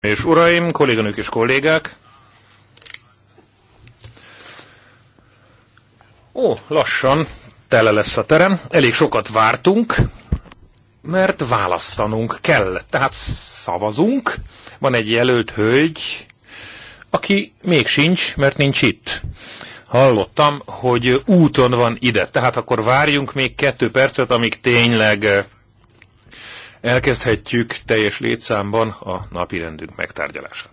és uraim, kolléganők és kollégák! Ó, lassan tele lesz a terem. Elég sokat vártunk, mert választanunk kell. Tehát szavazunk. Van egy jelölt hölgy, aki még sincs, mert nincs itt. Hallottam, hogy úton van ide. Tehát akkor várjunk még kettő percet, amíg tényleg elkezdhetjük teljes létszámban a napirendünk megtárgyalását.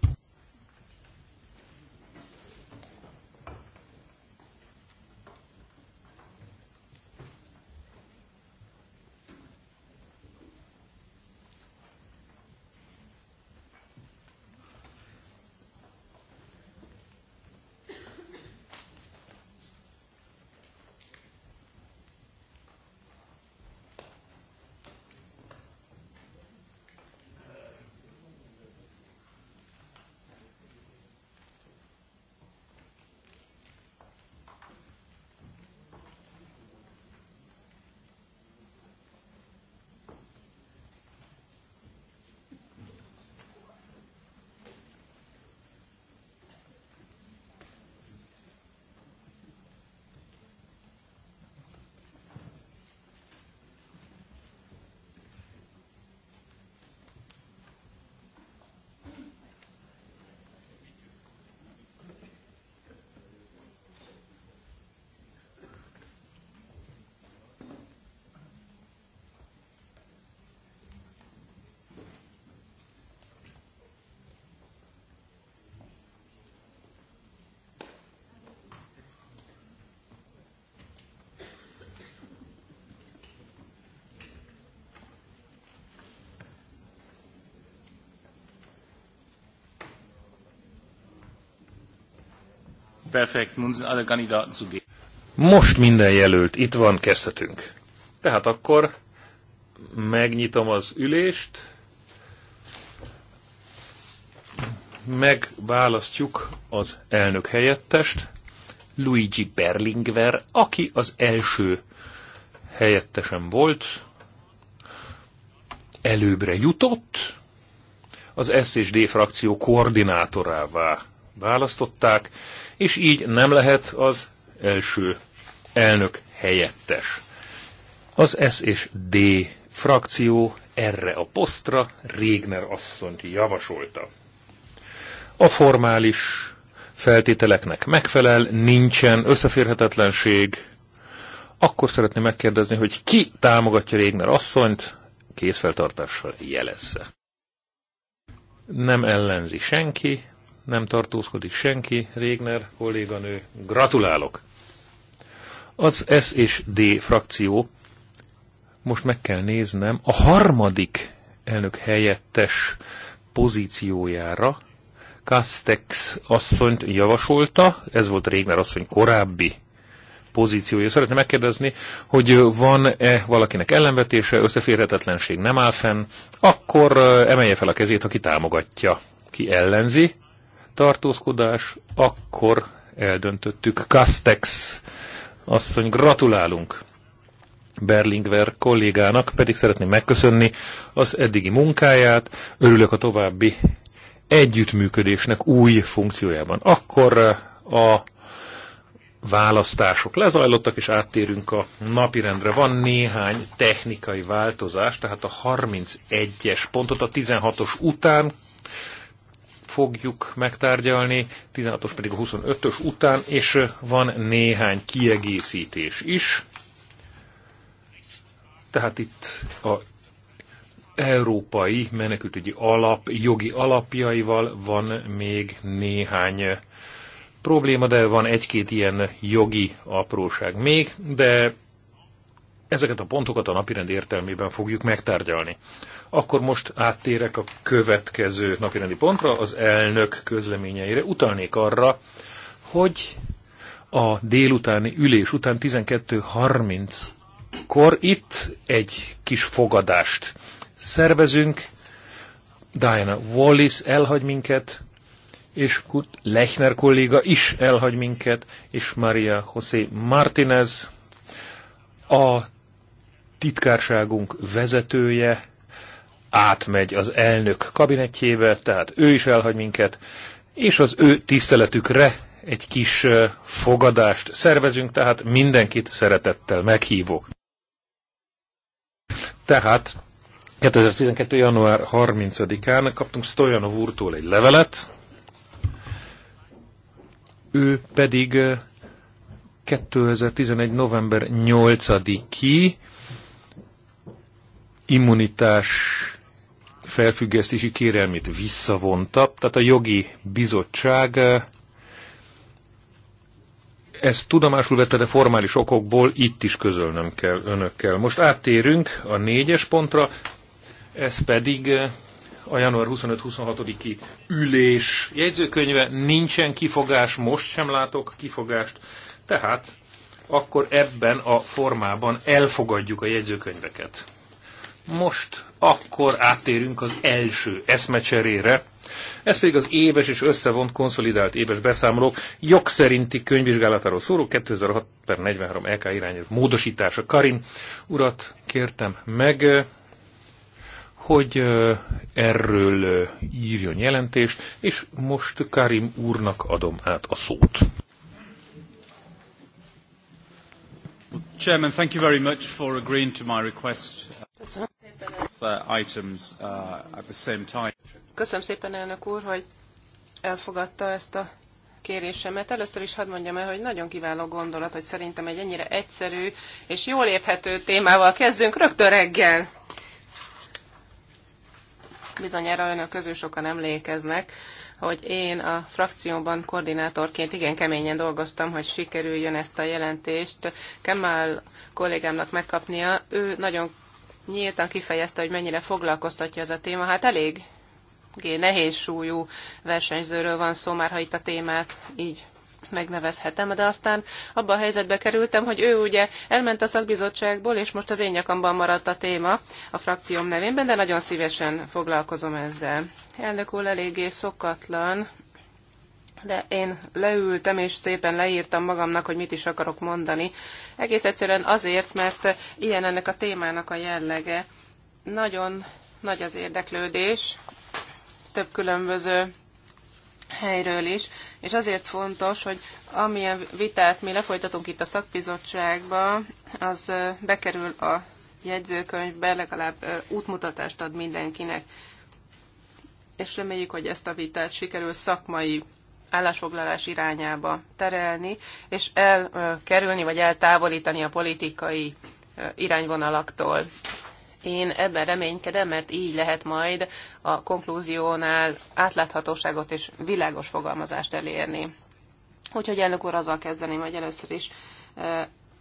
perfekt, nun sind alle Kandidaten Most minden jelölt itt van, kezdhetünk. Tehát akkor megnyitom az ülést, megválasztjuk az elnök helyettest, Luigi Berlingver, aki az első helyettesen volt, előbbre jutott, az S és D frakció koordinátorává választották, és így nem lehet az első elnök helyettes. Az S és D frakció erre a posztra Régner asszonyt javasolta. A formális feltételeknek megfelel, nincsen összeférhetetlenség, akkor szeretném megkérdezni, hogy ki támogatja Régner asszonyt, feltartással jelezze. Nem ellenzi senki, nem tartózkodik senki, Régner kolléganő, gratulálok! Az S és D frakció, most meg kell néznem, a harmadik elnök helyettes pozíciójára Kastex asszonyt javasolta, ez volt Régner asszony korábbi pozíciója. Szeretném megkérdezni, hogy van-e valakinek ellenvetése, összeférhetetlenség nem áll fenn, akkor emelje fel a kezét, aki támogatja. Ki ellenzi, tartózkodás, akkor eldöntöttük. Castex asszony, gratulálunk! Berlingver kollégának, pedig szeretném megköszönni az eddigi munkáját, örülök a további együttműködésnek új funkciójában. Akkor eh, a választások lezajlottak, és áttérünk a napirendre. Van néhány technikai változás, tehát a 31-es pontot a 16-os után fogjuk megtárgyalni, 16-os pedig a 25-ös után, és van néhány kiegészítés is. Tehát itt a európai menekültügyi alap, jogi alapjaival van még néhány probléma, de van egy-két ilyen jogi apróság még, de Ezeket a pontokat a napirend értelmében fogjuk megtárgyalni. Akkor most áttérek a következő napirendi pontra, az elnök közleményeire. Utalnék arra, hogy a délutáni ülés után 12.30-kor itt egy kis fogadást szervezünk. Diana Wallis elhagy minket, és Kurt Lechner kolléga is elhagy minket, és Maria José Martinez, a titkárságunk vezetője átmegy az elnök kabinetjébe, tehát ő is elhagy minket, és az ő tiszteletükre egy kis fogadást szervezünk, tehát mindenkit szeretettel meghívok. Tehát 2012. január 30-án kaptunk Stojanov úrtól egy levelet, ő pedig 2011. november 8-i immunitás felfüggesztési kérelmét visszavonta, tehát a jogi bizottság ezt tudomásul vette, de formális okokból itt is közölnöm kell önökkel. Most áttérünk a négyes pontra, ez pedig a január 25-26-i ülés jegyzőkönyve, nincsen kifogás, most sem látok kifogást, tehát akkor ebben a formában elfogadjuk a jegyzőkönyveket. Most akkor áttérünk az első eszmecserére, ez pedig az éves és összevont konszolidált éves beszámolók jogszerinti könyvvizsgálatáról szóló 2006 per 43 LK e irányelv módosítása. Karin urat kértem meg, eh, hogy eh, erről eh, írjon jelentést, és most Karim úrnak adom át a szót. Chairman, thank you very much for agreeing to my request. Uh, uh, Köszönöm szépen, elnök úr, hogy elfogadta ezt a kérésemet. Először is hadd mondjam el, hogy nagyon kiváló gondolat, hogy szerintem egy ennyire egyszerű és jól érthető témával kezdünk rögtön reggel. Bizonyára önök közül sokan emlékeznek, hogy én a frakcióban koordinátorként igen keményen dolgoztam, hogy sikerüljön ezt a jelentést Kemal kollégámnak megkapnia. Ő nagyon nyíltan kifejezte, hogy mennyire foglalkoztatja ez a téma. Hát elég nehéz súlyú versenyzőről van szó, már ha itt a témát így megnevezhetem, de aztán abba a helyzetbe kerültem, hogy ő ugye elment a szakbizottságból, és most az én nyakamban maradt a téma a frakcióm nevénben, de nagyon szívesen foglalkozom ezzel. Elnök úr eléggé szokatlan, de én leültem és szépen leírtam magamnak, hogy mit is akarok mondani. Egész egyszerűen azért, mert ilyen ennek a témának a jellege. Nagyon nagy az érdeklődés, több különböző helyről is, és azért fontos, hogy amilyen vitát mi lefolytatunk itt a szakbizottságba, az bekerül a jegyzőkönyvbe, legalább útmutatást ad mindenkinek. És reméljük, hogy ezt a vitát sikerül szakmai állásfoglalás irányába terelni, és elkerülni vagy eltávolítani a politikai irányvonalaktól. Én ebben reménykedem, mert így lehet majd a konklúziónál átláthatóságot és világos fogalmazást elérni. Úgyhogy elnök úr, azzal kezdeném, hogy először is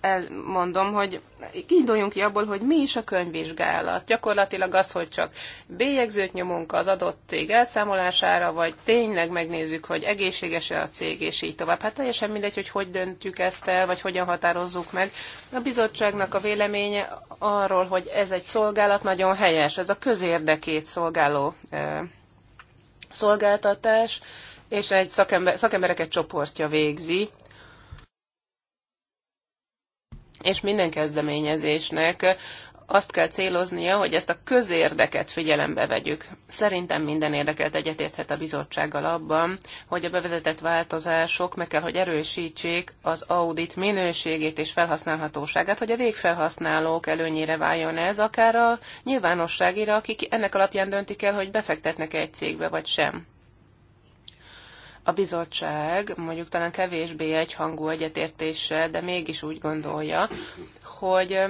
elmondom, hogy induljunk ki abból, hogy mi is a könyvvizsgálat. Gyakorlatilag az, hogy csak bélyegzőt nyomunk az adott cég elszámolására, vagy tényleg megnézzük, hogy egészséges-e a cég, és így tovább. Hát teljesen mindegy, hogy hogy döntjük ezt el, vagy hogyan határozzuk meg. A bizottságnak a véleménye arról, hogy ez egy szolgálat nagyon helyes, ez a közérdekét szolgáló szolgáltatás, és egy szakember, szakemberek egy csoportja végzi, és minden kezdeményezésnek azt kell céloznia, hogy ezt a közérdeket figyelembe vegyük. Szerintem minden érdekelt egyetérthet a bizottsággal abban, hogy a bevezetett változások meg kell, hogy erősítsék az audit minőségét és felhasználhatóságát, hogy a végfelhasználók előnyére váljon ez, akár a nyilvánosságira, akik ennek alapján döntik el, hogy befektetnek -e egy cégbe vagy sem a bizottság mondjuk talán kevésbé egyhangú egyetértése, de mégis úgy gondolja, hogy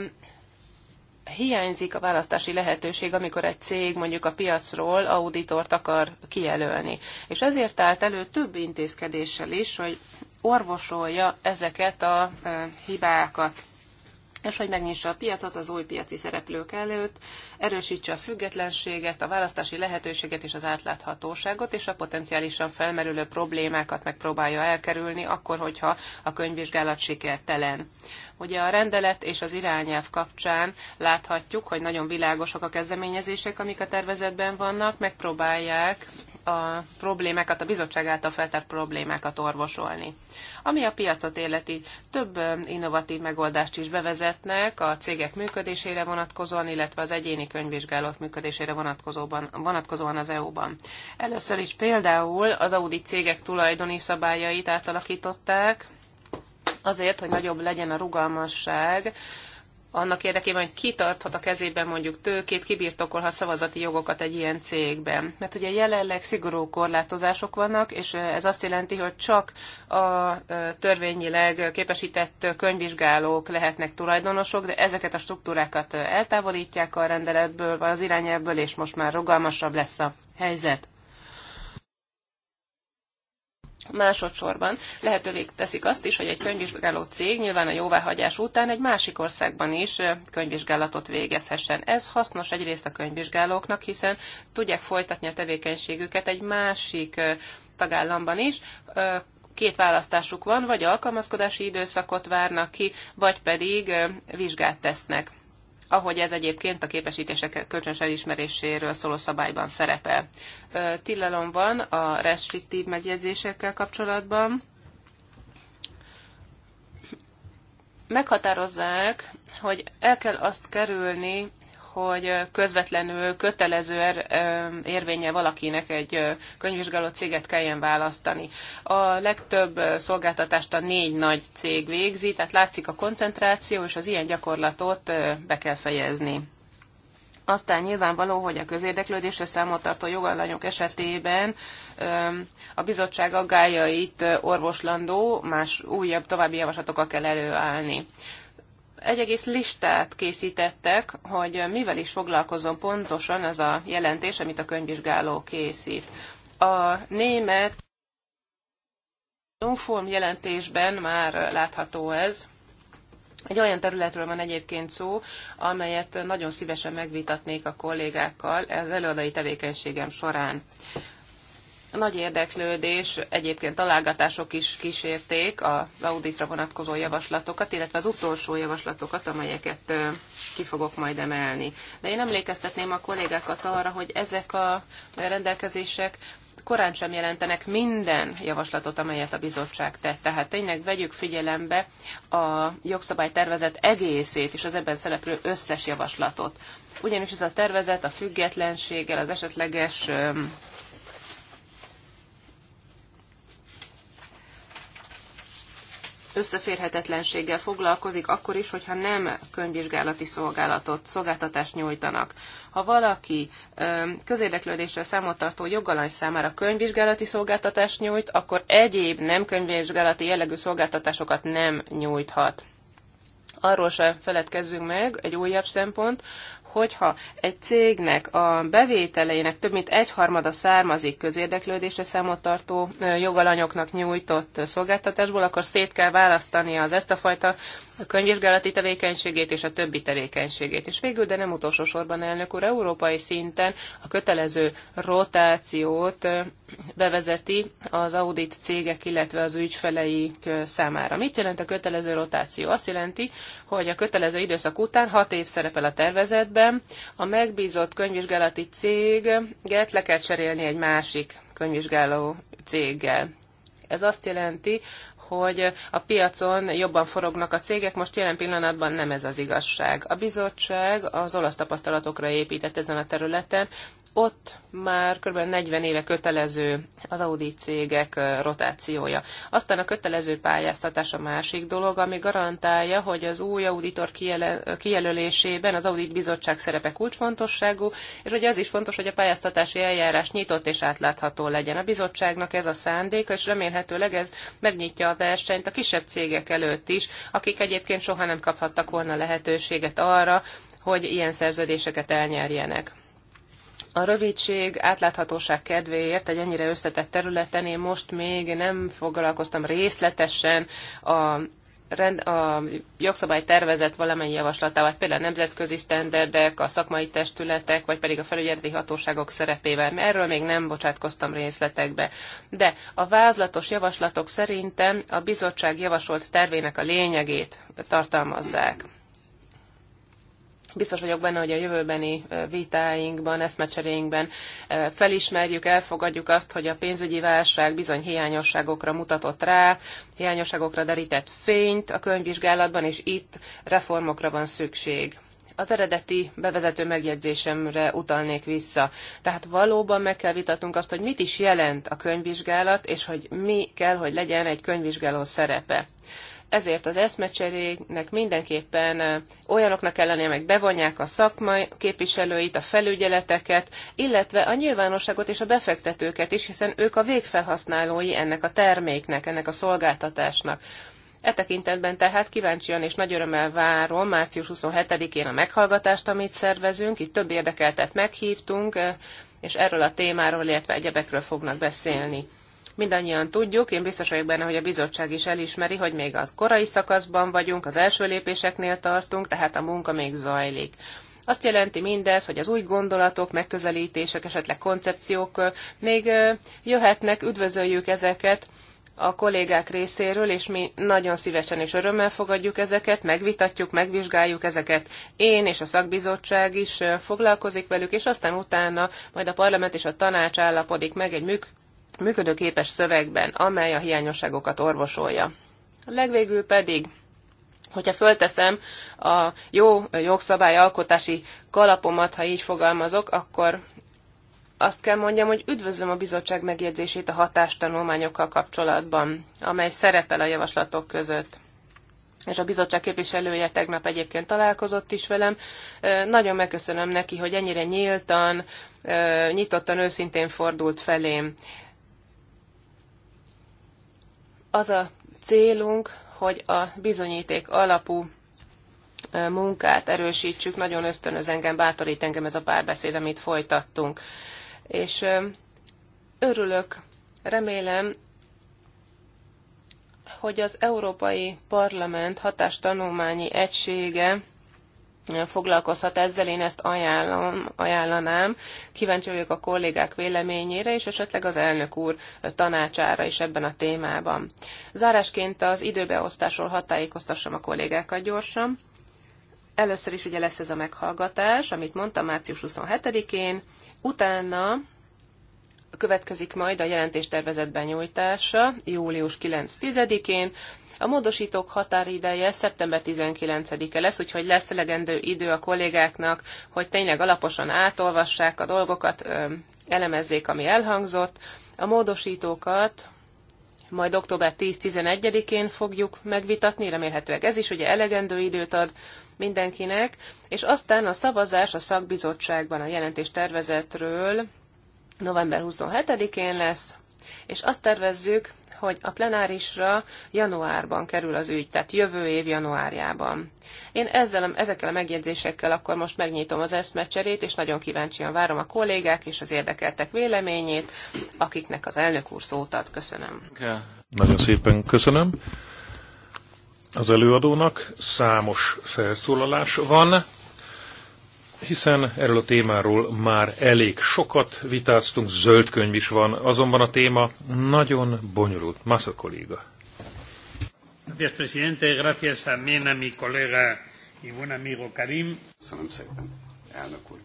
hiányzik a választási lehetőség, amikor egy cég mondjuk a piacról auditort akar kijelölni. És ezért állt elő több intézkedéssel is, hogy orvosolja ezeket a hibákat és hogy megnyissa a piacot az új piaci szereplők előtt, erősítse a függetlenséget, a választási lehetőséget és az átláthatóságot, és a potenciálisan felmerülő problémákat megpróbálja elkerülni, akkor, hogyha a könyvvizsgálat sikertelen. Ugye a rendelet és az irányelv kapcsán láthatjuk, hogy nagyon világosak a kezdeményezések, amik a tervezetben vannak, megpróbálják a problémákat, a bizottság által feltárt problémákat orvosolni. Ami a piacot életi, több innovatív megoldást is bevezetnek a cégek működésére vonatkozóan, illetve az egyéni könyvvizsgálók működésére vonatkozóban, vonatkozóan az EU-ban. Először is például az audit cégek tulajdoni szabályait átalakították, azért, hogy nagyobb legyen a rugalmasság, annak érdekében, hogy kitarthat a kezében mondjuk tőkét, kibirtokolhat szavazati jogokat egy ilyen cégben. Mert ugye jelenleg szigorú korlátozások vannak, és ez azt jelenti, hogy csak a törvényileg képesített könyvvizsgálók lehetnek tulajdonosok, de ezeket a struktúrákat eltávolítják a rendeletből, vagy az irányelvből, és most már rugalmasabb lesz a helyzet. Másodszorban lehetővé teszik azt is, hogy egy könyvvizsgáló cég nyilván a jóváhagyás után egy másik országban is könyvvizsgálatot végezhessen. Ez hasznos egyrészt a könyvvizsgálóknak, hiszen tudják folytatni a tevékenységüket egy másik tagállamban is, két választásuk van, vagy alkalmazkodási időszakot várnak ki, vagy pedig vizsgát tesznek ahogy ez egyébként a képesítések kölcsönös elismeréséről szóló szabályban szerepel. Tillalom van a restriktív megjegyzésekkel kapcsolatban. Meghatározzák, hogy el kell azt kerülni, hogy közvetlenül kötelező er, érvénye valakinek egy könyvvizsgáló céget kelljen választani. A legtöbb szolgáltatást a négy nagy cég végzi, tehát látszik a koncentráció, és az ilyen gyakorlatot be kell fejezni. Aztán nyilvánvaló, hogy a közérdeklődésre tartó jogalanyok esetében a bizottság aggájait orvoslandó, más újabb további javaslatokkal kell előállni egy egész listát készítettek, hogy mivel is foglalkozom pontosan ez a jelentés, amit a könyvvizsgáló készít. A német Longform jelentésben már látható ez. Egy olyan területről van egyébként szó, amelyet nagyon szívesen megvitatnék a kollégákkal az előadai tevékenységem során. Nagy érdeklődés, egyébként találgatások is kísérték az auditra vonatkozó javaslatokat, illetve az utolsó javaslatokat, amelyeket ki fogok majd emelni. De én emlékeztetném a kollégákat arra, hogy ezek a rendelkezések korán sem jelentenek minden javaslatot, amelyet a bizottság tett. Tehát tényleg vegyük figyelembe a jogszabálytervezet egészét és az ebben szereplő összes javaslatot. Ugyanis ez a tervezet a függetlenséggel, az esetleges összeférhetetlenséggel foglalkozik, akkor is, hogyha nem könyvvizsgálati szolgálatot, szolgáltatást nyújtanak. Ha valaki közérdeklődésre tartó jogalany számára könyvvizsgálati szolgáltatást nyújt, akkor egyéb nem könyvvizsgálati jellegű szolgáltatásokat nem nyújthat arról se feledkezzünk meg, egy újabb szempont, hogyha egy cégnek a bevételeinek több mint egyharmada származik közérdeklődésre számot tartó jogalanyoknak nyújtott szolgáltatásból, akkor szét kell választani az ezt a fajta a könyvvizsgálati tevékenységét és a többi tevékenységét. És végül, de nem utolsó sorban, elnök úr, európai szinten a kötelező rotációt bevezeti az audit cégek, illetve az ügyfeleik számára. Mit jelent a kötelező rotáció? Azt jelenti, hogy a kötelező időszak után hat év szerepel a tervezetben, a megbízott könyvvizsgálati céget le kell cserélni egy másik könyvvizsgáló céggel. Ez azt jelenti, hogy a piacon jobban forognak a cégek, most jelen pillanatban nem ez az igazság. A bizottság az olasz tapasztalatokra épített ezen a területen, ott már kb. 40 éve kötelező az Audi cégek rotációja. Aztán a kötelező pályáztatás a másik dolog, ami garantálja, hogy az új auditor kijelölésében az audit bizottság szerepe kulcsfontosságú, és hogy az is fontos, hogy a pályáztatási eljárás nyitott és átlátható legyen. A bizottságnak ez a szándéka, és remélhetőleg ez megnyitja a versenyt a kisebb cégek előtt is, akik egyébként soha nem kaphattak volna lehetőséget arra, hogy ilyen szerződéseket elnyerjenek. A rövidség, átláthatóság kedvéért egy ennyire összetett területen én most még nem foglalkoztam részletesen a rend, a jogszabály tervezett valamennyi javaslatával, például a nemzetközi sztenderdek, a szakmai testületek, vagy pedig a felügyeleti hatóságok szerepével. Erről még nem bocsátkoztam részletekbe. De a vázlatos javaslatok szerintem a bizottság javasolt tervének a lényegét tartalmazzák. Biztos vagyok benne, hogy a jövőbeni vitáinkban, eszmecseréinkben felismerjük, elfogadjuk azt, hogy a pénzügyi válság bizony hiányosságokra mutatott rá, hiányosságokra derített fényt a könyvvizsgálatban, és itt reformokra van szükség az eredeti bevezető megjegyzésemre utalnék vissza. Tehát valóban meg kell vitatnunk azt, hogy mit is jelent a könyvvizsgálat, és hogy mi kell, hogy legyen egy könyvvizsgáló szerepe ezért az eszmecserének mindenképpen olyanoknak kell lennie, meg bevonják a szakmai képviselőit, a felügyeleteket, illetve a nyilvánosságot és a befektetőket is, hiszen ők a végfelhasználói ennek a terméknek, ennek a szolgáltatásnak. E tekintetben tehát kíváncsian és nagy örömmel várom március 27-én a meghallgatást, amit szervezünk. Itt több érdekeltet meghívtunk, és erről a témáról, illetve egyebekről fognak beszélni. Mindannyian tudjuk, én biztos vagyok benne, hogy a bizottság is elismeri, hogy még az korai szakaszban vagyunk, az első lépéseknél tartunk, tehát a munka még zajlik. Azt jelenti mindez, hogy az új gondolatok, megközelítések, esetleg koncepciók még jöhetnek, üdvözöljük ezeket a kollégák részéről, és mi nagyon szívesen és örömmel fogadjuk ezeket, megvitatjuk, megvizsgáljuk ezeket. Én és a szakbizottság is foglalkozik velük, és aztán utána majd a parlament és a tanács állapodik meg egy működőképes szövegben, amely a hiányosságokat orvosolja. Legvégül pedig hogyha fölteszem a jó jogszabályalkotási kalapomat, ha így fogalmazok, akkor azt kell mondjam, hogy üdvözlöm a bizottság megjegyzését a hatástanulmányokkal kapcsolatban, amely szerepel a javaslatok között. És a bizottság képviselője tegnap egyébként találkozott is velem. Nagyon megköszönöm neki, hogy ennyire nyíltan, nyitottan, őszintén fordult felém. Az a célunk, hogy a bizonyíték alapú munkát erősítsük, nagyon ösztönöz engem, bátorít engem ez a párbeszéd, amit folytattunk. És örülök, remélem, hogy az Európai Parlament hatástanulmányi egysége foglalkozhat ezzel, én ezt ajánlom, ajánlanám. Kíváncsi vagyok a kollégák véleményére, és esetleg az elnök úr tanácsára is ebben a témában. Zárásként az időbeosztásról hadd a kollégákat gyorsan. Először is ugye lesz ez a meghallgatás, amit mondtam március 27-én, utána következik majd a jelentéstervezetben nyújtása július 9-10-én, a módosítók határideje szeptember 19-e lesz, úgyhogy lesz elegendő idő a kollégáknak, hogy tényleg alaposan átolvassák a dolgokat, elemezzék, ami elhangzott. A módosítókat majd október 10-11-én fogjuk megvitatni, remélhetőleg ez is ugye elegendő időt ad mindenkinek, és aztán a szavazás a szakbizottságban a jelentés tervezetről november 27-én lesz, és azt tervezzük, hogy a plenárisra januárban kerül az ügy, tehát jövő év januárjában. Én ezzel, ezekkel a megjegyzésekkel akkor most megnyitom az eszmecserét, és nagyon kíváncsian várom a kollégák és az érdekeltek véleményét, akiknek az elnök úr szót ad. Köszönöm. Nagyon szépen köszönöm. Az előadónak számos felszólalás van hiszen erről a témáról már elég sokat vitáztunk, zöld könyv is van, azonban a téma nagyon bonyolult. Massa kolléga. Köszönöm szépen, elnök úr.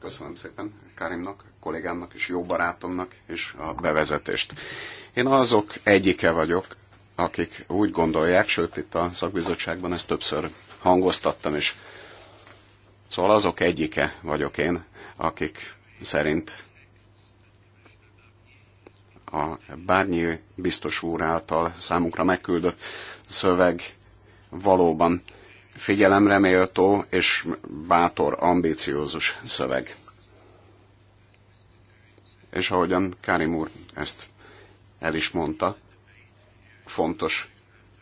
Köszönöm szépen Karimnak, kollégámnak és jó barátomnak és a bevezetést. Én azok egyike vagyok, akik úgy gondolják, sőt itt a szakbizottságban ezt többször hangoztattam is, Szóval azok egyike vagyok én, akik szerint a Bárnyi biztos úr által számunkra megküldött szöveg valóban figyelemre méltó és bátor, ambíciózus szöveg. És ahogyan Karim úr ezt el is mondta, fontos,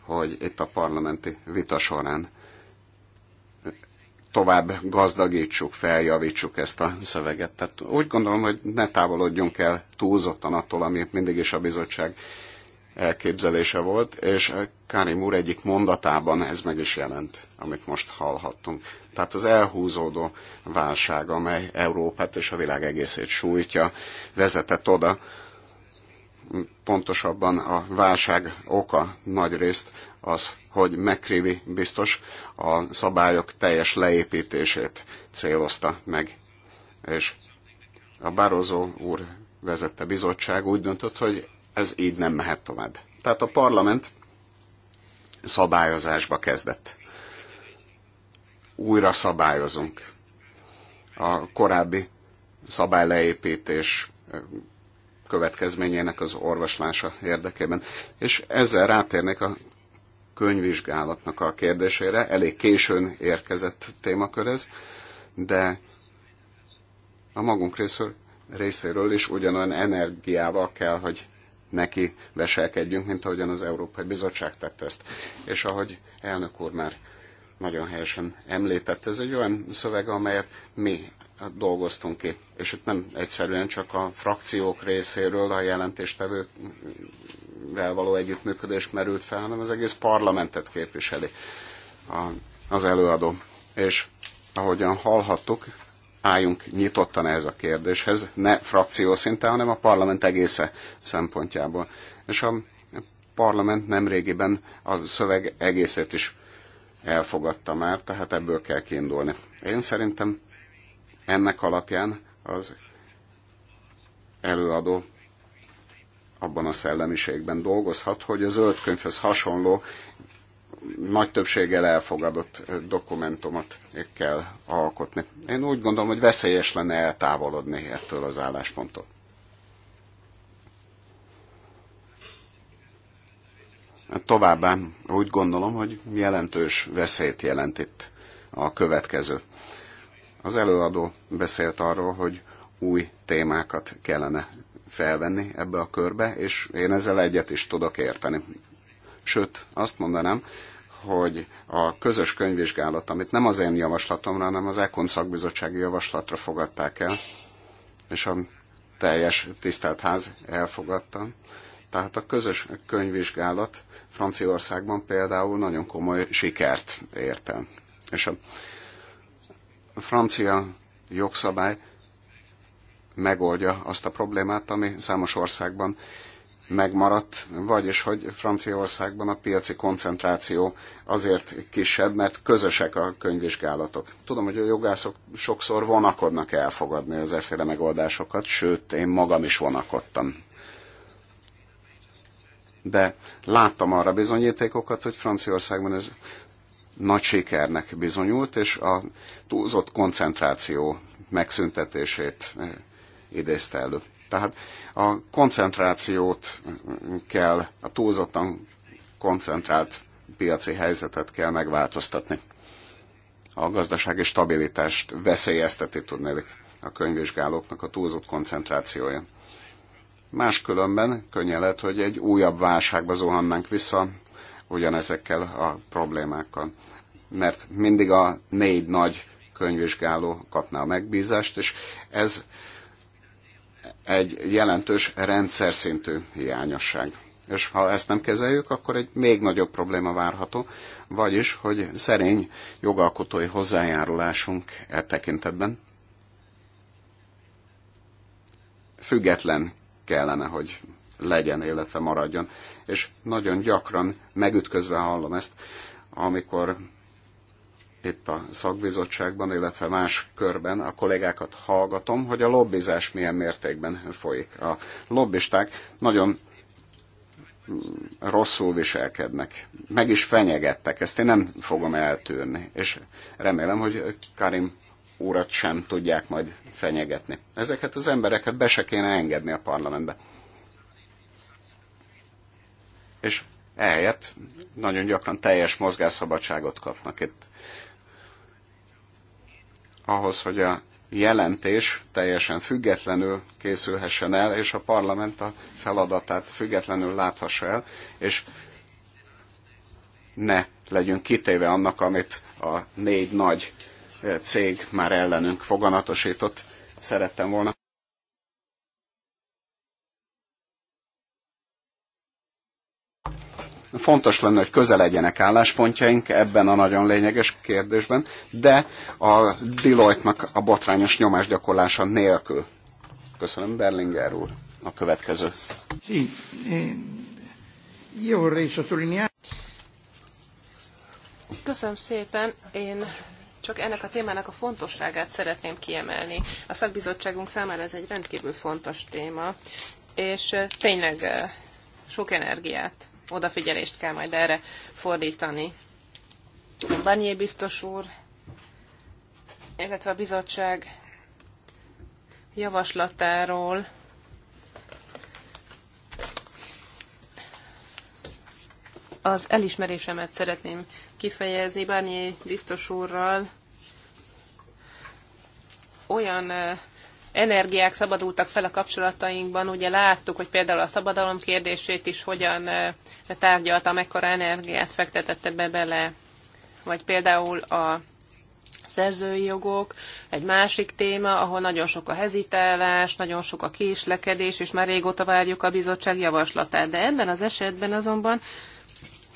hogy itt a parlamenti vita során tovább gazdagítsuk, feljavítsuk ezt a szöveget. Tehát úgy gondolom, hogy ne távolodjunk el túlzottan attól, ami mindig is a bizottság elképzelése volt, és Karim úr egyik mondatában ez meg is jelent, amit most hallhattunk. Tehát az elhúzódó válság, amely Európát és a világ egészét sújtja, vezetett oda, pontosabban a válság oka nagyrészt az, hogy McCreevy biztos a szabályok teljes leépítését célozta meg. És a Barroso úr vezette bizottság úgy döntött, hogy ez így nem mehet tovább. Tehát a parlament szabályozásba kezdett. Újra szabályozunk. A korábbi szabályleépítés következményének az orvoslása érdekében. És ezzel rátérnék a könyvvizsgálatnak a kérdésére. Elég későn érkezett témakör ez, de a magunk részről, részéről is ugyanolyan energiával kell, hogy neki veselkedjünk, mint ahogyan az Európai Bizottság tette ezt. És ahogy elnök úr már nagyon helyesen említett, ez egy olyan szöveg, amelyet mi dolgoztunk ki. És itt nem egyszerűen csak a frakciók részéről a jelentéstevők való együttműködés merült fel, hanem az egész parlamentet képviseli az előadó. És ahogyan hallhattuk, álljunk nyitottan ehhez a kérdéshez, ne frakció szinten, hanem a parlament egésze szempontjából. És a parlament nemrégiben a szöveg egészét is elfogadta már, tehát ebből kell kiindulni. Én szerintem ennek alapján az előadó abban a szellemiségben dolgozhat, hogy a zöld könyvhöz hasonló nagy többséggel elfogadott dokumentumot kell alkotni. Én úgy gondolom, hogy veszélyes lenne eltávolodni ettől az állásponttól. Továbbá úgy gondolom, hogy jelentős veszélyt jelent itt a következő. Az előadó beszélt arról, hogy új témákat kellene felvenni ebbe a körbe, és én ezzel egyet is tudok érteni. Sőt, azt mondanám, hogy a közös könyvvizsgálat, amit nem az én javaslatomra, hanem az Ekon szakbizottsági javaslatra fogadták el, és a teljes tisztelt ház elfogadta. Tehát a közös könyvvizsgálat Franciaországban például nagyon komoly sikert ért el. És a francia jogszabály megoldja azt a problémát, ami számos országban megmaradt, vagyis hogy Franciaországban a piaci koncentráció azért kisebb, mert közösek a könyvvizsgálatok. Tudom, hogy a jogászok sokszor vonakodnak elfogadni az efféle megoldásokat, sőt, én magam is vonakodtam. De láttam arra bizonyítékokat, hogy Franciaországban ez nagy sikernek bizonyult, és a túlzott koncentráció megszüntetését idézte elő. Tehát a koncentrációt kell, a túlzottan koncentrált piaci helyzetet kell megváltoztatni. A gazdasági stabilitást veszélyezteti tudnélik a könyvvizsgálóknak a túlzott koncentrációja. Máskülönben könnyen lehet, hogy egy újabb válságba zuhannánk vissza ugyanezekkel a problémákkal. Mert mindig a négy nagy könyvvizsgáló kapná a megbízást, és ez egy jelentős rendszer szintű hiányosság. És ha ezt nem kezeljük, akkor egy még nagyobb probléma várható, vagyis, hogy szerény jogalkotói hozzájárulásunk e tekintetben független kellene, hogy legyen, illetve maradjon. És nagyon gyakran megütközve hallom ezt, amikor itt a szakbizottságban, illetve más körben a kollégákat hallgatom, hogy a lobbizás milyen mértékben folyik. A lobbisták nagyon rosszul viselkednek, meg is fenyegettek, ezt én nem fogom eltűrni, és remélem, hogy Karim úrat sem tudják majd fenyegetni. Ezeket az embereket be se kéne engedni a parlamentbe. És ehelyett nagyon gyakran teljes mozgásszabadságot kapnak itt ahhoz, hogy a jelentés teljesen függetlenül készülhessen el, és a parlament a feladatát függetlenül láthassa el, és ne legyünk kitéve annak, amit a négy nagy cég már ellenünk foganatosított. Szerettem volna Fontos lenne, hogy közel legyenek álláspontjaink ebben a nagyon lényeges kérdésben, de a Deloitte-nak a botrányos nyomásgyakorlása nélkül. Köszönöm, Berlinger úr. A következő. Eh, Köszönöm szépen. Én csak ennek a témának a fontosságát szeretném kiemelni. A szakbizottságunk számára ez egy rendkívül fontos téma, és eh, tényleg eh, sok energiát odafigyelést kell majd erre fordítani. Barnier biztos úr, illetve a bizottság javaslatáról az elismerésemet szeretném kifejezni Barnier biztos úrral. Olyan eh, energiák szabadultak fel a kapcsolatainkban. Ugye láttuk, hogy például a szabadalom kérdését is hogyan tárgyalta, mekkora energiát fektetette be bele, vagy például a szerzői jogok, egy másik téma, ahol nagyon sok a hezitálás, nagyon sok a késlekedés, és már régóta várjuk a bizottság javaslatát. De ebben az esetben azonban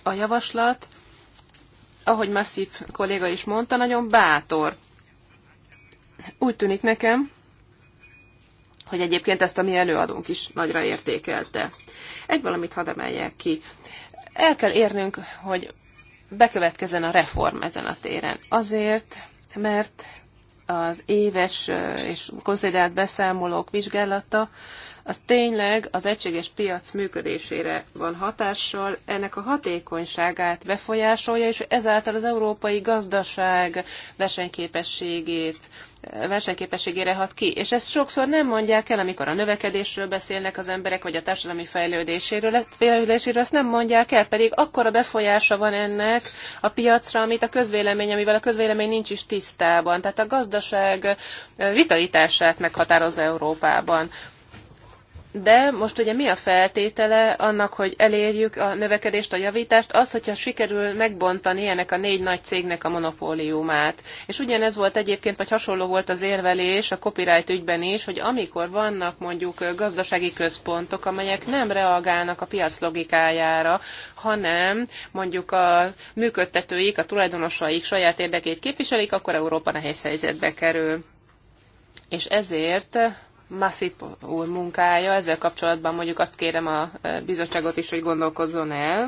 a javaslat, ahogy Massif kolléga is mondta, nagyon bátor. Úgy tűnik nekem, hogy egyébként ezt a mi előadónk is nagyra értékelte. Egy valamit hadd emeljek ki. El kell érnünk, hogy bekövetkezzen a reform ezen a téren. Azért, mert az éves és konszolidált beszámolók vizsgálata az tényleg az egységes piac működésére van hatással, ennek a hatékonyságát befolyásolja, és ezáltal az európai gazdaság versenyképességét versenyképességére hat ki. És ezt sokszor nem mondják el, amikor a növekedésről beszélnek az emberek, vagy a társadalmi fejlődéséről, fejlődéséről ezt nem mondják el, pedig akkora befolyása van ennek a piacra, amit a közvélemény, amivel a közvélemény nincs is tisztában. Tehát a gazdaság vitalitását meghatározza Európában de most ugye mi a feltétele annak, hogy elérjük a növekedést, a javítást? Az, hogyha sikerül megbontani ennek a négy nagy cégnek a monopóliumát. És ugyanez volt egyébként, vagy hasonló volt az érvelés a copyright ügyben is, hogy amikor vannak mondjuk gazdasági központok, amelyek nem reagálnak a piac logikájára, hanem mondjuk a működtetőik, a tulajdonosaik saját érdekét képviselik, akkor Európa nehéz helyzetbe kerül. És ezért Masip úr munkája, ezzel kapcsolatban mondjuk azt kérem a e, bizottságot is, hogy gondolkozzon el.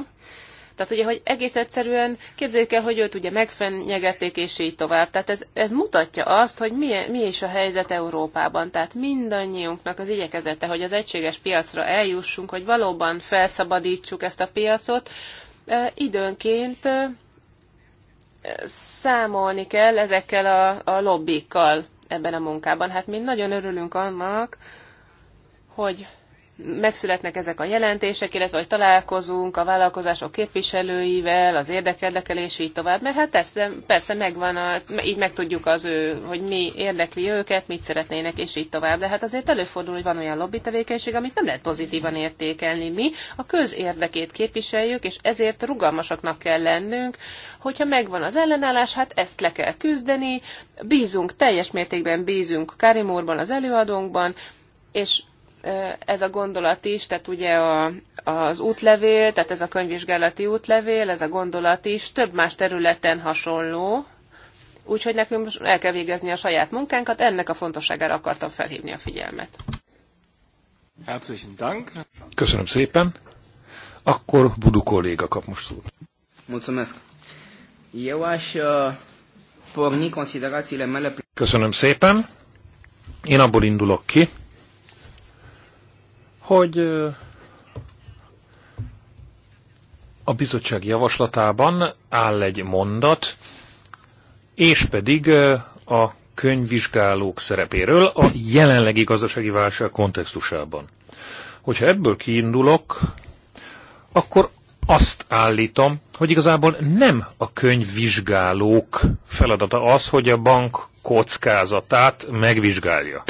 Tehát ugye, hogy egész egyszerűen képzeljük el, hogy őt ugye megfenyegették, és így tovább. Tehát ez, ez mutatja azt, hogy mi, mi is a helyzet Európában. Tehát mindannyiunknak az igyekezete, hogy az egységes piacra eljussunk, hogy valóban felszabadítsuk ezt a piacot. E, időnként e, számolni kell ezekkel a, a lobbikkal ebben a munkában. Hát mi nagyon örülünk annak, hogy megszületnek ezek a jelentések, illetve hogy találkozunk a vállalkozások képviselőivel, az érdekeldekel, és így tovább. Mert hát persze, persze megvan, a, így megtudjuk az ő, hogy mi érdekli őket, mit szeretnének, és így tovább. De hát azért előfordul, hogy van olyan lobby tevékenység, amit nem lehet pozitívan értékelni. Mi a közérdekét képviseljük, és ezért rugalmasaknak kell lennünk, hogyha megvan az ellenállás, hát ezt le kell küzdeni, bízunk, teljes mértékben bízunk Karim az előadónkban, és ez a gondolat is, tehát ugye a, az útlevél, tehát ez a könyvvizsgálati útlevél, ez a gondolat is több más területen hasonló, úgyhogy nekünk most el kell végezni a saját munkánkat, ennek a fontosságára akartam felhívni a figyelmet. Herzlichen Dank. Köszönöm szépen. Akkor Budu kolléga kap most szót. Mulțumesc. Eu aș uh, porni considerațiile mele... Köszönöm szépen. Én abból indulok ki, hogy a bizottság javaslatában áll egy mondat, és pedig a könyvvizsgálók szerepéről a jelenlegi gazdasági válság kontextusában. Hogyha ebből kiindulok, akkor azt állítom, hogy igazából nem a könyvvizsgálók feladata az, hogy a bank kockázatát megvizsgálja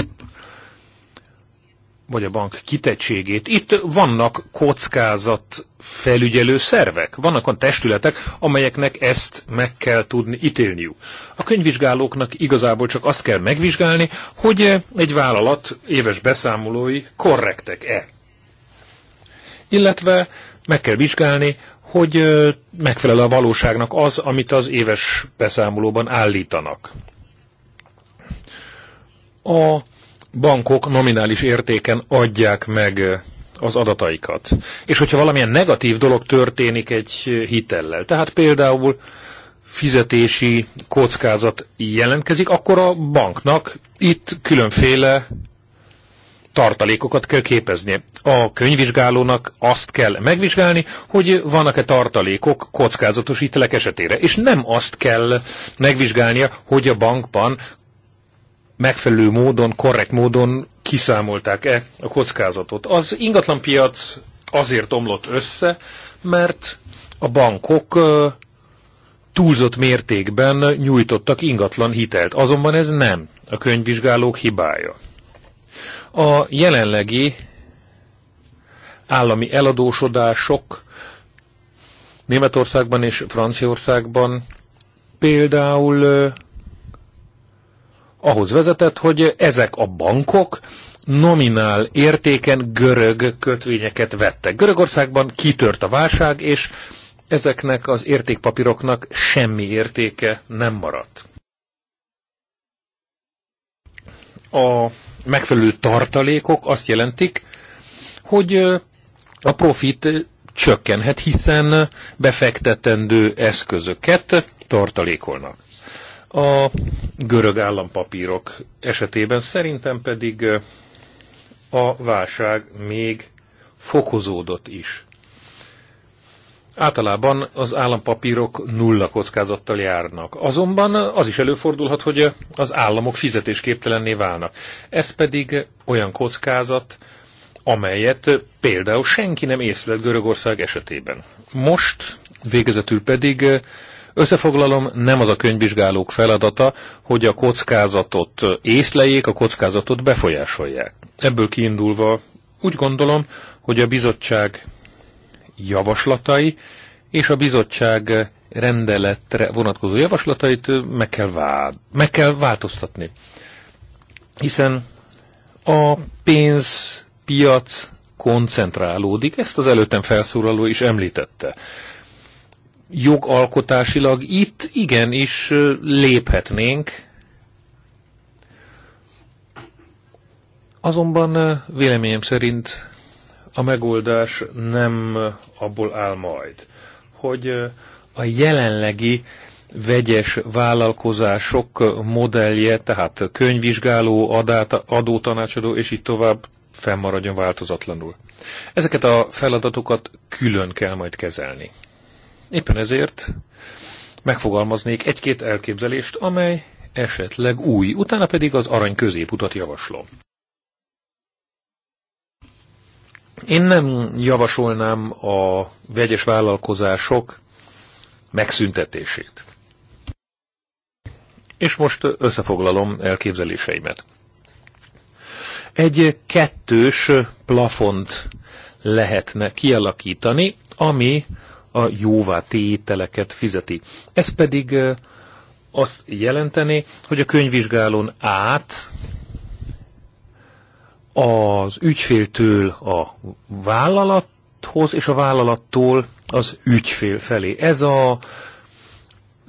vagy a bank kitettségét. Itt vannak kockázat felügyelő szervek, vannak olyan testületek, amelyeknek ezt meg kell tudni ítélniük. A könyvvizsgálóknak igazából csak azt kell megvizsgálni, hogy egy vállalat éves beszámolói korrektek-e. Illetve meg kell vizsgálni, hogy megfelel a valóságnak az, amit az éves beszámolóban állítanak. A bankok nominális értéken adják meg az adataikat. És hogyha valamilyen negatív dolog történik egy hitellel, tehát például fizetési kockázat jelentkezik, akkor a banknak itt különféle tartalékokat kell képezni. A könyvvizsgálónak azt kell megvizsgálni, hogy vannak-e tartalékok kockázatos hitelek esetére, és nem azt kell megvizsgálnia, hogy a bankban megfelelő módon, korrekt módon kiszámolták-e a kockázatot. Az ingatlanpiac azért omlott össze, mert a bankok túlzott mértékben nyújtottak ingatlan hitelt. Azonban ez nem a könyvvizsgálók hibája. A jelenlegi állami eladósodások Németországban és Franciaországban például ahhoz vezetett, hogy ezek a bankok nominál értéken görög kötvényeket vettek. Görögországban kitört a válság, és ezeknek az értékpapíroknak semmi értéke nem maradt. A megfelelő tartalékok azt jelentik, hogy a profit csökkenhet, hiszen befektetendő eszközöket tartalékolnak a görög állampapírok esetében szerintem pedig a válság még fokozódott is. Általában az állampapírok nulla kockázattal járnak. Azonban az is előfordulhat, hogy az államok fizetésképtelenné válnak. Ez pedig olyan kockázat, amelyet például senki nem észlelt Görögország esetében. Most végezetül pedig Összefoglalom, nem az a könyvvizsgálók feladata, hogy a kockázatot észleljék, a kockázatot befolyásolják. Ebből kiindulva úgy gondolom, hogy a bizottság javaslatai és a bizottság rendeletre vonatkozó javaslatait meg kell, vá- meg kell változtatni. Hiszen a pénzpiac koncentrálódik, ezt az előttem felszólaló is említette jogalkotásilag itt igenis léphetnénk, azonban véleményem szerint a megoldás nem abból áll majd, hogy a jelenlegi vegyes vállalkozások modellje, tehát könyvvizsgáló, adótanácsadó és így tovább fennmaradjon változatlanul. Ezeket a feladatokat külön kell majd kezelni. Éppen ezért megfogalmaznék egy-két elképzelést, amely esetleg új, utána pedig az arany középutat javaslom. Én nem javasolnám a vegyes vállalkozások megszüntetését. És most összefoglalom elképzeléseimet. Egy kettős plafont lehetne kialakítani, ami a jóvá tételeket fizeti. Ez pedig azt jelenteni, hogy a könyvvizsgálón át az ügyféltől a vállalathoz, és a vállalattól az ügyfél felé. Ez a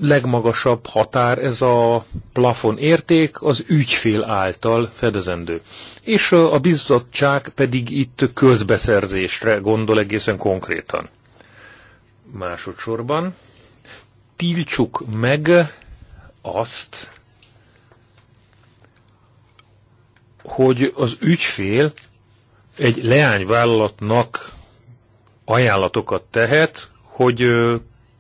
legmagasabb határ, ez a plafon érték az ügyfél által fedezendő. És a bizottság pedig itt közbeszerzésre gondol egészen konkrétan. Másodszorban tiltsuk meg azt, hogy az ügyfél egy leányvállalatnak ajánlatokat tehet, hogy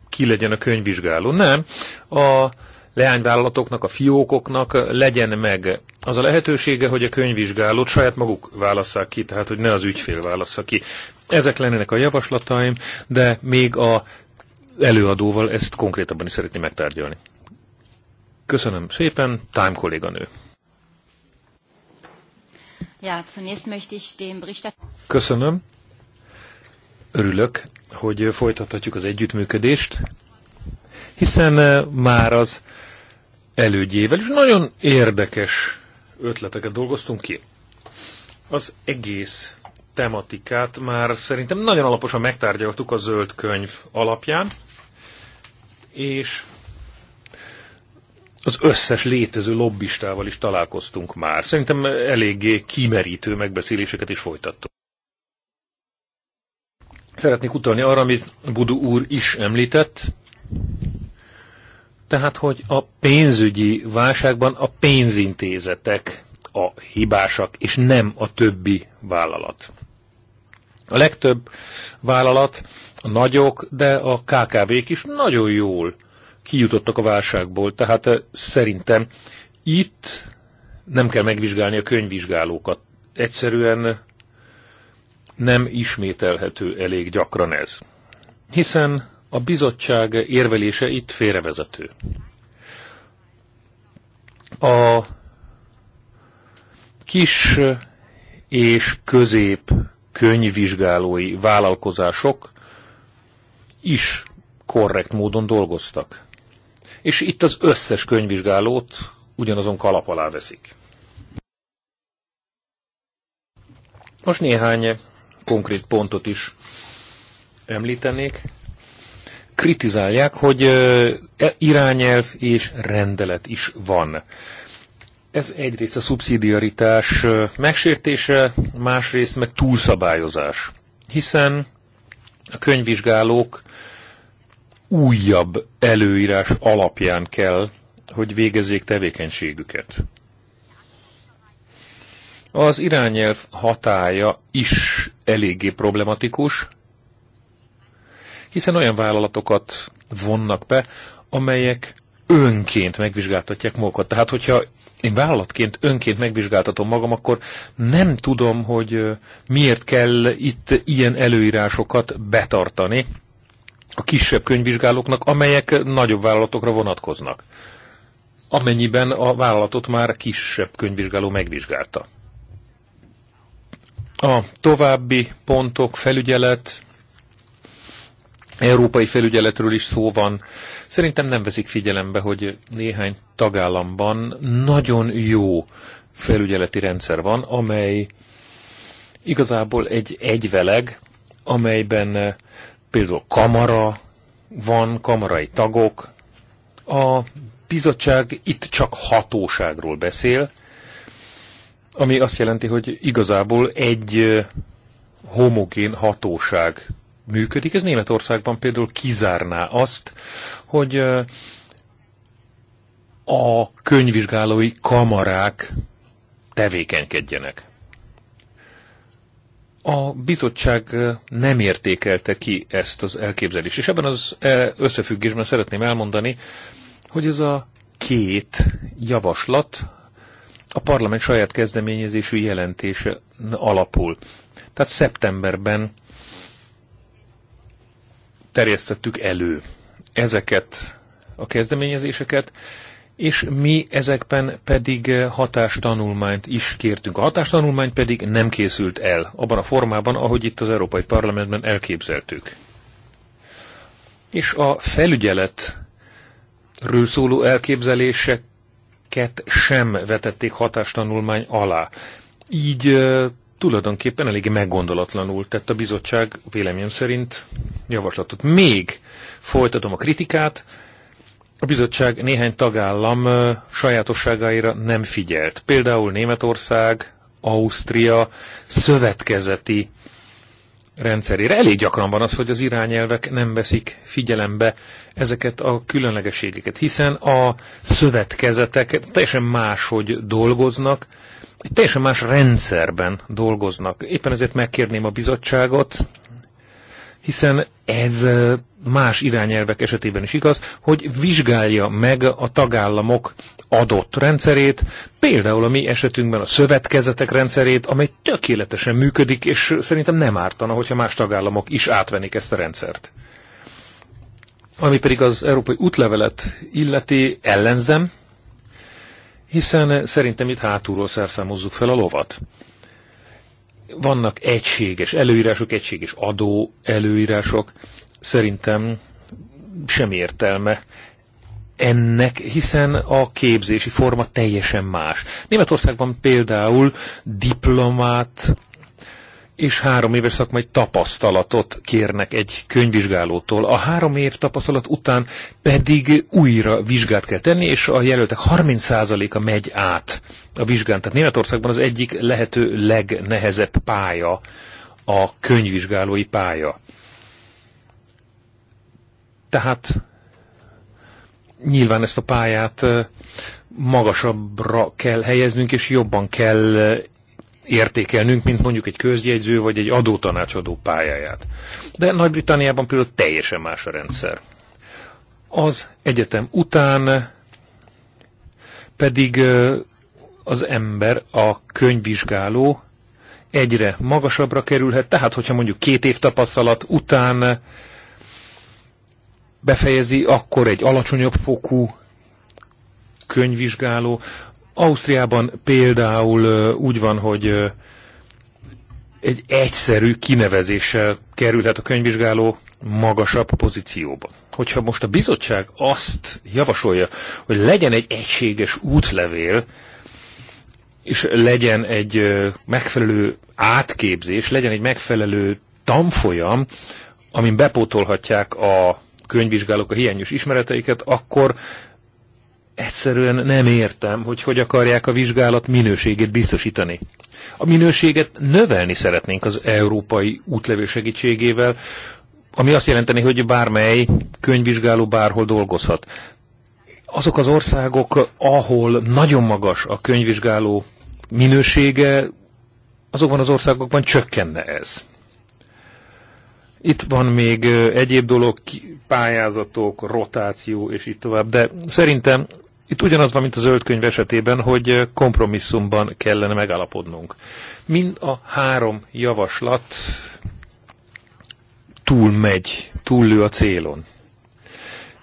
ki legyen a könyvvizsgáló. Nem, a leányvállalatoknak, a fiókoknak legyen meg az a lehetősége, hogy a könyvvizsgálót saját maguk válasszák ki, tehát hogy ne az ügyfél válassza ki. Ezek lennének a javaslataim, de még a előadóval ezt konkrétabban is szeretném megtárgyalni. Köszönöm szépen, Time kolléganő. Ja, zunächst möchte ich dem Berichter... Köszönöm. Örülök, hogy folytathatjuk az együttműködést, hiszen eh, már az elődjével is nagyon érdekes ötleteket dolgoztunk ki. Az egész tematikát már szerintem nagyon alaposan megtárgyaltuk a zöld könyv alapján, és az összes létező lobbistával is találkoztunk már. Szerintem eléggé kimerítő megbeszéléseket is folytattunk. Szeretnék utalni arra, amit Budu úr is említett, tehát, hogy a pénzügyi válságban a pénzintézetek a hibásak, és nem a többi vállalat. A legtöbb vállalat, a nagyok, de a KKV-k is nagyon jól kijutottak a válságból. Tehát eh, szerintem itt nem kell megvizsgálni a könyvvizsgálókat. Egyszerűen nem ismételhető elég gyakran ez. Hiszen a bizottság érvelése itt félrevezető. A kis és közép könyvvizsgálói vállalkozások is korrekt módon dolgoztak. És itt az összes könyvvizsgálót ugyanazon kalap alá veszik. Most néhány konkrét pontot is említenék. Kritizálják, hogy e, irányelv és rendelet is van. Ez egyrészt a szubszidiaritás megsértése, másrészt meg túlszabályozás. Hiszen a könyvvizsgálók újabb előírás alapján kell, hogy végezzék tevékenységüket. Az irányelv hatája is eléggé problematikus, hiszen olyan vállalatokat vonnak be, amelyek önként megvizsgáltatják magukat. Tehát, hogyha én vállalatként önként megvizsgáltatom magam, akkor nem tudom, hogy miért kell itt ilyen előírásokat betartani a kisebb könyvvizsgálóknak, amelyek nagyobb vállalatokra vonatkoznak. Amennyiben a vállalatot már kisebb könyvvizsgáló megvizsgálta. A további pontok, felügyelet, európai felügyeletről is szó van. Szerintem nem veszik figyelembe, hogy néhány tagállamban nagyon jó felügyeleti rendszer van, amely igazából egy egyveleg, amelyben eh, például kamara van, kamarai tagok. A bizottság itt csak hatóságról beszél, ami azt jelenti, hogy igazából egy eh, homogén hatóság működik. Ez Németországban például kizárná azt, hogy a könyvvizsgálói kamarák tevékenykedjenek. A bizottság nem értékelte ki ezt az elképzelést, és ebben az összefüggésben szeretném elmondani, hogy ez a két javaslat a parlament saját kezdeményezésű jelentése alapul. Tehát szeptemberben terjesztettük elő ezeket a kezdeményezéseket, és mi ezekben pedig hatástanulmányt is kértünk. A hatástanulmány pedig nem készült el abban a formában, ahogy itt az Európai Parlamentben elképzeltük. És a felügyeletről szóló elképzeléseket sem vetették hatástanulmány alá. Így tulajdonképpen eléggé meggondolatlanul tett a bizottság véleményem szerint javaslatot. Még folytatom a kritikát, a bizottság néhány tagállam sajátosságaira nem figyelt. Például Németország, Ausztria szövetkezeti rendszerére. Elég gyakran van az, hogy az irányelvek nem veszik figyelembe ezeket a különlegességeket, hiszen a szövetkezetek teljesen máshogy dolgoznak, egy teljesen más rendszerben dolgoznak. Éppen ezért megkérném a bizottságot, hiszen ez más irányelvek esetében is igaz, hogy vizsgálja meg a tagállamok adott rendszerét, például a mi esetünkben a szövetkezetek rendszerét, amely tökéletesen működik, és szerintem nem ártana, hogyha más tagállamok is átvenik ezt a rendszert. Ami pedig az európai útlevelet illeti, ellenzem, hiszen szerintem itt hátulról szerszámozzuk fel a lovat. Vannak egységes előírások, egységes adó előírások. Szerintem sem értelme ennek, hiszen a képzési forma teljesen más. Németországban például diplomát és három éves szakmai tapasztalatot kérnek egy könyvvizsgálótól. A három év tapasztalat után pedig újra vizsgát kell tenni, és a jelöltek 30%-a megy át a vizsgán. Tehát Németországban az egyik lehető legnehezebb pálya a könyvvizsgálói pálya. Tehát nyilván ezt a pályát magasabbra kell helyeznünk, és jobban kell értékelnünk, mint mondjuk egy közjegyző vagy egy adótanácsadó pályáját. De Nagy-Britanniában például teljesen más a rendszer. Az egyetem után pedig az ember, a könyvvizsgáló egyre magasabbra kerülhet, tehát hogyha mondjuk két év tapasztalat után befejezi, akkor egy alacsonyabb fokú könyvvizsgáló, Ausztriában például úgy van, hogy egy egyszerű kinevezéssel kerülhet a könyvvizsgáló magasabb pozícióba. Hogyha most a bizottság azt javasolja, hogy legyen egy egységes útlevél, és legyen egy megfelelő átképzés, legyen egy megfelelő tanfolyam, amin bepótolhatják a könyvvizsgálók a hiányos ismereteiket, akkor egyszerűen nem értem, hogy hogy akarják a vizsgálat minőségét biztosítani. A minőséget növelni szeretnénk az európai útlevő segítségével, ami azt jelenteni, hogy bármely könyvvizsgáló bárhol dolgozhat. Azok az országok, ahol nagyon magas a könyvvizsgáló minősége, azokban az országokban csökkenne ez. Itt van még egyéb dolog, pályázatok, rotáció és itt tovább, de szerintem itt ugyanaz van, mint a zöld könyv esetében, hogy kompromisszumban kellene megállapodnunk. Mind a három javaslat túlmegy, túllő a célon.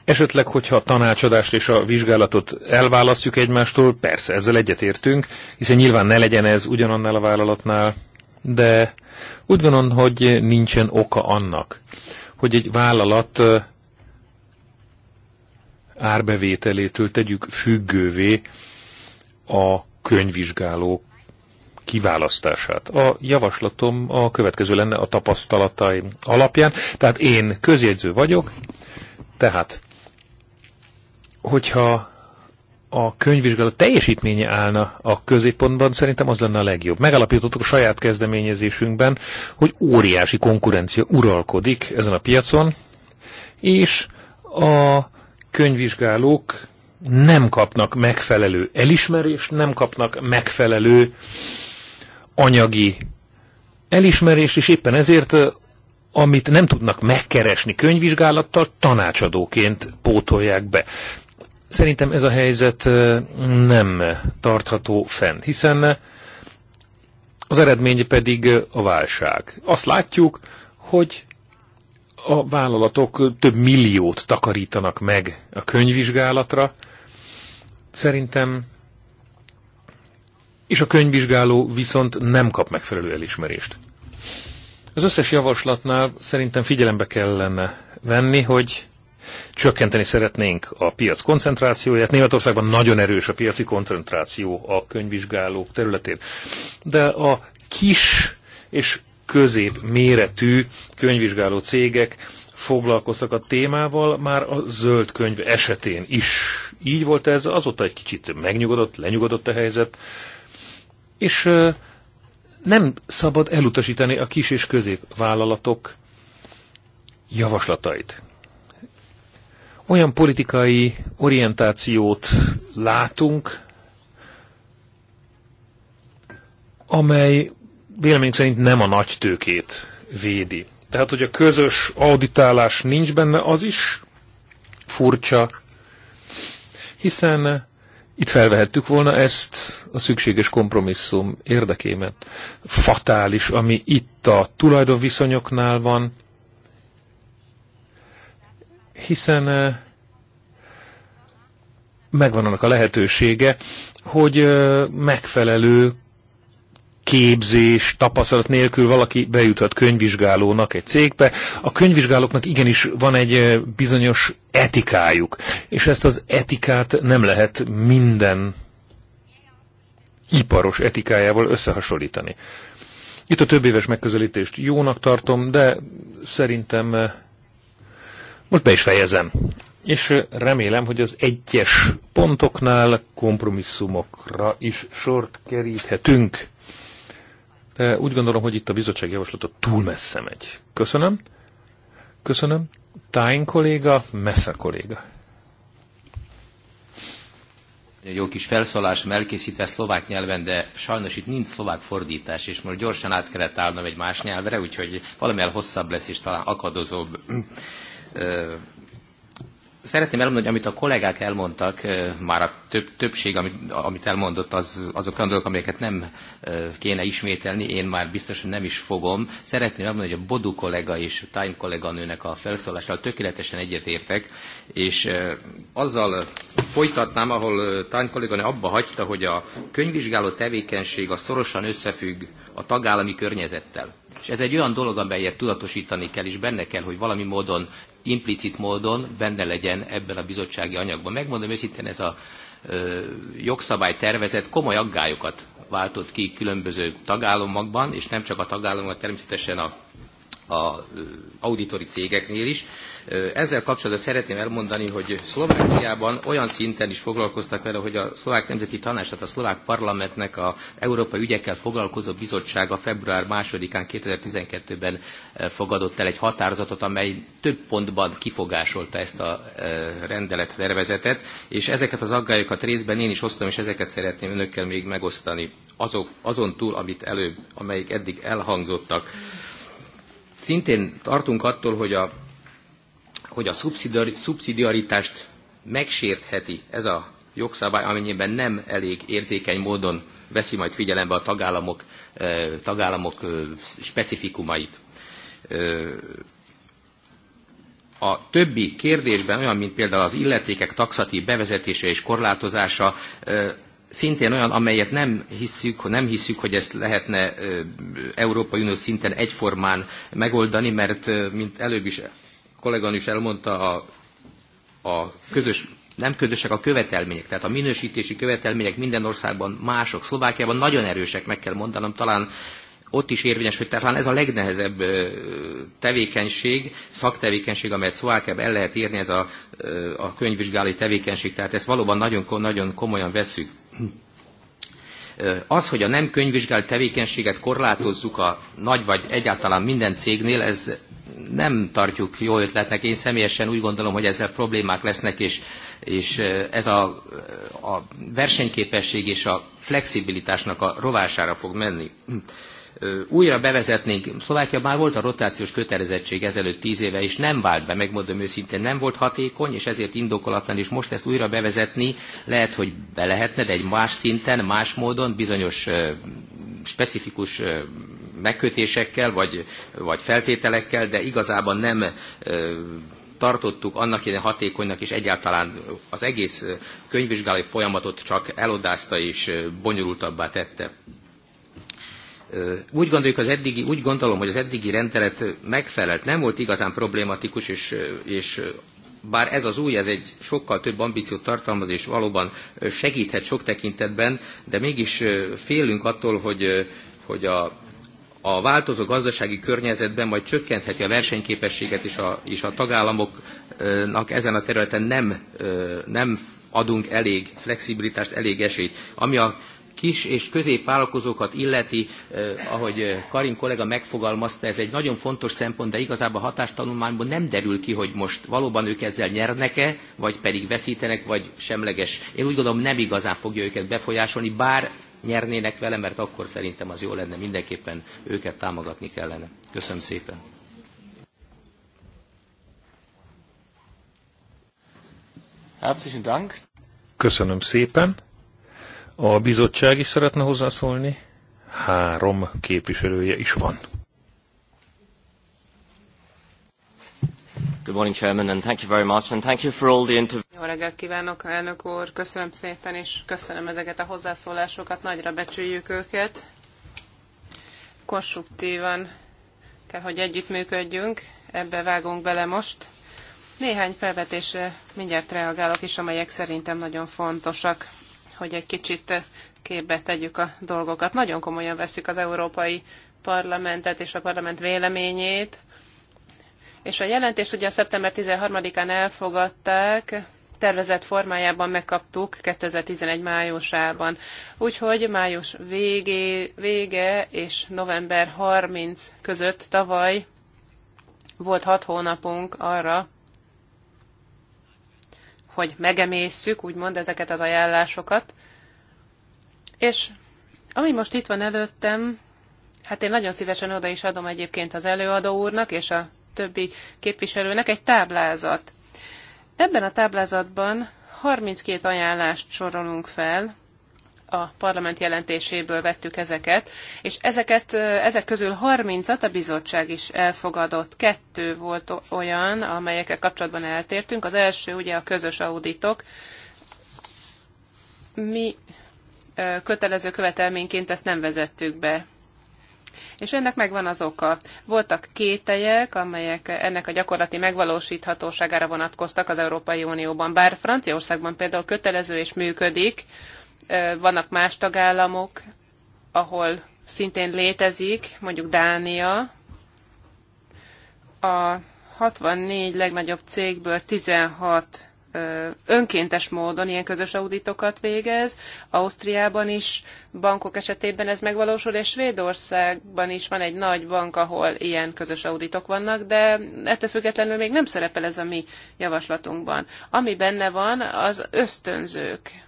Esetleg, hogyha a tanácsadást és a vizsgálatot elválasztjuk egymástól, persze ezzel egyetértünk, hiszen nyilván ne legyen ez ugyanannál a vállalatnál, de úgy gondolom, hogy nincsen oka annak, hogy egy vállalat árbevételétől tegyük függővé a könyvvizsgáló kiválasztását. A javaslatom a következő lenne a tapasztalataim alapján. Tehát én közjegyző vagyok, tehát hogyha a könyvvizsgáló teljesítménye állna a középpontban, szerintem az lenne a legjobb. Megalapítottuk a saját kezdeményezésünkben, hogy óriási konkurencia uralkodik ezen a piacon, és a könyvvizsgálók nem kapnak megfelelő elismerést, nem kapnak megfelelő anyagi elismerést, és éppen ezért amit nem tudnak megkeresni könyvvizsgálattal, tanácsadóként pótolják be. Szerintem ez a helyzet nem tartható fenn, hiszen az eredmény pedig a válság. Azt látjuk, hogy a vállalatok több milliót takarítanak meg a könyvvizsgálatra. Szerintem és a könyvvizsgáló viszont nem kap megfelelő elismerést. Az összes javaslatnál szerintem figyelembe kellene venni, hogy csökkenteni szeretnénk a piac koncentrációját. Németországban nagyon erős a piaci koncentráció a könyvvizsgálók területén. De a kis és középméretű könyvvizsgáló cégek foglalkoztak a témával már a zöld könyv esetén is. Így volt ez, azóta egy kicsit megnyugodott, lenyugodott a helyzet, és nem szabad elutasítani a kis és vállalatok javaslatait. Olyan politikai orientációt látunk, amely vélemény szerint nem a nagy tőkét védi. Tehát, hogy a közös auditálás nincs benne, az is furcsa, hiszen itt felvehettük volna ezt a szükséges kompromisszum érdekében. Fatális, ami itt a tulajdonviszonyoknál van, hiszen eh, megvan annak a lehetősége, hogy eh, megfelelő képzés, tapasztalat nélkül valaki bejuthat könyvvizsgálónak egy cégbe. A könyvvizsgálóknak igenis van egy eh, bizonyos etikájuk, és ezt az etikát nem lehet minden iparos etikájával összehasonlítani. Itt a több éves megközelítést jónak tartom, de szerintem eh, most be is fejezem. És eh, remélem, hogy az egyes pontoknál kompromisszumokra is sort keríthetünk de úgy gondolom, hogy itt a bizottság javaslata túl messze megy. Köszönöm. Köszönöm. Tájn kolléga, messze kolléga. Jó kis felszólásom elkészítve szlovák nyelven, de sajnos itt nincs szlovák fordítás, és most gyorsan át kellett állnom egy más nyelvre, úgyhogy valamilyen hosszabb lesz, és talán akadozóbb szeretném elmondani, hogy amit a kollégák elmondtak, már a több, többség, amit, amit elmondott, az, azok olyan dolgok, amelyeket nem kéne ismételni, én már biztos, hogy nem is fogom. Szeretném elmondani, hogy a Bodu kollega és a Time nőnek a felszólással tökéletesen egyetértek, és azzal folytatnám, ahol Time kolléganő abba hagyta, hogy a könyvvizsgáló tevékenység a szorosan összefügg a tagállami környezettel. És ez egy olyan dolog, amelyet tudatosítani kell, és benne kell, hogy valami módon implicit módon benne legyen ebben a bizottsági anyagban. Megmondom őszintén, ez a jogszabálytervezet komoly aggályokat váltott ki különböző tagállamokban, és nem csak a tagállamokban, természetesen a a auditori cégeknél is. Ezzel kapcsolatban szeretném elmondani, hogy Szlovákiában olyan szinten is foglalkoztak vele, hogy a szlovák nemzeti tanács, tehát a szlovák parlamentnek a Európai Ügyekkel foglalkozó bizottsága február 2-án 2012-ben fogadott el egy határozatot, amely több pontban kifogásolta ezt a rendelet tervezetet, és ezeket az aggályokat részben én is hoztam, és ezeket szeretném önökkel még megosztani azok, azon túl, amit előbb, amelyik eddig elhangzottak. Szintén tartunk attól, hogy a, hogy a szubszidiaritást megsértheti ez a jogszabály, amennyiben nem elég érzékeny módon veszi majd figyelembe a tagállamok, eh, tagállamok eh, specifikumait. Eh, a többi kérdésben, olyan, mint például az illetékek taxatív bevezetése és korlátozása, szintén olyan, amelyet nem hiszük, nem hiszük, hogy ezt lehetne Európai Unió szinten egyformán megoldani, mert mint előbb is kollégan is elmondta, a, a közös nem közösek a követelmények, tehát a minősítési követelmények minden országban mások. Szlovákiában nagyon erősek, meg kell mondanom, talán ott is érvényes, hogy talán ez a legnehezebb tevékenység, szaktevékenység, amelyet Szoákeb el lehet írni, ez a, a könyvvizsgálói tevékenység, tehát ezt valóban nagyon, nagyon komolyan veszük. Az, hogy a nem könyvvizsgált tevékenységet korlátozzuk a nagy vagy egyáltalán minden cégnél, ez nem tartjuk jó ötletnek. Én személyesen úgy gondolom, hogy ezzel problémák lesznek, és, és ez a, a versenyképesség és a flexibilitásnak a rovására fog menni újra bevezetnénk, Szlovákia már volt a rotációs kötelezettség ezelőtt tíz éve, és nem vált be, megmondom őszintén, nem volt hatékony, és ezért indokolatlan, és most ezt újra bevezetni lehet, hogy be lehetne, de egy más szinten, más módon, bizonyos specifikus megkötésekkel, vagy, vagy feltételekkel, de igazában nem tartottuk annak ilyen hatékonynak, és egyáltalán az egész könyvvizsgálói folyamatot csak elodázta és bonyolultabbá tette úgy gondoljuk, az eddigi, úgy gondolom, hogy az eddigi rendelet megfelelt, nem volt igazán problématikus, és, és bár ez az új, ez egy sokkal több ambíciót tartalmaz, és valóban segíthet sok tekintetben, de mégis félünk attól, hogy, hogy a, a változó gazdasági környezetben majd csökkentheti a versenyképességet, és a, és a tagállamoknak ezen a területen nem, nem adunk elég flexibilitást, elég esélyt. Ami a kis és középvállalkozókat illeti, eh, ahogy eh, Karin kollega megfogalmazta, ez egy nagyon fontos szempont, de igazából a hatástanulmányból nem derül ki, hogy most valóban ők ezzel nyernek-e, vagy pedig veszítenek, vagy semleges. Én úgy gondolom, nem igazán fogja őket befolyásolni, bár nyernének vele, mert akkor szerintem az jó lenne, mindenképpen őket támogatni kellene. Köszönöm szépen. Herzlichen Dank. Köszönöm szépen. A bizottság is szeretne hozzászólni. Három képviselője is van. Good morning, Chairman, and thank you very much, and thank you for all the interviews. Jó reggelt kívánok, elnök úr, köszönöm szépen, és köszönöm ezeket a hozzászólásokat, nagyra becsüljük őket. Konstruktívan kell, hogy együttműködjünk, ebbe vágunk bele most. Néhány felvetésre mindjárt reagálok is, amelyek szerintem nagyon fontosak hogy egy kicsit képbe tegyük a dolgokat. Nagyon komolyan veszük az Európai Parlamentet és a parlament véleményét, és a jelentést ugye a szeptember 13-án elfogadták, tervezett formájában megkaptuk 2011 májusában. Úgyhogy május végé, vége és november 30 között tavaly volt hat hónapunk arra, hogy megemészszük, úgymond ezeket az ajánlásokat. És ami most itt van előttem, hát én nagyon szívesen oda is adom egyébként az előadó úrnak és a többi képviselőnek egy táblázat. Ebben a táblázatban 32 ajánlást sorolunk fel, a parlament jelentéséből vettük ezeket, és ezeket, ezek közül 30-at a bizottság is elfogadott. Kettő volt olyan, amelyekkel kapcsolatban eltértünk. Az első ugye a közös auditok. Mi kötelező követelményként ezt nem vezettük be. És ennek megvan az oka. Voltak kételyek, amelyek ennek a gyakorlati megvalósíthatóságára vonatkoztak az Európai Unióban, bár Franciaországban például kötelező és működik, vannak más tagállamok, ahol szintén létezik, mondjuk Dánia. A 64 legnagyobb cégből 16 önkéntes módon ilyen közös auditokat végez. Ausztriában is bankok esetében ez megvalósul, és Svédországban is van egy nagy bank, ahol ilyen közös auditok vannak, de ettől függetlenül még nem szerepel ez a mi javaslatunkban. Ami benne van, az ösztönzők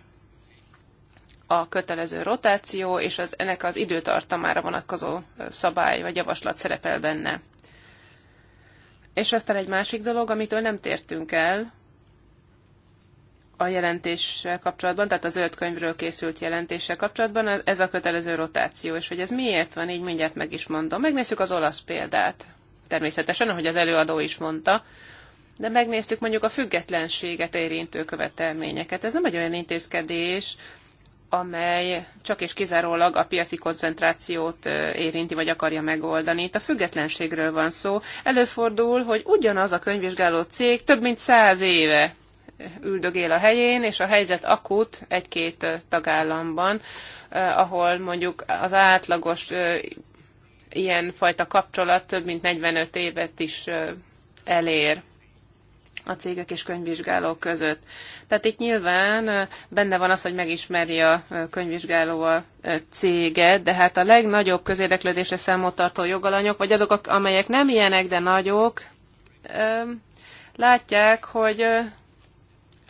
a kötelező rotáció és az, ennek az időtartamára vonatkozó szabály vagy javaslat szerepel benne. És aztán egy másik dolog, amitől nem tértünk el a jelentéssel kapcsolatban, tehát a zöld könyvről készült jelentéssel kapcsolatban, ez a kötelező rotáció, és hogy ez miért van így, mindjárt meg is mondom. Megnézzük az olasz példát. Természetesen, ahogy az előadó is mondta, de megnéztük mondjuk a függetlenséget érintő követelményeket. Ez nem egy olyan intézkedés, amely csak és kizárólag a piaci koncentrációt érinti, vagy akarja megoldani. Itt a függetlenségről van szó. Előfordul, hogy ugyanaz a könyvvizsgáló cég több mint száz éve üldögél a helyén, és a helyzet akut egy-két tagállamban, ahol mondjuk az átlagos ilyen fajta kapcsolat több mint 45 évet is elér a cégek és könyvvizsgálók között. Tehát itt nyilván benne van az, hogy megismeri a könyvvizsgáló a céget, de hát a legnagyobb közérdeklődésre számot tartó jogalanyok, vagy azok, amelyek nem ilyenek, de nagyok, látják, hogy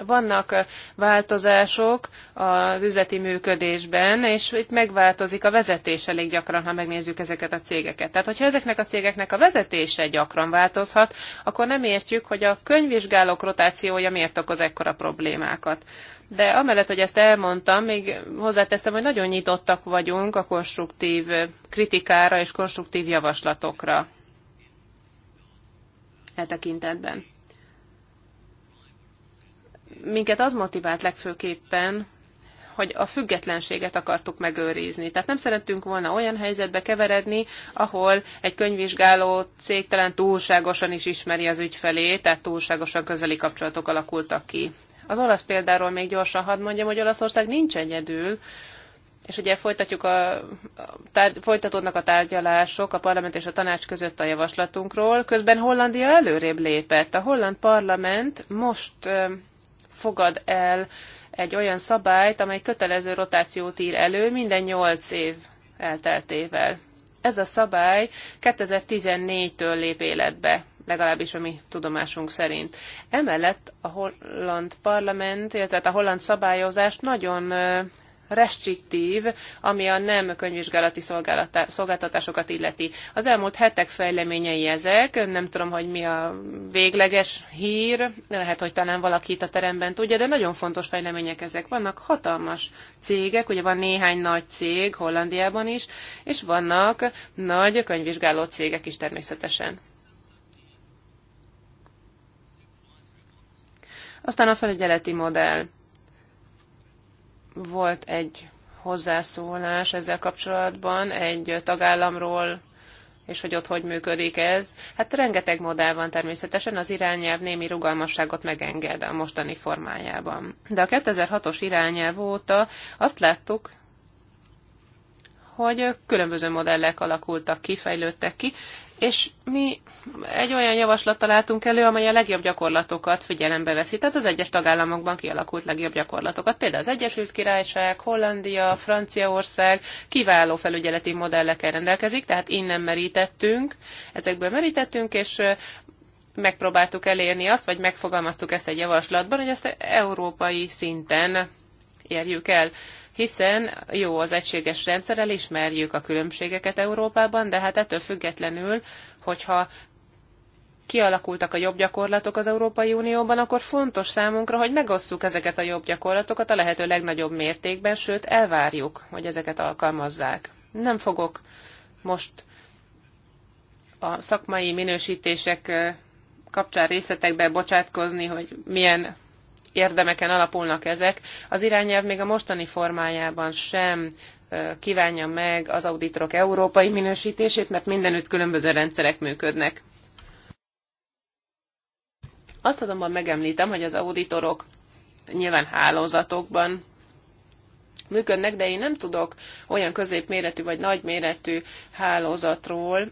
vannak változások az üzleti működésben, és itt megváltozik a vezetés elég gyakran, ha megnézzük ezeket a cégeket. Tehát, hogyha ezeknek a cégeknek a vezetése gyakran változhat, akkor nem értjük, hogy a könyvvizsgálók rotációja miért okoz ekkora problémákat. De amellett, hogy ezt elmondtam, még hozzáteszem, hogy nagyon nyitottak vagyunk a konstruktív kritikára és konstruktív javaslatokra e tekintetben minket az motivált legfőképpen, hogy a függetlenséget akartuk megőrizni. Tehát nem szerettünk volna olyan helyzetbe keveredni, ahol egy könyvvizsgáló cég talán túlságosan is ismeri az ügyfelét, tehát túlságosan közeli kapcsolatok alakultak ki. Az olasz példáról még gyorsan hadd mondjam, hogy Olaszország nincs egyedül, és ugye folytatjuk a, tárgy, folytatódnak a tárgyalások a parlament és a tanács között a javaslatunkról, közben Hollandia előrébb lépett. A holland parlament most fogad el egy olyan szabályt, amely kötelező rotációt ír elő minden 8 év elteltével. Ez a szabály 2014-től lép életbe, legalábbis a mi tudomásunk szerint. Emellett a holland parlament, illetve a holland szabályozást nagyon restriktív, ami a nem könyvvizsgálati szolgáltatásokat illeti. Az elmúlt hetek fejleményei ezek, nem tudom, hogy mi a végleges hír, lehet, hogy talán valaki itt a teremben tudja, de nagyon fontos fejlemények ezek. Vannak hatalmas cégek, ugye van néhány nagy cég Hollandiában is, és vannak nagy könyvvizsgáló cégek is természetesen. Aztán a felügyeleti modell. Volt egy hozzászólás ezzel kapcsolatban, egy tagállamról, és hogy ott hogy működik ez. Hát rengeteg modell van természetesen, az irányelv némi rugalmasságot megenged a mostani formájában. De a 2006-os irányelv óta azt láttuk, hogy különböző modellek alakultak ki, fejlődtek ki, és mi egy olyan javaslat találtunk elő, amely a legjobb gyakorlatokat figyelembe veszi, tehát az egyes tagállamokban kialakult legjobb gyakorlatokat. Például az Egyesült Királyság, Hollandia, Franciaország kiváló felügyeleti modellekkel rendelkezik, tehát innen merítettünk, ezekből merítettünk, és megpróbáltuk elérni azt, vagy megfogalmaztuk ezt egy javaslatban, hogy ezt európai szinten érjük el hiszen jó az egységes rendszer, elismerjük a különbségeket Európában, de hát ettől függetlenül, hogyha kialakultak a jobb gyakorlatok az Európai Unióban, akkor fontos számunkra, hogy megosszuk ezeket a jobb gyakorlatokat a lehető legnagyobb mértékben, sőt elvárjuk, hogy ezeket alkalmazzák. Nem fogok most a szakmai minősítések kapcsán részletekbe bocsátkozni, hogy milyen érdemeken alapulnak ezek. Az irányelv még a mostani formájában sem kívánja meg az auditorok európai minősítését, mert mindenütt különböző rendszerek működnek. Azt azonban megemlítem, hogy az auditorok nyilván hálózatokban működnek, de én nem tudok olyan középméretű vagy nagyméretű hálózatról,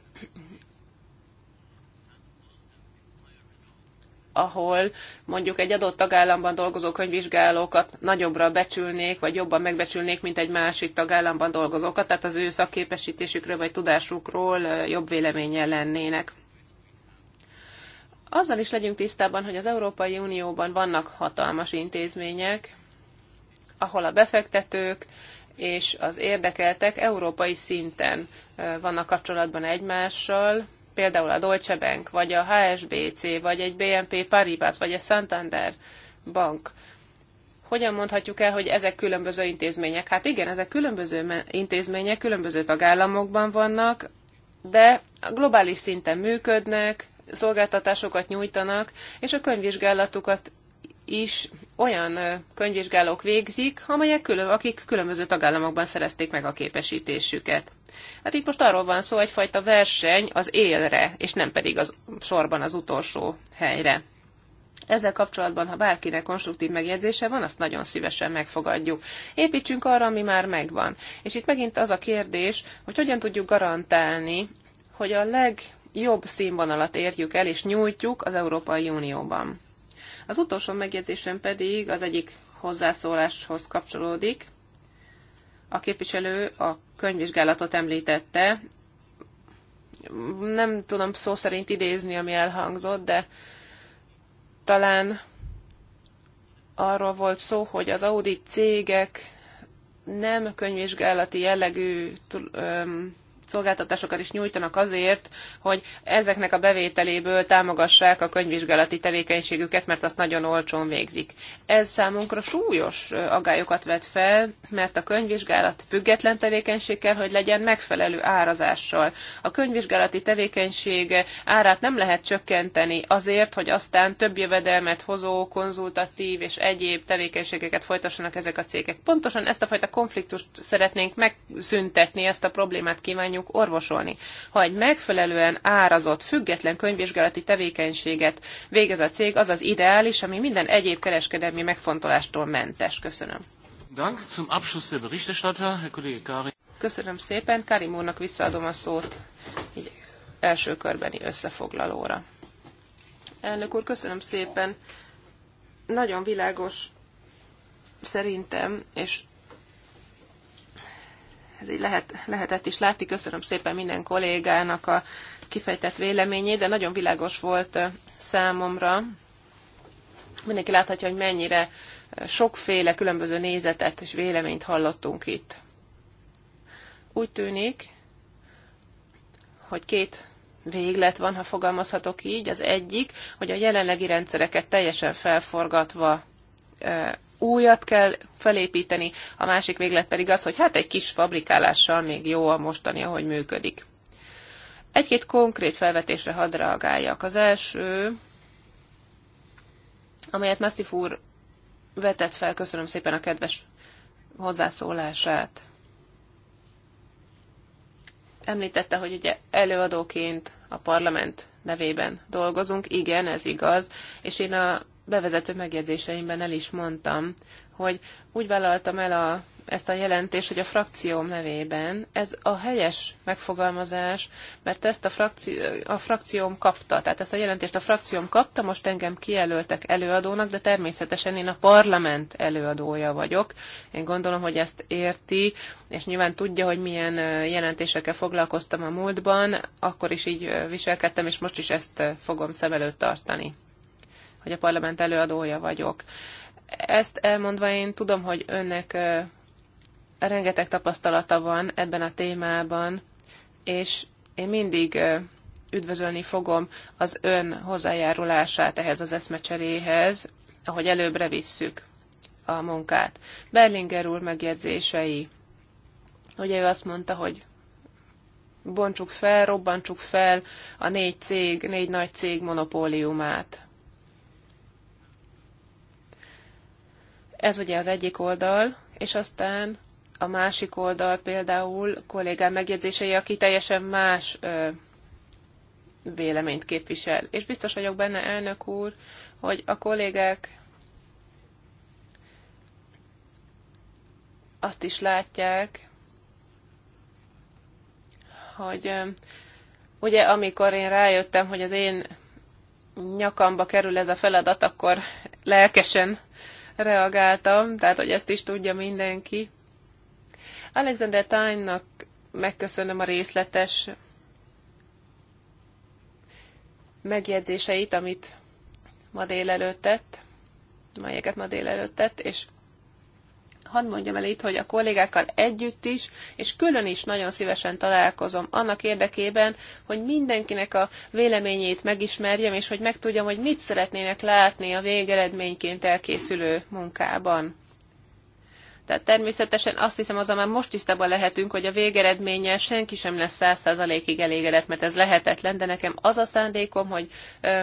ahol mondjuk egy adott tagállamban dolgozó könyvvizsgálókat nagyobbra becsülnék, vagy jobban megbecsülnék, mint egy másik tagállamban dolgozókat, tehát az ő szakképesítésükről vagy tudásukról jobb véleménye lennének. Azzal is legyünk tisztában, hogy az Európai Unióban vannak hatalmas intézmények, ahol a befektetők és az érdekeltek európai szinten vannak kapcsolatban egymással, például a Deutsche Bank, vagy a HSBC, vagy egy BNP Paribas, vagy a Santander bank, hogyan mondhatjuk el, hogy ezek különböző intézmények? Hát igen, ezek különböző intézmények, különböző tagállamokban vannak, de globális szinten működnek, szolgáltatásokat nyújtanak, és a könyvvizsgálatukat is olyan könyvvizsgálók végzik, amelyek külön, akik különböző tagállamokban szerezték meg a képesítésüket. Hát itt most arról van szó, egyfajta verseny az élre, és nem pedig az sorban az utolsó helyre. Ezzel kapcsolatban, ha bárkinek konstruktív megjegyzése van, azt nagyon szívesen megfogadjuk. Építsünk arra, ami már megvan. És itt megint az a kérdés, hogy hogyan tudjuk garantálni, hogy a legjobb színvonalat érjük el és nyújtjuk az Európai Unióban. Az utolsó megjegyzésem pedig az egyik hozzászóláshoz kapcsolódik. A képviselő a könyvvizsgálatot említette. Nem tudom szó szerint idézni, ami elhangzott, de talán arról volt szó, hogy az audit cégek nem könyvvizsgálati jellegű szolgáltatásokat is nyújtanak azért, hogy ezeknek a bevételéből támogassák a könyvvizsgálati tevékenységüket, mert azt nagyon olcsón végzik. Ez számunkra súlyos agályokat vet fel, mert a könyvvizsgálat független tevékenység kell, hogy legyen megfelelő árazással. A könyvvizsgálati tevékenység árát nem lehet csökkenteni azért, hogy aztán több jövedelmet hozó, konzultatív és egyéb tevékenységeket folytassanak ezek a cégek. Pontosan ezt a fajta konfliktust szeretnénk megszüntetni, ezt a problémát kívánjuk kívánjuk orvosolni. Ha egy megfelelően árazott, független könyvvizsgálati tevékenységet végez a cég, az az ideális, ami minden egyéb kereskedelmi megfontolástól mentes. Köszönöm. Dank zum Abschluss der Berichterstatter, Herr Kollege Kari. Köszönöm szépen, Karim úrnak visszaadom a szót így első körbeni összefoglalóra. Elnök úr, köszönöm szépen. Nagyon világos szerintem, és ez így lehet, lehetett is látni. Köszönöm szépen minden kollégának a kifejtett véleményét, de nagyon világos volt számomra. Mindenki láthatja, hogy mennyire sokféle különböző nézetet és véleményt hallottunk itt. Úgy tűnik, hogy két véglet van, ha fogalmazhatok így. Az egyik, hogy a jelenlegi rendszereket teljesen felforgatva újat kell felépíteni, a másik véglet pedig az, hogy hát egy kis fabrikálással még jó a mostani, ahogy működik. Egy-két konkrét felvetésre hadd reagáljak. Az első, amelyet Massif úr vetett fel, köszönöm szépen a kedves hozzászólását. Említette, hogy ugye előadóként a parlament nevében dolgozunk. Igen, ez igaz. És én a bevezető megjegyzéseimben el is mondtam, hogy úgy vállaltam el a, ezt a jelentést, hogy a frakcióm nevében ez a helyes megfogalmazás, mert ezt a, frakci, a frakcióm kapta. Tehát ezt a jelentést a frakcióm kapta, most engem kijelöltek előadónak, de természetesen én a parlament előadója vagyok. Én gondolom, hogy ezt érti, és nyilván tudja, hogy milyen jelentésekkel foglalkoztam a múltban, akkor is így viselkedtem, és most is ezt fogom szem előtt tartani hogy a parlament előadója vagyok. Ezt elmondva én tudom, hogy önnek rengeteg tapasztalata van ebben a témában, és én mindig üdvözölni fogom az ön hozzájárulását ehhez az eszmecseréhez, ahogy előbbre visszük a munkát. Berlinger úr megjegyzései. Ugye ő azt mondta, hogy bontsuk fel, robbantsuk fel a négy cég, négy nagy cég monopóliumát. Ez ugye az egyik oldal, és aztán a másik oldal például kollégám megjegyzései, aki teljesen más ö, véleményt képvisel. És biztos vagyok benne, elnök úr, hogy a kollégák azt is látják, hogy ö, ugye amikor én rájöttem, hogy az én nyakamba kerül ez a feladat, akkor lelkesen reagáltam, tehát hogy ezt is tudja mindenki. Alexander Time-nak megköszönöm a részletes megjegyzéseit, amit ma délelőtt tett, melyeket ma délelőtt tett, és hadd mondjam el itt, hogy a kollégákkal együtt is, és külön is nagyon szívesen találkozom annak érdekében, hogy mindenkinek a véleményét megismerjem, és hogy megtudjam, hogy mit szeretnének látni a végeredményként elkészülő munkában. Tehát természetesen azt hiszem, azon már most tisztában lehetünk, hogy a végeredménnyel senki sem lesz száz százalékig elégedett, mert ez lehetetlen, de nekem az a szándékom, hogy ö,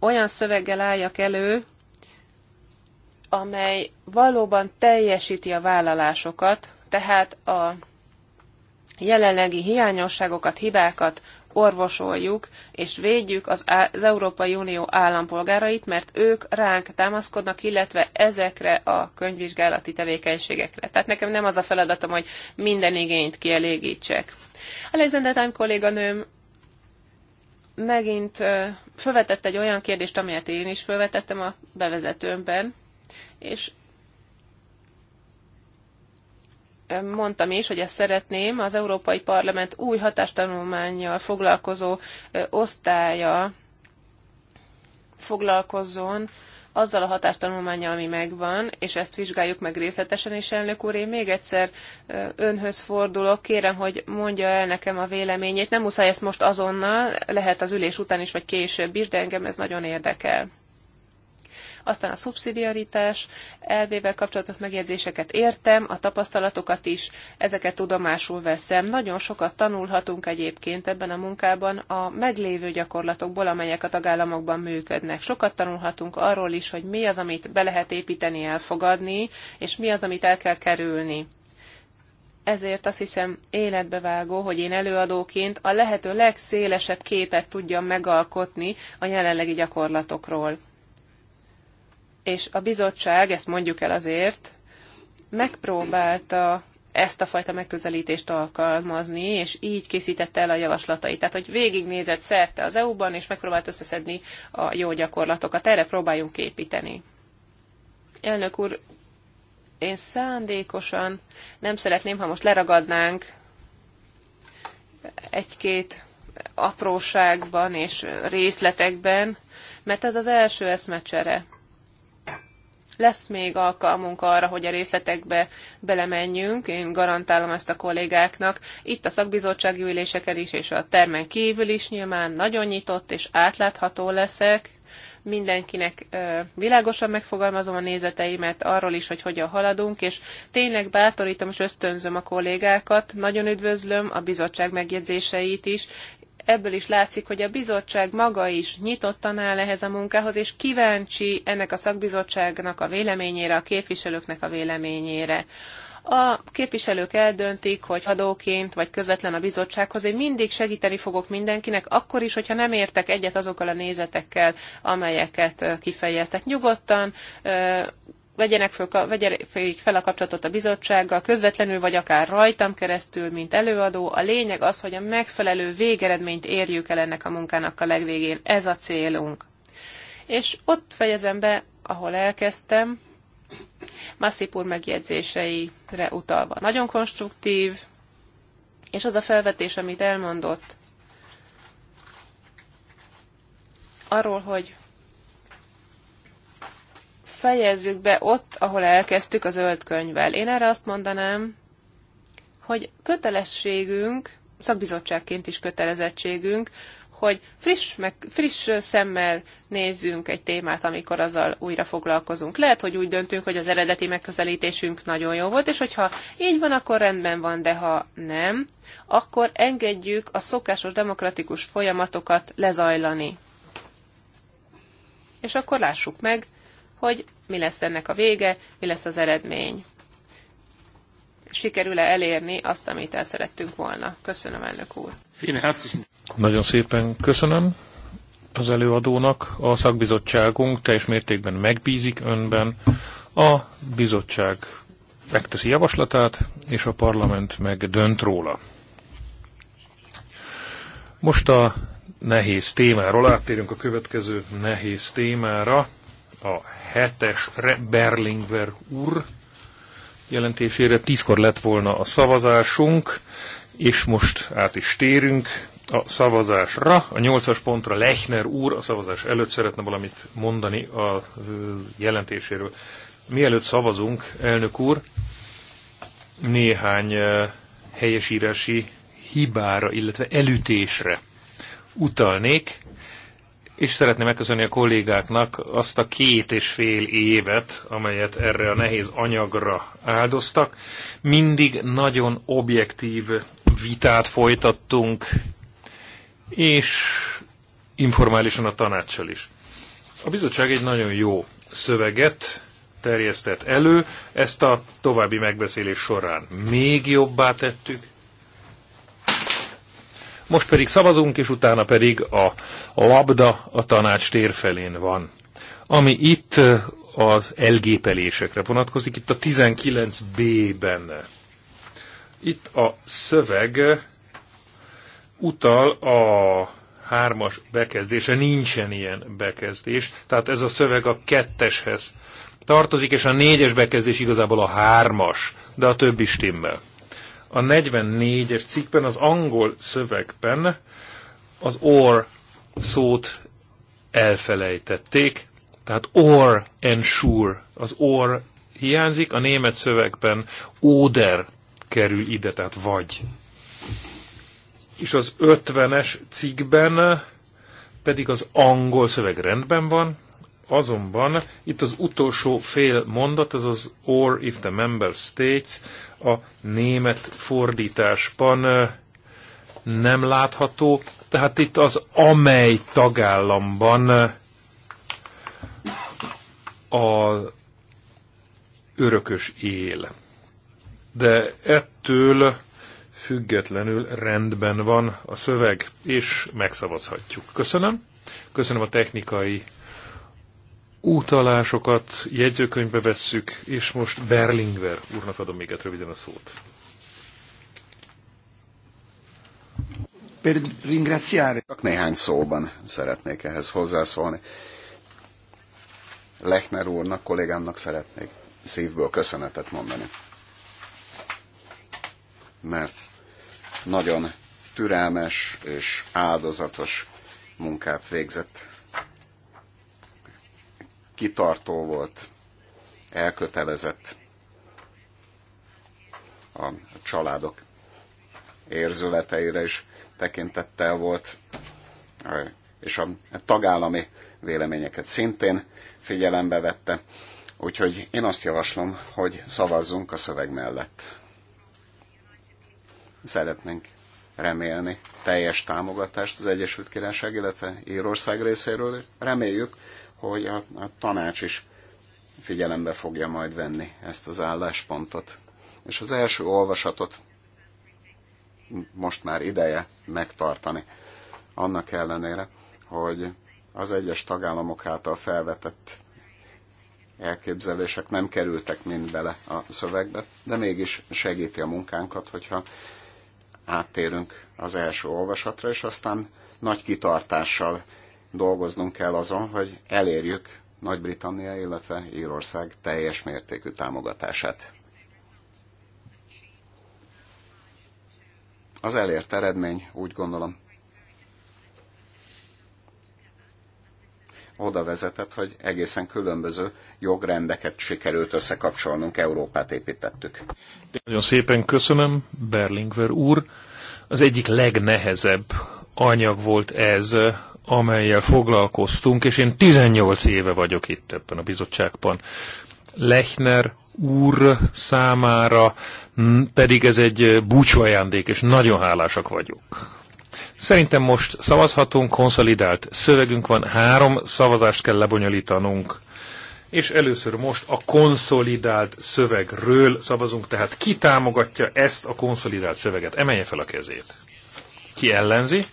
olyan szöveggel álljak elő, amely valóban teljesíti a vállalásokat, tehát a jelenlegi hiányosságokat, hibákat orvosoljuk és védjük az, az Európai Unió állampolgárait, mert ők ránk támaszkodnak, illetve ezekre a könyvvizsgálati tevékenységekre. Tehát nekem nem az a feladatom, hogy minden igényt kielégítsek. Alexander Time kolléganőm megint felvetett egy olyan kérdést, amelyet én is felvetettem a bevezetőmben, és mondtam is, hogy ezt szeretném, az Európai Parlament új hatástanulmányjal foglalkozó osztálya foglalkozzon azzal a hatástanulmányjal, ami megvan, és ezt vizsgáljuk meg részletesen, és elnök úr, én még egyszer önhöz fordulok, kérem, hogy mondja el nekem a véleményét. Nem muszáj ezt most azonnal, lehet az ülés után is, vagy később is, de engem ez nagyon érdekel. Aztán a szubszidiaritás elvével kapcsolatos megjegyzéseket értem, a tapasztalatokat is, ezeket tudomásul veszem. Nagyon sokat tanulhatunk egyébként ebben a munkában a meglévő gyakorlatokból, amelyek a tagállamokban működnek. Sokat tanulhatunk arról is, hogy mi az, amit be lehet építeni, elfogadni, és mi az, amit el kell kerülni ezért azt hiszem életbevágó, hogy én előadóként a lehető legszélesebb képet tudjam megalkotni a jelenlegi gyakorlatokról és a bizottság, ezt mondjuk el azért, megpróbálta ezt a fajta megközelítést alkalmazni, és így készítette el a javaslatait. Tehát, hogy végignézett szerte az EU-ban, és megpróbált összeszedni a jó gyakorlatokat. Erre próbáljunk építeni. Elnök úr, én szándékosan nem szeretném, ha most leragadnánk egy-két apróságban és részletekben, mert ez az első eszmecsere. Lesz még alkalmunk arra, hogy a részletekbe belemenjünk, én garantálom ezt a kollégáknak. Itt a szakbizottsági üléseken is, és a termen kívül is nyilván nagyon nyitott és átlátható leszek. Mindenkinek világosan megfogalmazom a nézeteimet arról is, hogy hogyan haladunk, és tényleg bátorítom és ösztönzöm a kollégákat, nagyon üdvözlöm a bizottság megjegyzéseit is, ebből is látszik, hogy a bizottság maga is nyitottan áll ehhez a munkához, és kíváncsi ennek a szakbizottságnak a véleményére, a képviselőknek a véleményére. A képviselők eldöntik, hogy adóként vagy közvetlen a bizottsághoz, én mindig segíteni fogok mindenkinek, akkor is, hogyha nem értek egyet azokkal a nézetekkel, amelyeket kifejeztek. Nyugodtan vegyenek föl, vegyenek fel a kapcsolatot a bizottsággal, közvetlenül vagy akár rajtam keresztül, mint előadó. A lényeg az, hogy a megfelelő végeredményt érjük el ennek a munkának a legvégén. Ez a célunk. És ott fejezem be, ahol elkezdtem, Massip úr megjegyzéseire utalva. Nagyon konstruktív, és az a felvetés, amit elmondott, arról, hogy fejezzük be ott, ahol elkezdtük a zöld könyvvel. Én erre azt mondanám, hogy kötelességünk, szakbizottságként is kötelezettségünk, hogy friss, meg, friss szemmel nézzünk egy témát, amikor azzal újra foglalkozunk. Lehet, hogy úgy döntünk, hogy az eredeti megközelítésünk nagyon jó volt, és hogyha így van, akkor rendben van, de ha nem, akkor engedjük a szokásos demokratikus folyamatokat lezajlani. És akkor lássuk meg, hogy mi lesz ennek a vége, mi lesz az eredmény. Sikerül-e elérni azt, amit el szerettünk volna? Köszönöm, elnök úr. Nagyon szépen köszönöm az előadónak. A szakbizottságunk teljes mértékben megbízik önben. A bizottság megteszi javaslatát, és a parlament meg dönt róla. Most a nehéz témáról áttérünk a következő nehéz témára a hetesre Berlingwer úr jelentésére. Tízkor lett volna a szavazásunk, és most át is térünk a szavazásra. A nyolcas pontra Lechner úr a szavazás előtt szeretne valamit mondani a jelentéséről. Mielőtt szavazunk, elnök úr, néhány helyesírási hibára, illetve elütésre utalnék és szeretném megköszönni a kollégáknak azt a két és fél évet, amelyet erre a nehéz anyagra áldoztak. Mindig nagyon objektív vitát folytattunk, és informálisan a tanácssal is. A bizottság egy nagyon jó szöveget terjesztett elő, ezt a további megbeszélés során még jobbá tettük, most pedig szavazunk, és utána pedig a labda a tanács tér felén van. Ami itt az elgépelésekre vonatkozik, itt a 19b-ben. Itt a szöveg utal a hármas bekezdése, nincsen ilyen bekezdés, tehát ez a szöveg a ketteshez tartozik, és a négyes bekezdés igazából a hármas, de a többi stimmel a 44-es cikkben, az angol szövegben az or szót elfelejtették, tehát or ensure, az or hiányzik, a német szövegben oder kerül ide, tehát vagy. És az 50-es cikkben pedig az angol szöveg rendben van, Azonban itt az utolsó fél mondat, ez az or if the member states a német fordításban nem látható, tehát itt az amely tagállamban a örökös él. De ettől függetlenül rendben van a szöveg, és megszavazhatjuk. Köszönöm. Köszönöm a technikai utalásokat jegyzőkönyvbe vesszük, és most Berlingver úrnak adom még egy röviden a szót. Per ringraziare. Csak néhány szóban szeretnék ehhez hozzászólni. Lechner úrnak, kollégámnak szeretnék szívből köszönetet mondani. Mert nagyon türelmes és áldozatos munkát végzett kitartó volt, elkötelezett a családok érzületeire is tekintettel volt, és a tagállami véleményeket szintén figyelembe vette. Úgyhogy én azt javaslom, hogy szavazzunk a szöveg mellett. Szeretnénk remélni teljes támogatást az Egyesült Királyság, illetve Írország részéről. Reméljük, hogy a, a tanács is figyelembe fogja majd venni ezt az álláspontot. És az első olvasatot most már ideje megtartani. Annak ellenére, hogy az egyes tagállamok által felvetett elképzelések nem kerültek mind bele a szövegbe, de mégis segíti a munkánkat, hogyha áttérünk az első olvasatra, és aztán nagy kitartással dolgoznunk kell azon, hogy elérjük Nagy-Britannia, illetve Írország teljes mértékű támogatását. Az elért eredmény, úgy gondolom, oda vezetett, hogy egészen különböző jogrendeket sikerült összekapcsolnunk, Európát építettük. Nagyon szépen köszönöm, Berlingver úr. Az egyik legnehezebb anyag volt ez amelyel foglalkoztunk, és én 18 éve vagyok itt ebben a bizottságban. Lechner úr számára pedig ez egy búcsúajándék, és nagyon hálásak vagyok. Szerintem most szavazhatunk, konszolidált szövegünk van, három szavazást kell lebonyolítanunk. És először most a konszolidált szövegről szavazunk, tehát ki támogatja ezt a konszolidált szöveget? Emelje fel a kezét. Ki ellenzi?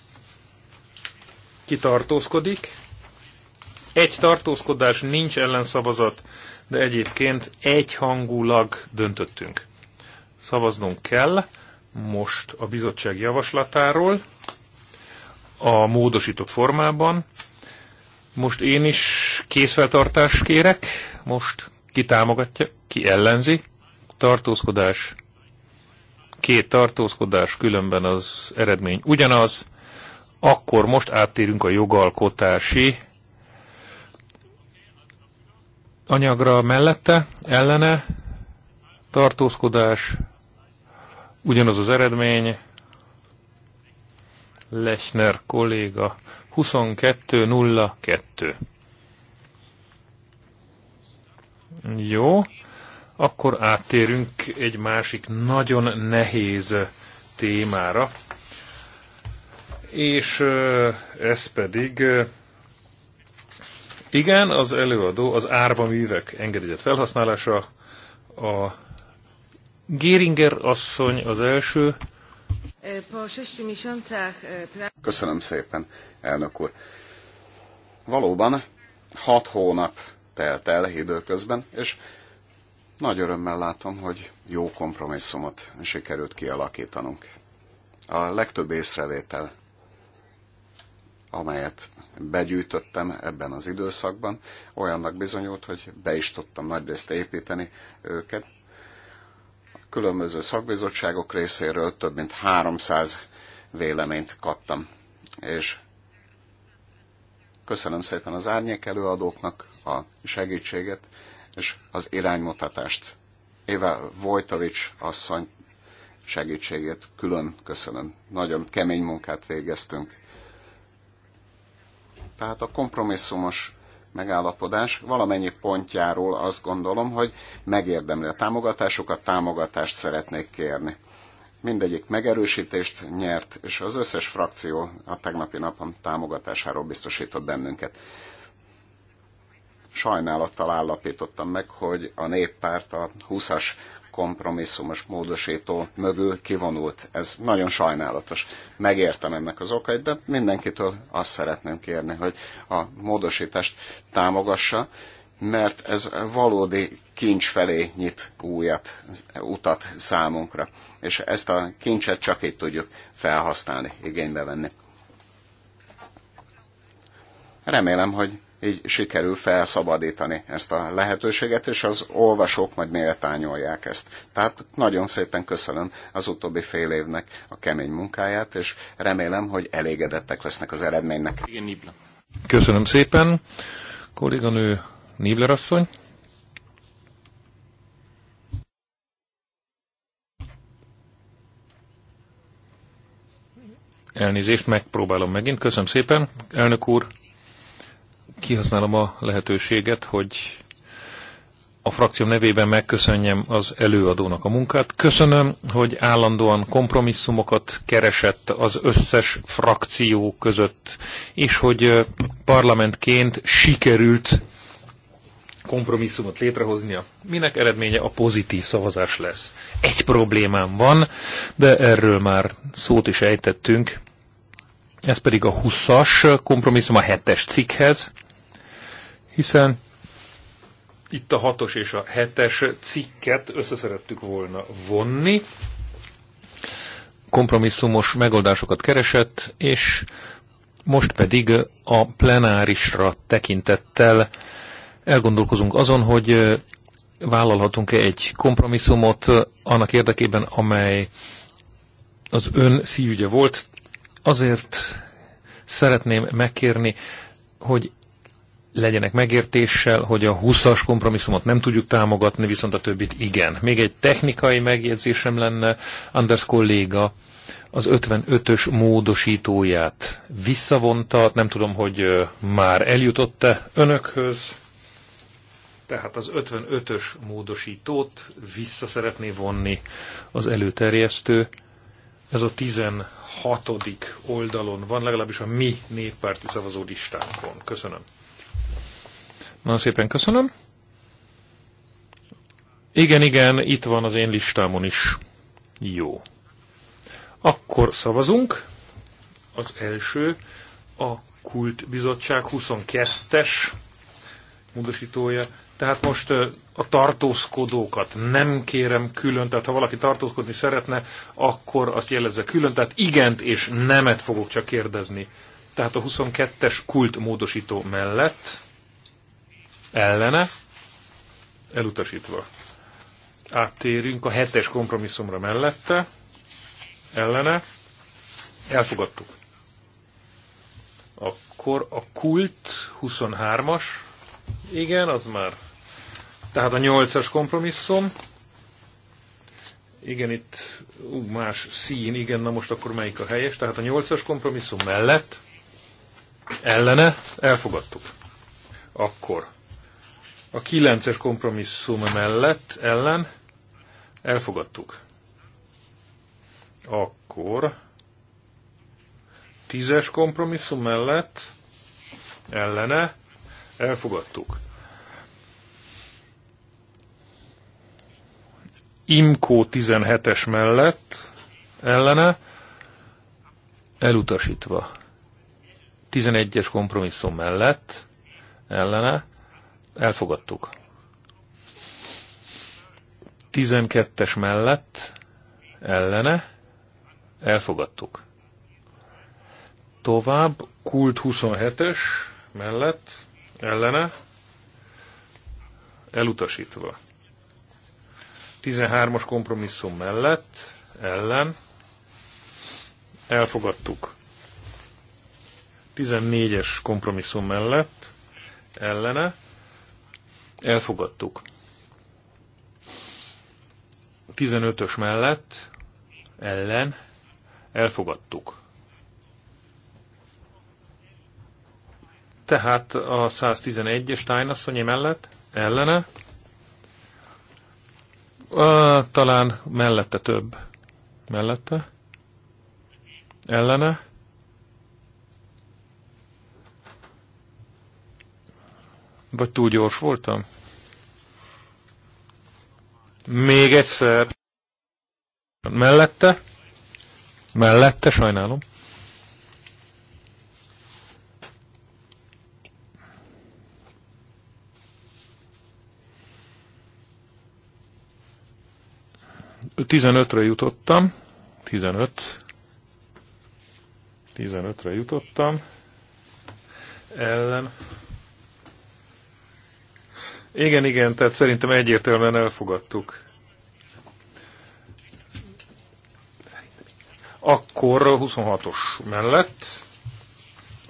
tartózkodik. Egy tartózkodás, nincs ellenszavazat, de egyébként egyhangulag döntöttünk. Szavaznunk kell most a bizottság javaslatáról a módosított formában. Most én is készfeltartást kérek, most ki támogatja, ki ellenzi. Tartózkodás, két tartózkodás, különben az eredmény ugyanaz, akkor most áttérünk a jogalkotási anyagra mellette, ellene, tartózkodás, ugyanaz az eredmény, Lechner kolléga 22.02. Jó, akkor áttérünk egy másik nagyon nehéz témára, és ez pedig igen, az előadó az árva művek engedélyezett felhasználása, a Géringer asszony az első. E, Köszönöm szépen, elnök úr. Valóban hat hónap telt el időközben, és nagy örömmel látom, hogy jó kompromisszumot sikerült kialakítanunk. A legtöbb észrevétel amelyet begyűjtöttem ebben az időszakban, olyannak bizonyult, hogy be is tudtam nagyrészt építeni őket. A különböző szakbizottságok részéről több mint 300 véleményt kaptam, és köszönöm szépen az árnyék előadóknak a segítséget és az iránymutatást. Éve Vojtovics asszony segítségét külön köszönöm. Nagyon kemény munkát végeztünk tehát a kompromisszumos megállapodás valamennyi pontjáról azt gondolom, hogy megérdemli a támogatásokat, támogatást szeretnék kérni. Mindegyik megerősítést nyert, és az összes frakció a tegnapi napon támogatásáról biztosított bennünket. Sajnálattal állapítottam meg, hogy a néppárt a 20-as kompromisszumos módosító mögül kivonult. Ez nagyon sajnálatos. Megértem ennek az okait, de mindenkitől azt szeretném kérni, hogy a módosítást támogassa, mert ez valódi kincs felé nyit újat, utat számunkra. És ezt a kincset csak így tudjuk felhasználni, igénybe venni. Remélem, hogy így sikerül felszabadítani ezt a lehetőséget, és az olvasók majd méltányolják ezt. Tehát nagyon szépen köszönöm az utóbbi fél évnek a kemény munkáját, és remélem, hogy elégedettek lesznek az eredménynek. Köszönöm szépen, kolléganő Nibler asszony. Elnézést, megpróbálom megint. Köszönöm szépen, elnök úr kihasználom a lehetőséget, hogy a frakció nevében megköszönjem az előadónak a munkát. Köszönöm, hogy állandóan kompromisszumokat keresett az összes frakció között, és hogy parlamentként sikerült kompromisszumot létrehoznia, minek eredménye a pozitív szavazás lesz. Egy problémám van, de erről már szót is ejtettünk, ez pedig a 20-as kompromisszum a 7-es cikkhez, hiszen itt a hatos és a hetes cikket összeszerettük volna vonni. Kompromisszumos megoldásokat keresett, és most pedig a plenárisra tekintettel elgondolkozunk azon, hogy vállalhatunk-e egy kompromisszumot annak érdekében, amely az ön szívügye volt. Azért szeretném megkérni, hogy legyenek megértéssel, hogy a 20-as kompromisszumot nem tudjuk támogatni, viszont a többit igen. Még egy technikai megjegyzésem lenne, Anders kolléga az 55-ös módosítóját visszavonta, nem tudom, hogy már eljutott-e önökhöz, tehát az 55-ös módosítót vissza szeretné vonni az előterjesztő. Ez a 16. oldalon van, legalábbis a mi néppárti listánkon. Köszönöm. Nagyon szépen köszönöm. Igen, igen, itt van az én listámon is. Jó. Akkor szavazunk. Az első a Kult Bizottság 22-es módosítója. Tehát most a tartózkodókat nem kérem külön, tehát ha valaki tartózkodni szeretne, akkor azt jelezze külön, tehát igent és nemet fogok csak kérdezni. Tehát a 22-es kult módosító mellett ellene, elutasítva. Áttérünk a hetes kompromisszumra mellette, ellene, elfogadtuk. Akkor a kult 23-as, igen, az már, tehát a 8-as kompromisszum, igen, itt ú, más szín, igen, na most akkor melyik a helyes, tehát a 8-as kompromisszum mellett, ellene, elfogadtuk. Akkor a kilences kompromisszum mellett ellen elfogadtuk. Akkor tízes kompromisszum mellett ellene elfogadtuk. Imkó 17-es mellett ellene elutasítva. 11-es kompromisszum mellett ellene Elfogadtuk. 12-es mellett ellene elfogadtuk. Tovább kult 27-es mellett ellene elutasítva. 13-as kompromisszum mellett ellen elfogadtuk. 14-es kompromisszum mellett ellene Elfogadtuk. 15-ös mellett ellen elfogadtuk. Tehát a 111-es Steinasszonyi mellett ellene a, talán mellette több. Mellette? Ellene? Vagy túl gyors voltam? Még egyszer. Mellette? Mellette, sajnálom. Tizenötre jutottam. Tizenöt. 15-re jutottam. Ellen igen, igen, tehát szerintem egyértelműen elfogadtuk. Akkor 26-os mellett,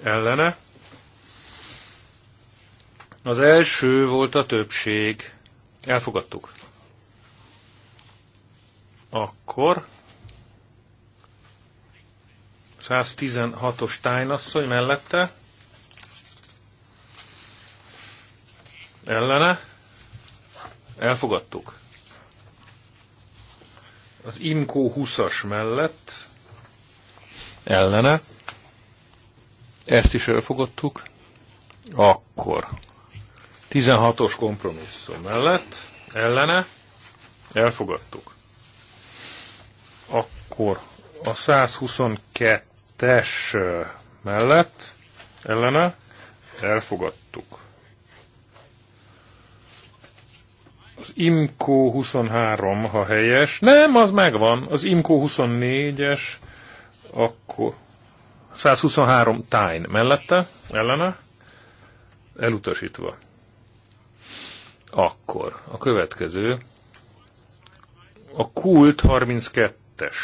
ellene. Az első volt a többség. Elfogadtuk. Akkor 116-os tájnasszony mellette ellene, elfogadtuk. Az IMCO 20-as mellett ellene, ezt is elfogadtuk, akkor 16-os kompromisszum mellett ellene, elfogadtuk. Akkor a 122-es mellett ellene elfogadtuk. Az IMCO 23, ha helyes. Nem, az megvan. Az IMCO 24-es, akkor 123 Tyne mellette, ellene, elutasítva. Akkor a következő, a Kult 32-es.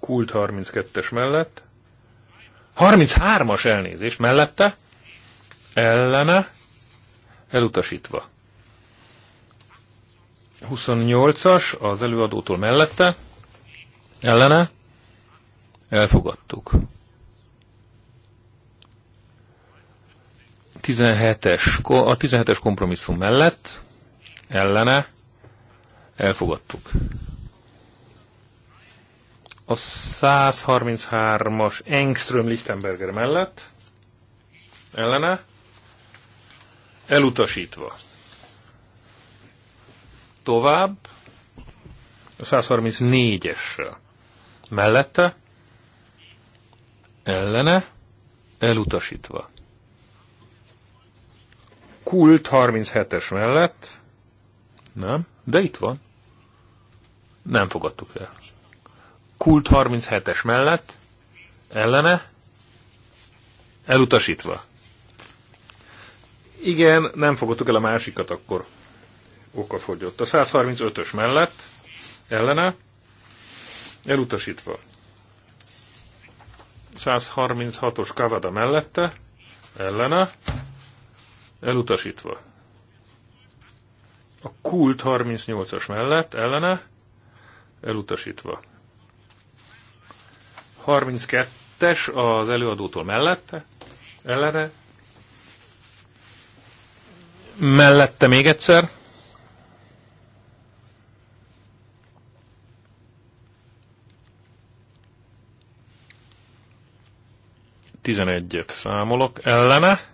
Kult 32-es mellett, 33-as elnézés mellette, ellene, elutasítva. 28-as az előadótól mellette, ellene, elfogadtuk. 17-es, a 17-es kompromisszum mellett, ellene, elfogadtuk. A 133-as Engström Lichtenberger mellett, ellene, elutasítva. Tovább a 134-essel. Mellette, ellene, elutasítva. Kult 37-es mellett, nem, de itt van. Nem fogadtuk el. Kult 37-es mellett, ellene, elutasítva. Igen, nem fogadtuk el a másikat akkor okafogyott. A 135-ös mellett ellene elutasítva. 136-os Kavada mellette ellene elutasítva. A Kult 38-as mellett ellene elutasítva. 32-es az előadótól mellette ellene mellette még egyszer 11-et számolok ellene.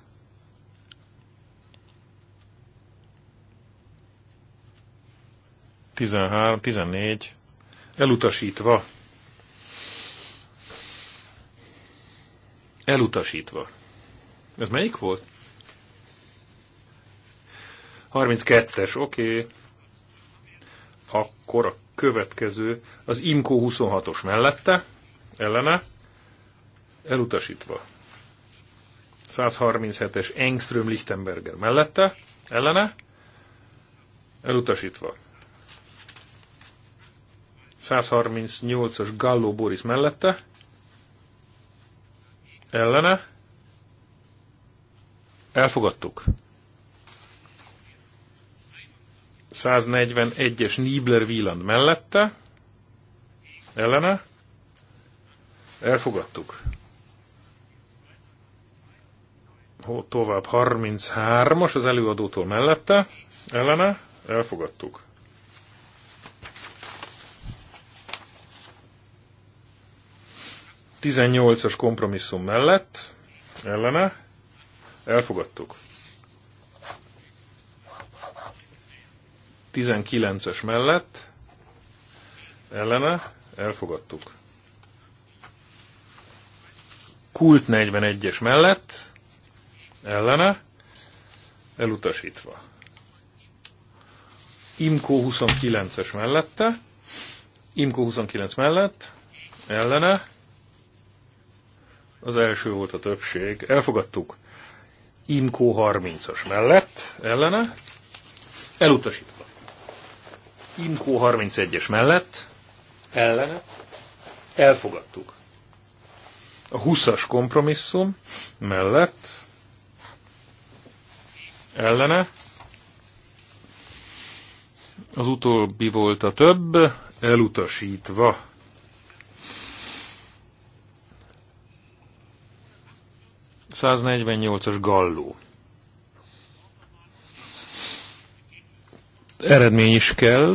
Tizenhárom, tizennégy, elutasítva. Elutasítva. Ez melyik volt? 32-es, oké. Okay. Akkor a következő, az IMCO 26-os mellette, ellene elutasítva. 137-es Engström Lichtenberger mellette, ellene, elutasítva. 138-as Galló Boris mellette, ellene, elfogadtuk. 141-es Niebler Wieland mellette, ellene, elfogadtuk tovább 33-as az előadótól mellette, ellene, elfogadtuk. Tizennyolcas kompromisszum mellett, ellene, elfogadtuk. 19-es mellett, ellene, elfogadtuk. Kult 41-es mellett, ellene, elutasítva. Imco 29-es mellette, Imco 29 mellett, ellene, az első volt a többség, elfogadtuk, Imco 30-as mellett, ellene, elutasítva. Imco 31-es mellett, ellene, elfogadtuk. A 20-as kompromisszum mellett, ellene. Az utóbbi volt a több, elutasítva. ...148-as galló. Eredmény is kell.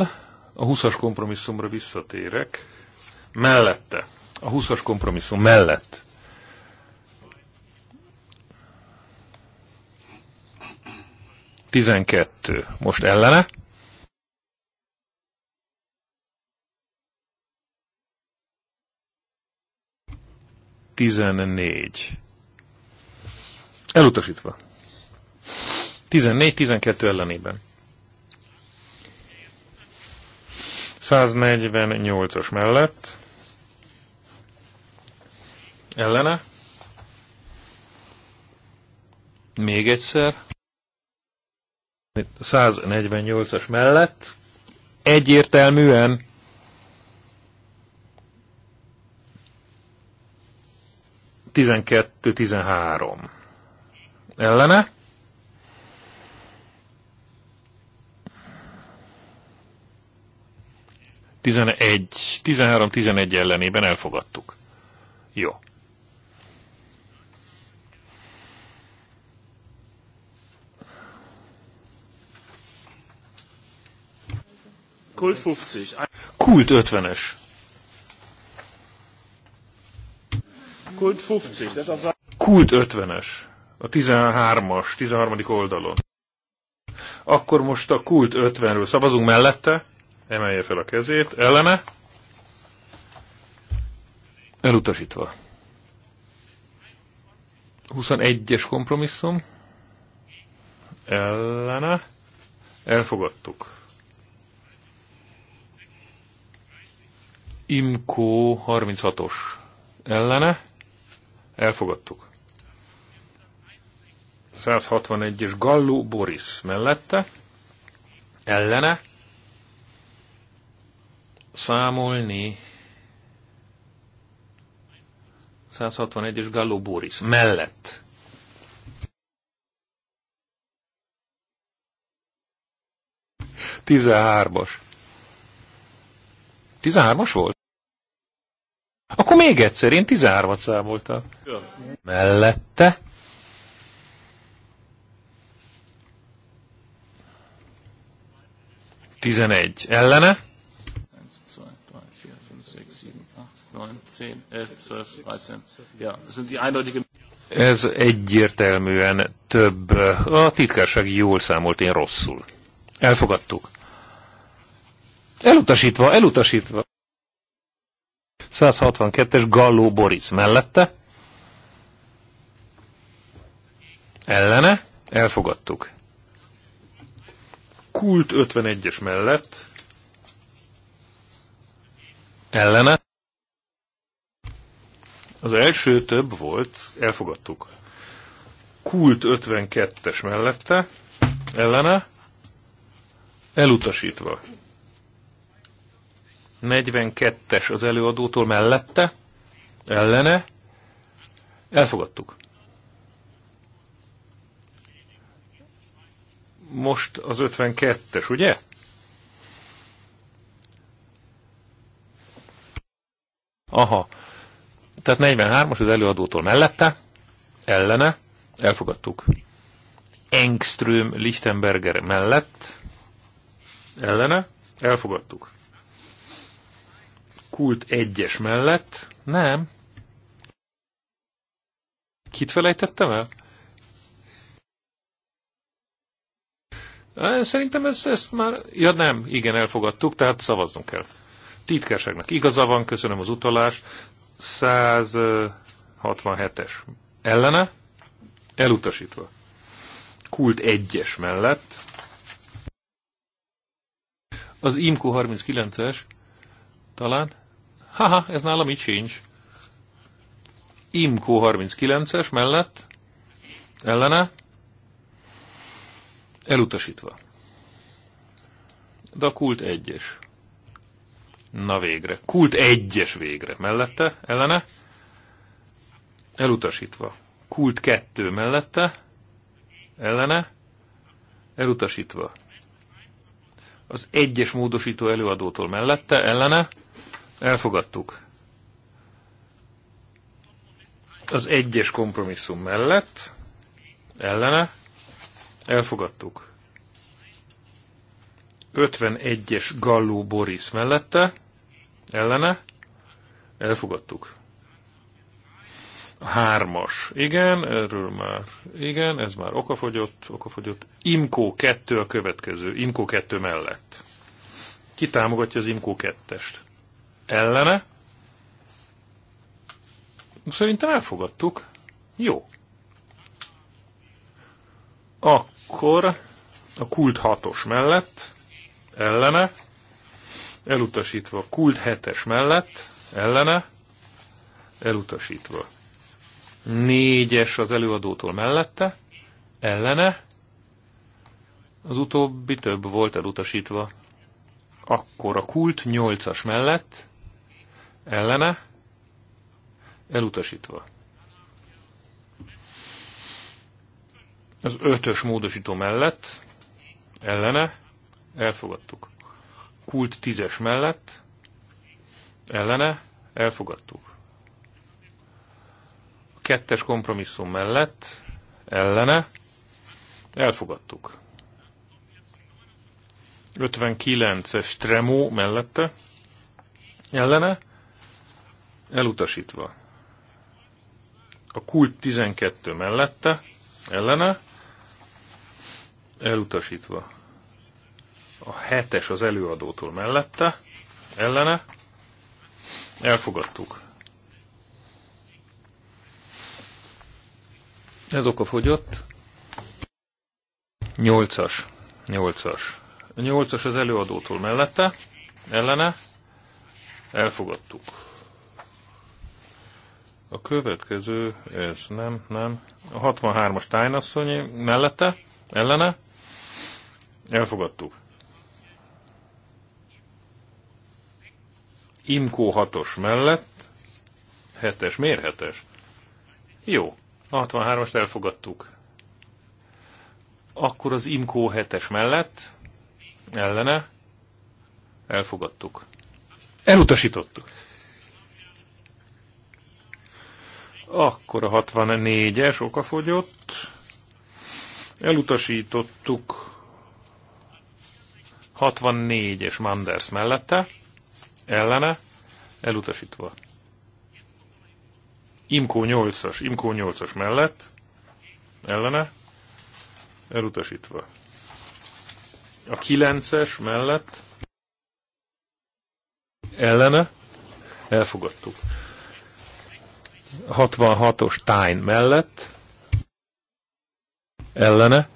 A 20-as kompromisszumra visszatérek. Mellette. A 20-as kompromisszum mellett 12. Most ellene. Tizennégy. Elutasítva. 14-12 ellenében. 148-as mellett. Ellene. Még egyszer. 148-as mellett egyértelműen tizenkettő, tizenhárom. Ellene? Tizenegy, tizenhárom, tizenegy ellenében elfogadtuk. Jó. Kult 50. Kult 50-es. Kult 50, das auf Kult 50-es. A 13-as, 13. oldalon. Akkor most a Kult 50-ről szavazunk mellette. Emelje fel a kezét. Ellene. Elutasítva. 21-es kompromisszum. Ellene. Elfogadtuk. Imkó 36-os ellene. Elfogadtuk. 161-es Gallu Boris mellette. Ellene. Számolni 161-es Gallo Boris mellett. Tizenhármas. Tizenhármas volt? Akkor még egyszer, én 13-at számoltam. Ja. Mellette. Tizenegy. Ellene. Ez egyértelműen több. A titkárság jól számolt, én rosszul. Elfogadtuk. Elutasítva, elutasítva. 162-es Galló Boris mellette. Ellene elfogadtuk. Kult 51-es mellett. Ellene. Az első több volt, elfogadtuk. Kult 52-es mellette, ellene, elutasítva. 42-es az előadótól mellette, ellene, elfogadtuk. Most az 52-es, ugye? Aha. Tehát 43-as az előadótól mellette, ellene, elfogadtuk. Engström Lichtenberger mellett, ellene, elfogadtuk kult egyes mellett. Nem. Kit felejtettem el? Szerintem ezt, ezt már... Ja nem, igen, elfogadtuk, tehát szavaznunk kell. Titkárságnak igaza van, köszönöm az utalást. 167-es ellene, elutasítva. Kult egyes mellett. Az IMCO 39-es talán Haha, ez nálam így sincs. Imco 39-es mellett, ellene, elutasítva. De a kult 1-es. Na végre. Kult 1-es végre. Mellette, ellene, elutasítva. Kult 2 mellette, ellene, elutasítva. Az egyes módosító előadótól mellette, ellene, Elfogadtuk. Az egyes kompromisszum mellett, ellene, elfogadtuk. 51-es Galló Boris mellette, ellene, elfogadtuk. A hármas, igen, erről már, igen, ez már okafogyott, okafogyott. Imkó 2 a következő, Imkó 2 mellett. Ki támogatja az Imkó 2-est? ellene. Szerintem elfogadtuk. Jó. Akkor a kult 6-os mellett ellene, elutasítva a kult 7-es mellett ellene, elutasítva. Négyes az előadótól mellette, ellene, az utóbbi több volt elutasítva. Akkor a kult 8-as mellett, ellene, elutasítva. Az ötös módosító mellett, ellene, elfogadtuk. Kult tízes mellett, ellene, elfogadtuk. A kettes kompromisszum mellett, ellene, elfogadtuk. 59-es Tremó mellette, ellene, elutasítva. A kult 12 mellette, ellene, elutasítva. A hetes az előadótól mellette, ellene, elfogadtuk. Ez oka fogyott. Nyolcas. Nyolcas. A nyolcas az előadótól mellette, ellene, elfogadtuk. A következő, ez nem, nem. A 63-as tájnasszony mellette, ellene. Elfogadtuk. Imkó 6-os mellett, 7-es, miért 7-es? Jó, a 63-ast elfogadtuk. Akkor az Imkó 7-es mellett, ellene, elfogadtuk. Elutasítottuk. Akkor a 64-es okafogyott. Elutasítottuk 64-es Manders mellette, ellene, elutasítva. Imkó 8-as, Imkó 8-as mellett, ellene, elutasítva. A 9-es mellett, ellene, elfogadtuk. 66-os Tyne mellett ellene.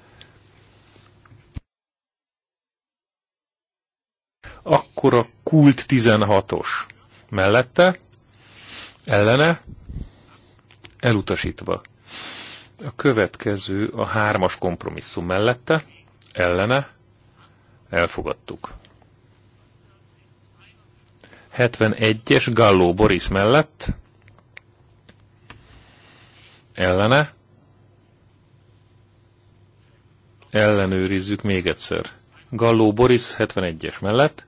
Akkor a Kult 16-os mellette ellene elutasítva. A következő a hármas kompromisszum mellette ellene elfogadtuk. 71-es Galló Boris mellett ellene. Ellenőrizzük még egyszer. Galló Boris 71-es mellett.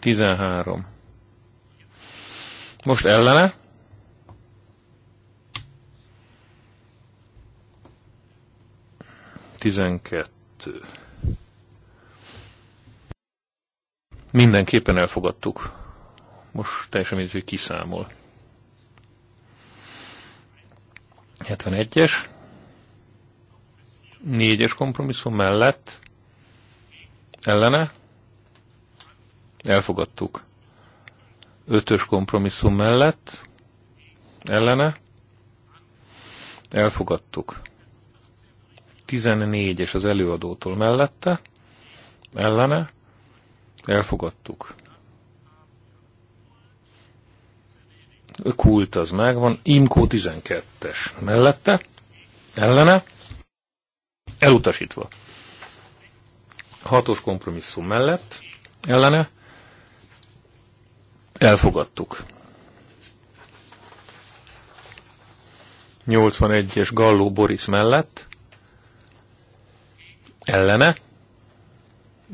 Tizenhárom. Most ellene. Tizenkettő. Mindenképpen elfogadtuk. Most teljesen mindegy, hogy kiszámol. 71-es. 4-es kompromisszum mellett. Ellene. Elfogadtuk. 5-ös kompromisszum mellett. Ellene. Elfogadtuk. 14-es az előadótól mellette. Ellene Elfogadtuk. A kult az megvan. Imkó 12-es. Mellette? Ellene? Elutasítva. Hatos kompromisszum mellett? Ellene? Elfogadtuk. 81-es Galló Boris mellett? Ellene?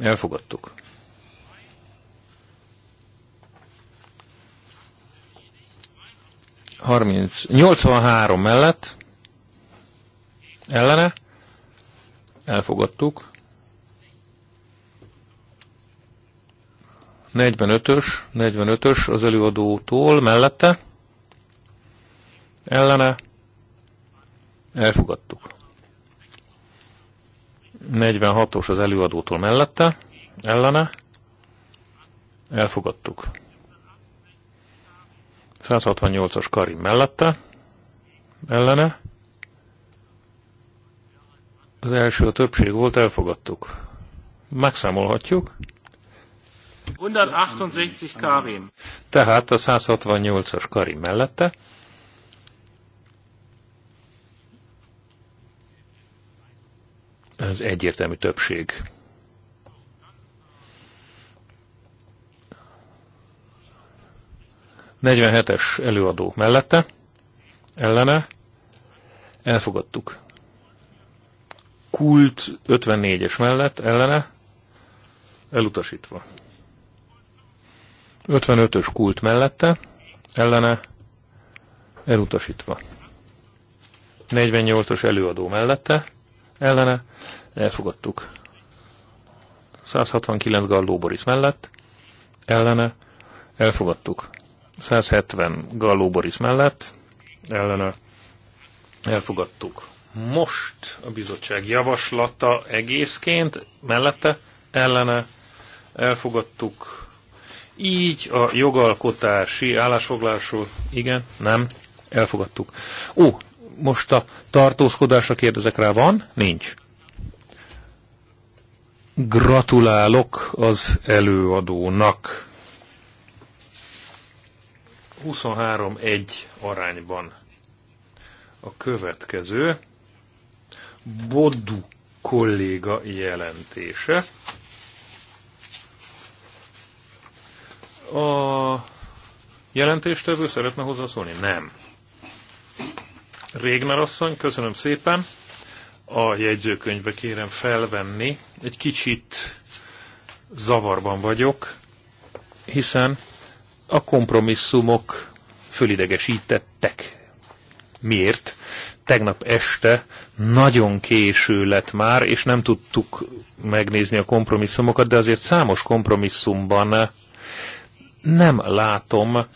Elfogadtuk. 30, 83 mellett ellene elfogadtuk. 45-ös, 45-ös az előadótól mellette ellene elfogadtuk. 46-os az előadótól mellette ellene elfogadtuk. 168-as Karim mellette, ellene. Az első a többség volt, elfogadtuk. Megszámolhatjuk. 168 Karim. Tehát a 168-as Karim mellette. Ez egyértelmű többség. 47-es előadó mellette, ellene, elfogadtuk. Kult 54-es mellett, ellene, elutasítva. 55-ös kult mellette, ellene, elutasítva. 48-os előadó mellette, ellene, elfogadtuk. 169 Galló Boris mellett, ellene, elfogadtuk. 170 Galló Boris mellett ellene elfogadtuk. Most a bizottság javaslata egészként mellette ellene elfogadtuk. Így a jogalkotási állásfoglalásról igen, nem, elfogadtuk. Ó, most a tartózkodásra kérdezek rá, van? Nincs. Gratulálok az előadónak. 23-1 arányban. A következő Bodu kolléga jelentése. A jelentéstevő szeretne hozzászólni? Nem. Régner asszony, köszönöm szépen. A jegyzőkönyvbe kérem felvenni. Egy kicsit zavarban vagyok, hiszen a kompromisszumok fölidegesítettek. Miért? Tegnap este nagyon késő lett már, és nem tudtuk megnézni a kompromisszumokat, de azért számos kompromisszumban nem látom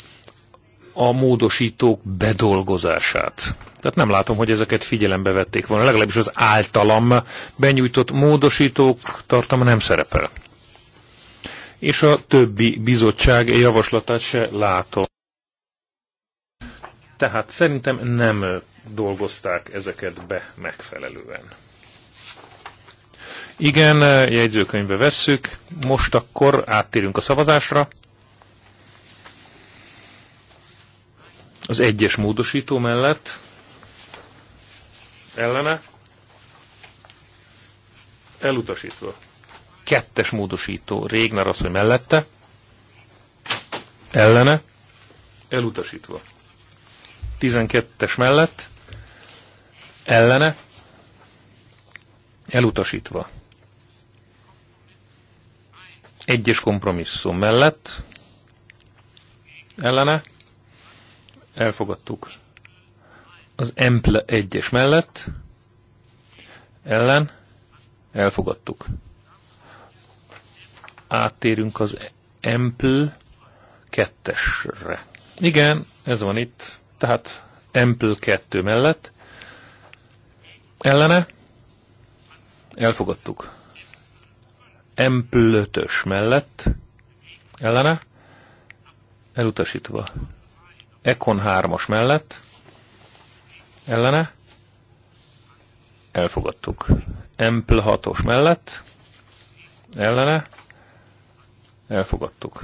a módosítók bedolgozását. Tehát nem látom, hogy ezeket figyelembe vették volna. Legalábbis az általam benyújtott módosítók tartalma nem szerepel és a többi bizottság javaslatát se látom. Tehát szerintem nem dolgozták ezeket be megfelelően. Igen, jegyzőkönyvbe vesszük. Most akkor áttérünk a szavazásra. Az egyes módosító mellett ellene elutasítva kettes módosító Régner asszony mellette, ellene, elutasítva. 12-es mellett, ellene, elutasítva. Egyes kompromisszum mellett, ellene, elfogadtuk. Az Emple egyes mellett, ellen, elfogadtuk áttérünk az Empl esre Igen, ez van itt, tehát Empl 2 mellett. Ellene elfogadtuk. Empl 5 ös mellett ellene elutasítva. Econ 3-as mellett ellene elfogadtuk. Empl 6-os mellett ellene Elfogadtuk.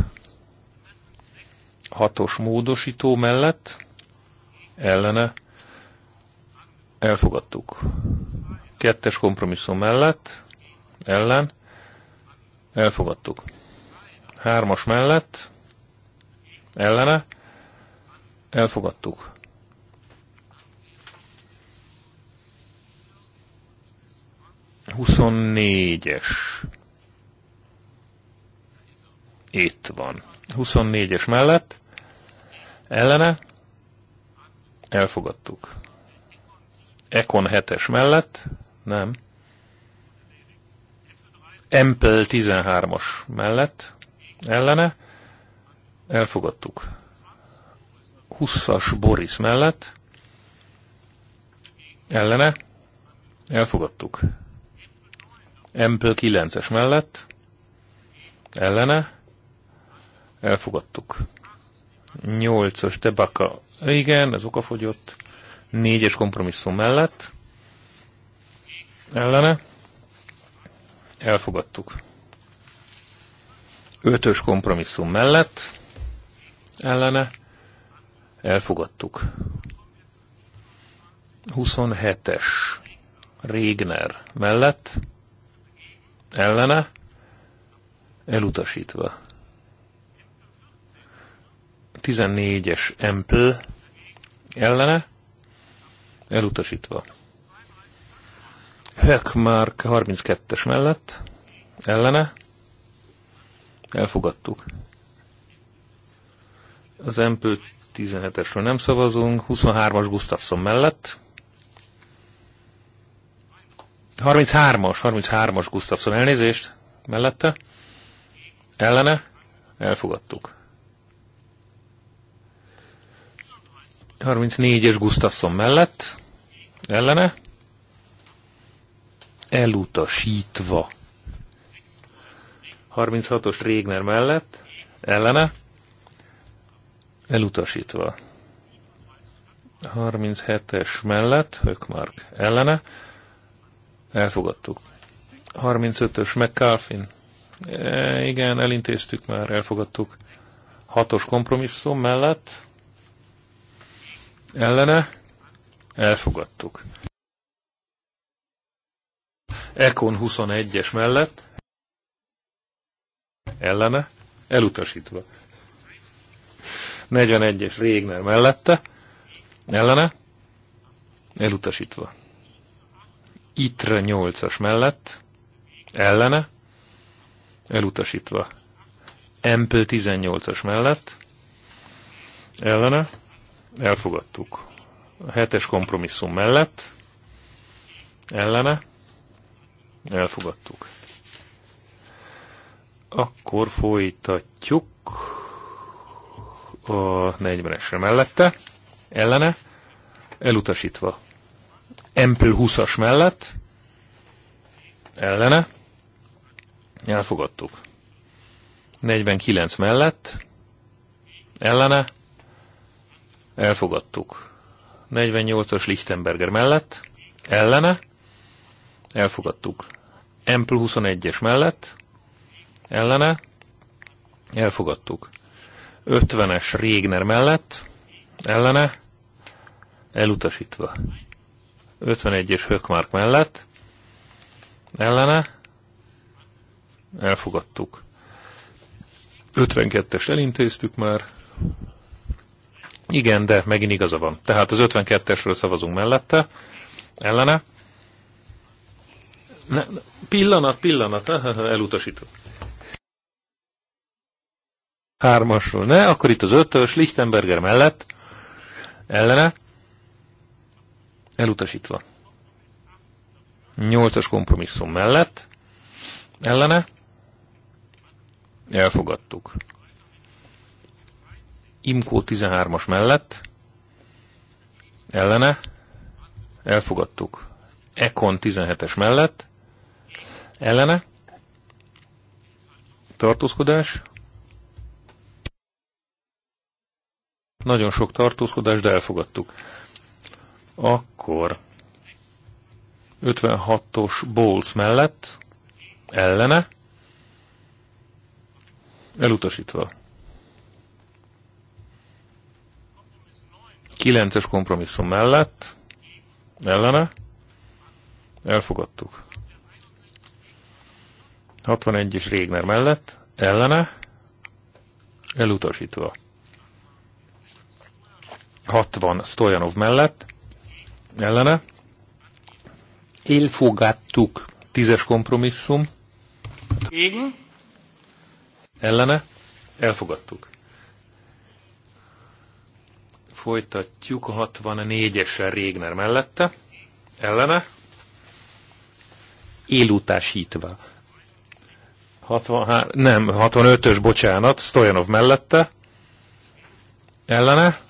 Hatos módosító mellett ellene elfogadtuk. Kettes kompromisszum mellett ellen elfogadtuk. Hármas mellett ellene elfogadtuk. Huszonnégyes itt van. 24-es mellett ellene elfogadtuk. Econ 7-es mellett nem. Empel 13-as mellett ellene elfogadtuk. 20-as Boris mellett ellene elfogadtuk. Empel 9-es mellett ellene Elfogadtuk. 8-as Tebaka. Igen, ez okafogyott. 4-es kompromisszum mellett. Ellene. Elfogadtuk. 5-ös kompromisszum mellett. Ellene. Elfogadtuk. 27-es Régner mellett. Ellene. Elutasítva. 14-es empl ellene elutasítva. Höckmark 32-es mellett ellene elfogadtuk. Az empl 17-esről nem szavazunk, 23-as Gustafsson mellett 33-as, 33-as Gustafsson elnézést mellette. Ellene elfogadtuk. 34-es Gustafsson mellett, ellene, elutasítva. 36-os Régner mellett, ellene, elutasítva. 37-es mellett, Hökmark ellene, elfogadtuk. 35-ös McCalfin, e, igen, elintéztük már, elfogadtuk. 6-os kompromisszum mellett, ellene elfogadtuk. Ekon 21-es mellett ellene elutasítva. 41-es Régner mellette ellene elutasítva. Itre 8-as mellett ellene elutasítva. Empel 18-as mellett ellene elfogadtuk. A hetes kompromisszum mellett, ellene, elfogadtuk. Akkor folytatjuk a 40-esre mellette, ellene, elutasítva. Empül 20-as mellett, ellene, elfogadtuk. 49 mellett, ellene, Elfogadtuk. 48-as Lichtenberger mellett. Ellene. Elfogadtuk. Ample 21-es mellett. Ellene. Elfogadtuk. 50-es Régner mellett. Ellene. Elutasítva. 51-es Hökmark mellett. Ellene. Elfogadtuk. 52-est elintéztük már. Igen, de megint igaza van. Tehát az 52-esről szavazunk mellette, ellene. Ne, pillanat, pillanat, elutasítom. Hármasról ne, akkor itt az ötös, Lichtenberger mellett, ellene, elutasítva. Nyolcas kompromisszum mellett, ellene, elfogadtuk. Imkó 13-as mellett, ellene, elfogadtuk. Ekon 17-es mellett, ellene, tartózkodás, nagyon sok tartózkodás, de elfogadtuk. Akkor 56-os Bowles mellett, ellene, elutasítva. 9-es kompromisszum mellett, ellene, elfogadtuk. 61 és Régner mellett, ellene, elutasítva. 60 Stojanov mellett, ellene, elfogadtuk. 10-es kompromisszum, Igen. ellene, elfogadtuk. Folytatjuk a 64-esen Régner mellette, ellene, élutásítva. 63, nem, 65-ös, bocsánat, Stojanov mellette, ellene,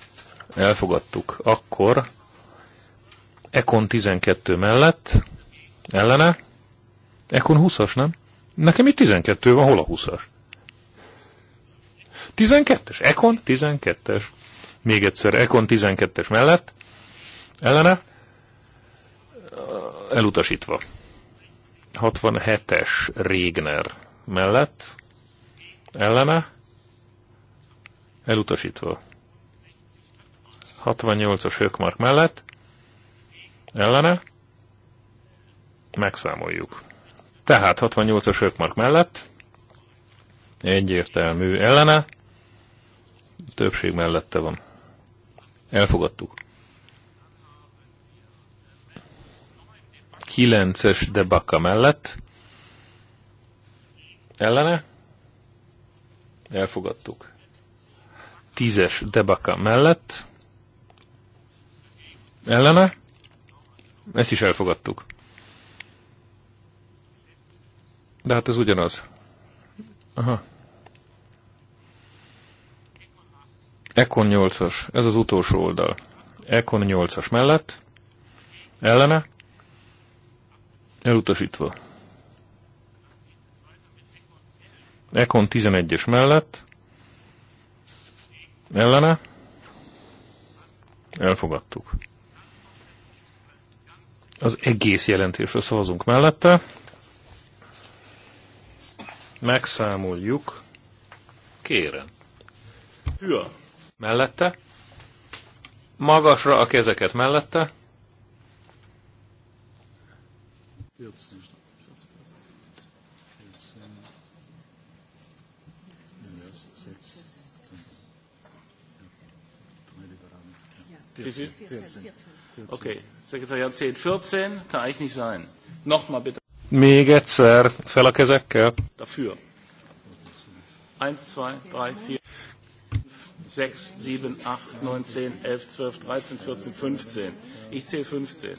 elfogadtuk. Akkor Ekon 12 mellett, ellene, Ekon 20-as, nem? Nekem itt 12 van, hol a 20-as? 12-es, Ekon 12-es. Még egyszer, Econ 12-es mellett, ellene, elutasítva. 67-es Régner mellett, ellene, elutasítva. 68-as Hökmark mellett, ellene, megszámoljuk. Tehát 68-as Hökmark mellett, egyértelmű ellene, többség mellette van. Elfogadtuk. 9-es debakka mellett. Ellene? Elfogadtuk. 10-es debakka mellett. Ellene? Ezt is elfogadtuk. De hát ez ugyanaz. Aha. Econ 8-as, ez az utolsó oldal. Econ 8-as mellett, ellene, elutasítva. Econ 11-es mellett, ellene, elfogadtuk. Az egész jelentésre szavazunk mellette. Megszámoljuk. Kérem. Hűa mellette, magasra a kezeket mellette, Oké. Sekretariat 10, 14, kann ich nicht sein. Nochmal bitte. Még egyszer, fel a kezekkel. Dafür. 1, 2, 3, 4. 6, 7, 8, 9, 10, 11, 12, 13, 14, 15. Ich zähle 15.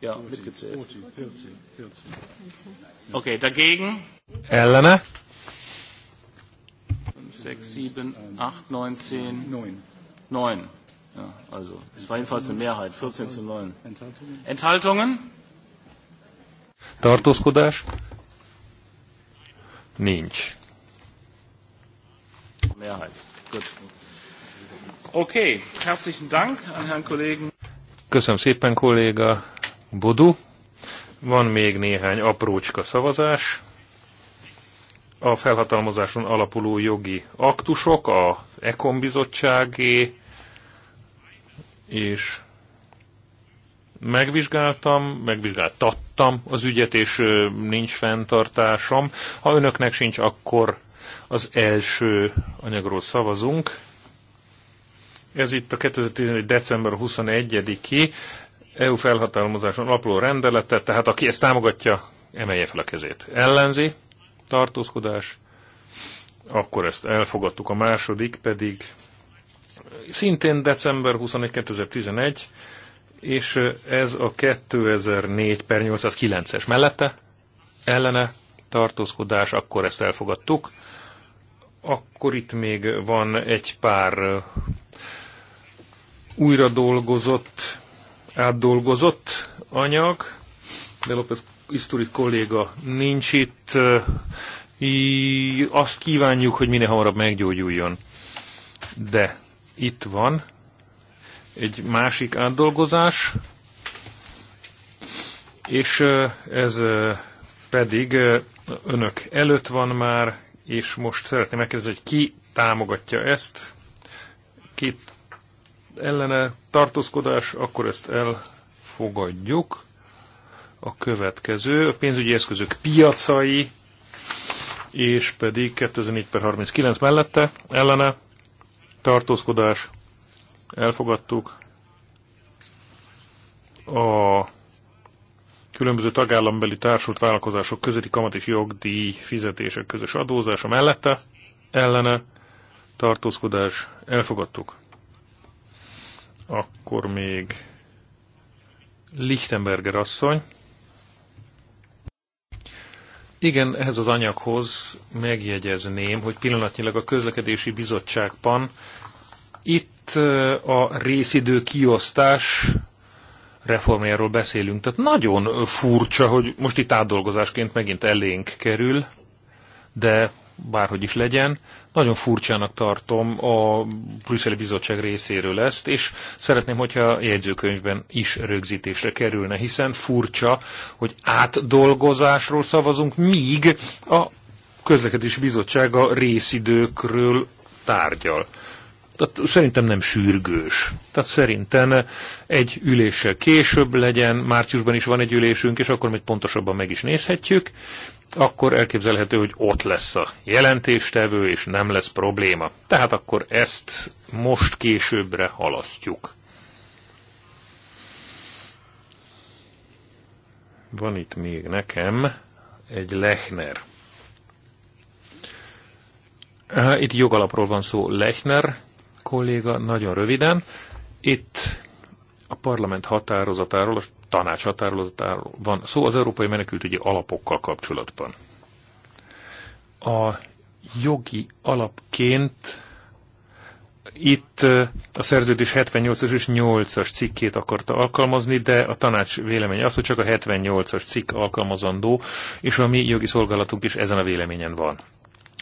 Ja, mitgezählt. Okay, dagegen? Ellene? 5, 6, 7, 8, 9, 10, 9. 9. Ja, also, es war jedenfalls eine Mehrheit, 14 zu 9. Enthaltungen? Tartózkodás? Nincs. Mehrheit. Gut. Okay, herzlichen Dank an Herrn Kollegen. Köszönöm szépen, kolléga Bodu. Van még néhány aprócska szavazás. A felhatalmazáson alapuló jogi aktusok, a Ekon bizottságé, és megvizsgáltam, megvizsgáltattam az ügyet, és nincs fenntartásom. Ha önöknek sincs, akkor az első anyagról szavazunk. Ez itt a 2011. december 21-i EU felhatalmazáson apró rendelete, tehát aki ezt támogatja, emelje fel a kezét. Ellenzi, tartózkodás, akkor ezt elfogadtuk. A második pedig szintén december 21, 2011, és ez a 2004 per 809-es mellette ellene tartózkodás, akkor ezt elfogadtuk. Akkor itt még van egy pár újra dolgozott, átdolgozott anyag. De López Iszturi kolléga nincs itt. I, azt kívánjuk, hogy minél hamarabb meggyógyuljon. De itt van egy másik átdolgozás, és ez pedig önök előtt van már, és most szeretném megkérdezni, hogy ki támogatja ezt, ki ellene tartózkodás, akkor ezt elfogadjuk. A következő, a pénzügyi eszközök piacai, és pedig 2004 per 39 mellette ellene tartózkodás, elfogadtuk. A különböző tagállambeli társult vállalkozások közötti kamat és jogdíj fizetések közös adózása mellette ellene tartózkodás, elfogadtuk. Akkor még Lichtenberger asszony. Igen, ehhez az anyaghoz megjegyezném, hogy pillanatnyilag a közlekedési bizottságban itt a részidő kiosztás reformjáról beszélünk. Tehát nagyon furcsa, hogy most itt átdolgozásként megint elénk kerül, de bárhogy is legyen. Nagyon furcsának tartom a brüsszeli bizottság részéről ezt, és szeretném, hogyha a jegyzőkönyvben is rögzítésre kerülne, hiszen furcsa, hogy átdolgozásról szavazunk, míg a közlekedési bizottsága részidőkről tárgyal. Tehát szerintem nem sürgős. Tehát szerintem egy üléssel később legyen, márciusban is van egy ülésünk, és akkor még pontosabban meg is nézhetjük, akkor elképzelhető, hogy ott lesz a jelentéstevő, és nem lesz probléma. Tehát akkor ezt most későbbre halasztjuk. Van itt még nekem egy Lechner. Itt jogalapról van szó. Lechner kolléga, nagyon röviden. Itt a parlament határozatáról, a tanács határozatáról van szó az európai menekültügyi alapokkal kapcsolatban. A jogi alapként itt a szerződés 78-as és 8-as cikkét akarta alkalmazni, de a tanács véleménye az, hogy csak a 78-as cikk alkalmazandó, és a mi jogi szolgálatunk is ezen a véleményen van.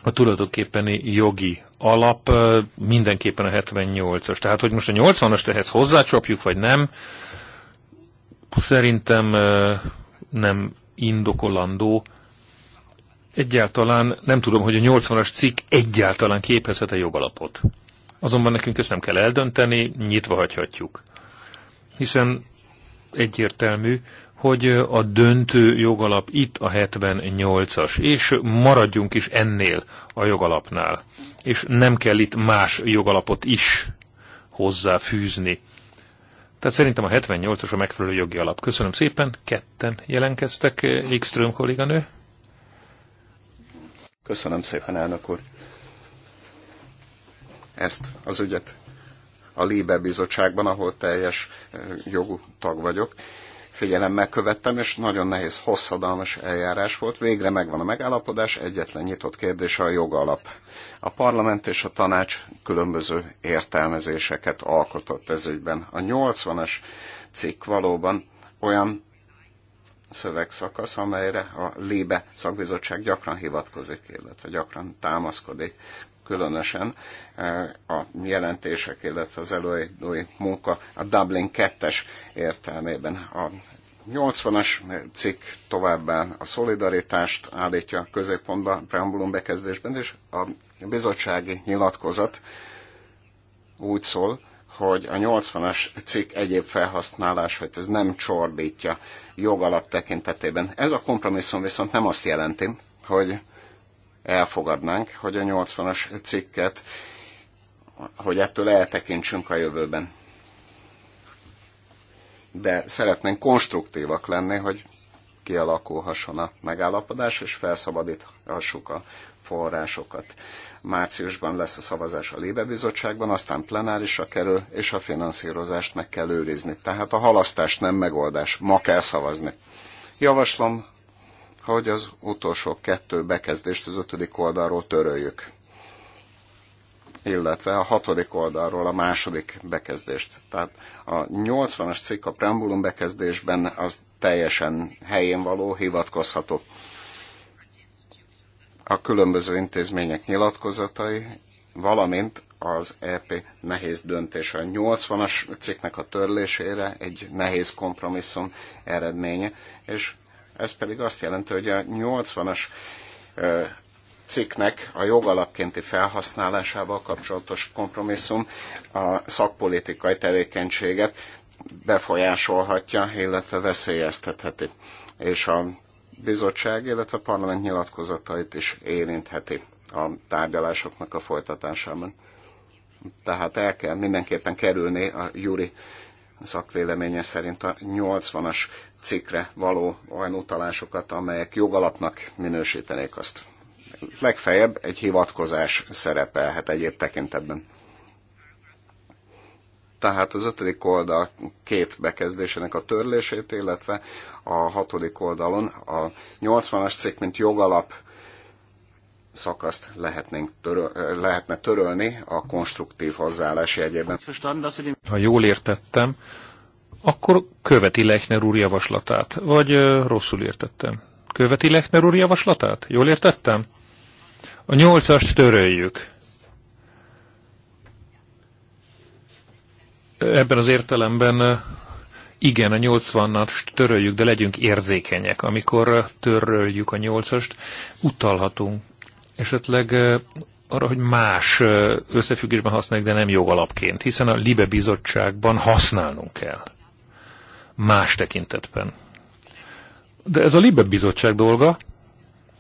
A tulajdonképpeni jogi alap mindenképpen a 78-as. Tehát, hogy most a 80-ast ehhez hozzácsapjuk, vagy nem, szerintem nem indokolandó. Egyáltalán nem tudom, hogy a 80-as cikk egyáltalán képezhet-e jogalapot. Azonban nekünk ezt nem kell eldönteni, nyitva hagyhatjuk. Hiszen egyértelmű, hogy a döntő jogalap itt a 78-as, és maradjunk is ennél a jogalapnál. És nem kell itt más jogalapot is hozzáfűzni. Tehát szerintem a 78-os a megfelelő jogi alap. Köszönöm szépen, ketten jelenkeztek, Wikström kolléganő. Köszönöm szépen, elnök úr. Ezt az ügyet a líbe bizottságban, ahol teljes jogú tag vagyok, figyelemmel követtem, és nagyon nehéz, hosszadalmas eljárás volt. Végre megvan a megállapodás, egyetlen nyitott kérdése a jogalap. A parlament és a tanács különböző értelmezéseket alkotott ez ügyben. A 80-as cikk valóban olyan szövegszakasz, amelyre a Lébe szakbizottság gyakran hivatkozik, illetve gyakran támaszkodik különösen eh, a jelentések, illetve az előadói munka a Dublin 2-es értelmében. A 80-as cikk továbbá a szolidaritást állítja a középpontba preambulum bekezdésben, és a bizottsági nyilatkozat úgy szól, hogy a 80-as cikk egyéb hogy ez nem csorbítja jogalap tekintetében. Ez a kompromisszum viszont nem azt jelenti, hogy elfogadnánk, hogy a 80-as cikket, hogy ettől eltekintsünk a jövőben. De szeretnénk konstruktívak lenni, hogy kialakulhasson a megállapodás, és felszabadíthassuk a forrásokat. Márciusban lesz a szavazás a Lébe Bizottságban, aztán plenárisra kerül, és a finanszírozást meg kell őrizni. Tehát a halasztás nem megoldás, ma kell szavazni. Javaslom hogy az utolsó kettő bekezdést az ötödik oldalról töröljük, illetve a hatodik oldalról a második bekezdést. Tehát a 80-as cikk a preambulum bekezdésben az teljesen helyén való, hivatkozható. A különböző intézmények nyilatkozatai, valamint az EP nehéz döntése. A 80-as cikknek a törlésére egy nehéz kompromisszum eredménye, és ez pedig azt jelenti, hogy a 80-as cikknek a jogalapkénti felhasználásával kapcsolatos kompromisszum a szakpolitikai tevékenységet befolyásolhatja, illetve veszélyeztetheti. És a bizottság, illetve a parlament nyilatkozatait is érintheti a tárgyalásoknak a folytatásában. Tehát el kell mindenképpen kerülni a Juri szakvéleménye szerint a 80-as cikkre való olyan utalásokat, amelyek jogalapnak minősítenék azt. Legfeljebb egy hivatkozás szerepelhet egyéb tekintetben. Tehát az ötödik oldal két bekezdésének a törlését, illetve a hatodik oldalon a 80-as cikk, mint jogalap szakaszt lehetnénk törö- lehetne törölni a konstruktív hozzáállás jegyében. Ha jól értettem, akkor követi Lechner úr javaslatát, vagy rosszul értettem? Követi Lechner úr javaslatát? Jól értettem? A nyolcast töröljük. Ebben az értelemben igen, a 80 töröljük, de legyünk érzékenyek. Amikor töröljük a nyolcast, utalhatunk esetleg arra, hogy más összefüggésben használjuk, de nem jogalapként, hiszen a LIBE bizottságban használnunk kell más tekintetben. De ez a Libe Bizottság dolga,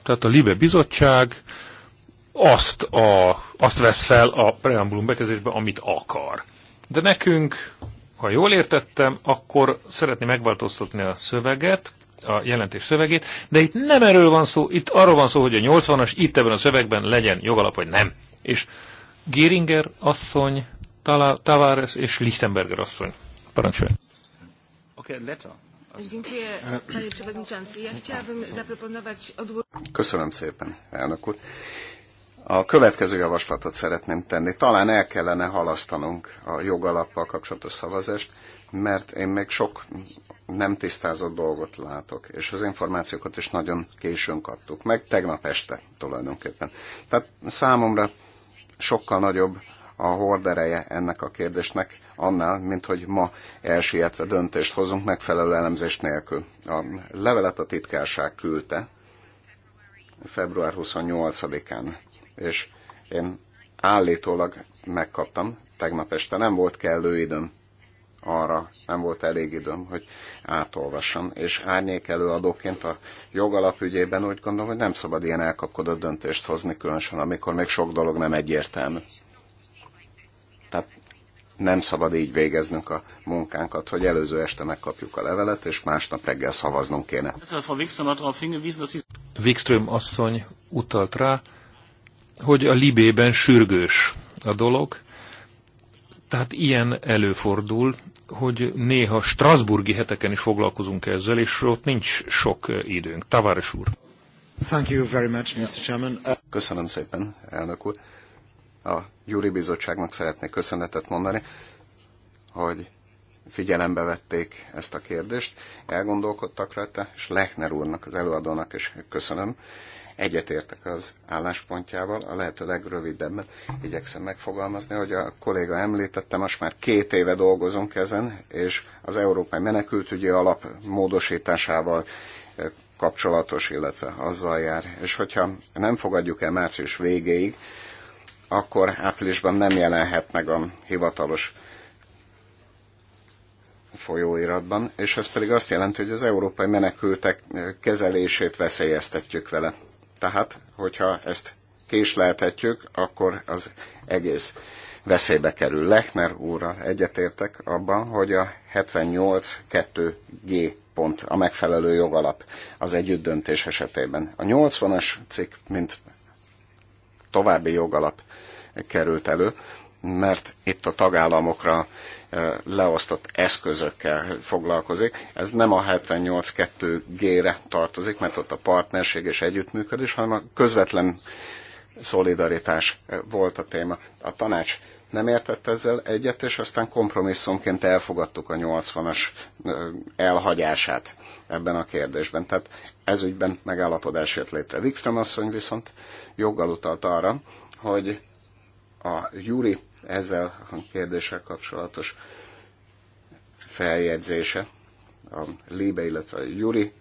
tehát a Libe Bizottság azt, a, azt vesz fel a preambulum bekezdésbe, amit akar. De nekünk, ha jól értettem, akkor szeretné megváltoztatni a szöveget, a jelentés szövegét, de itt nem erről van szó, itt arról van szó, hogy a 80-as itt ebben a szövegben legyen jogalap, vagy nem. És Géringer asszony, Tavares és Lichtenberger asszony. Parancsolj! Köszönöm szépen, elnök úr. A következő javaslatot szeretném tenni. Talán el kellene halasztanunk a jogalappal kapcsolatos szavazást, mert én még sok nem tisztázott dolgot látok, és az információkat is nagyon későn kaptuk, meg tegnap este tulajdonképpen. Tehát számomra sokkal nagyobb a hordereje ennek a kérdésnek annál, mint hogy ma elsietve döntést hozunk megfelelő elemzés nélkül. A levelet a titkárság küldte február 28-án, és én állítólag megkaptam, tegnap este nem volt kellő időm arra nem volt elég időm, hogy átolvassam. És árnyék előadóként a jogalapügyében úgy gondolom, hogy nem szabad ilyen elkapkodott döntést hozni, különösen amikor még sok dolog nem egyértelmű. Tehát nem szabad így végeznünk a munkánkat, hogy előző este megkapjuk a levelet, és másnap reggel szavaznunk kéne. Wikström asszony utalt rá, hogy a Libében sürgős a dolog, tehát ilyen előfordul, hogy néha Strasburgi heteken is foglalkozunk ezzel, és ott nincs sok időnk. Tavares úr. Thank you very much, Mr. Chairman. Köszönöm szépen, elnök úr a Gyuri Bizottságnak szeretnék köszönetet mondani, hogy figyelembe vették ezt a kérdést, elgondolkodtak rajta, és Lechner úrnak, az előadónak is köszönöm. Egyetértek az álláspontjával, a lehető legrövidebben igyekszem megfogalmazni, hogy a kolléga említette, most már két éve dolgozunk ezen, és az Európai Menekültügyi Alap módosításával eh, kapcsolatos, illetve azzal jár. És hogyha nem fogadjuk el március végéig akkor áprilisban nem jelenhet meg a hivatalos folyóiratban, és ez pedig azt jelenti, hogy az európai menekültek kezelését veszélyeztetjük vele. Tehát, hogyha ezt késleltetjük, akkor az egész veszélybe kerül. Lechner úrral egyetértek abban, hogy a 78.2G pont a megfelelő jogalap az együttdöntés esetében. A 80-as cikk, mint további jogalap került elő, mert itt a tagállamokra eh, leosztott eszközökkel foglalkozik. Ez nem a 78.2G-re tartozik, mert ott a partnerség és együttműködés, hanem a közvetlen szolidaritás eh, volt a téma. A tanács nem értett ezzel egyet, és aztán kompromisszumként elfogadtuk a 80-as eh, elhagyását ebben a kérdésben. Tehát ez ügyben megállapodás jött létre. Wikström asszony viszont joggal utalt arra, hogy a Júri ezzel a kérdéssel kapcsolatos feljegyzése, a Libe, illetve a Júri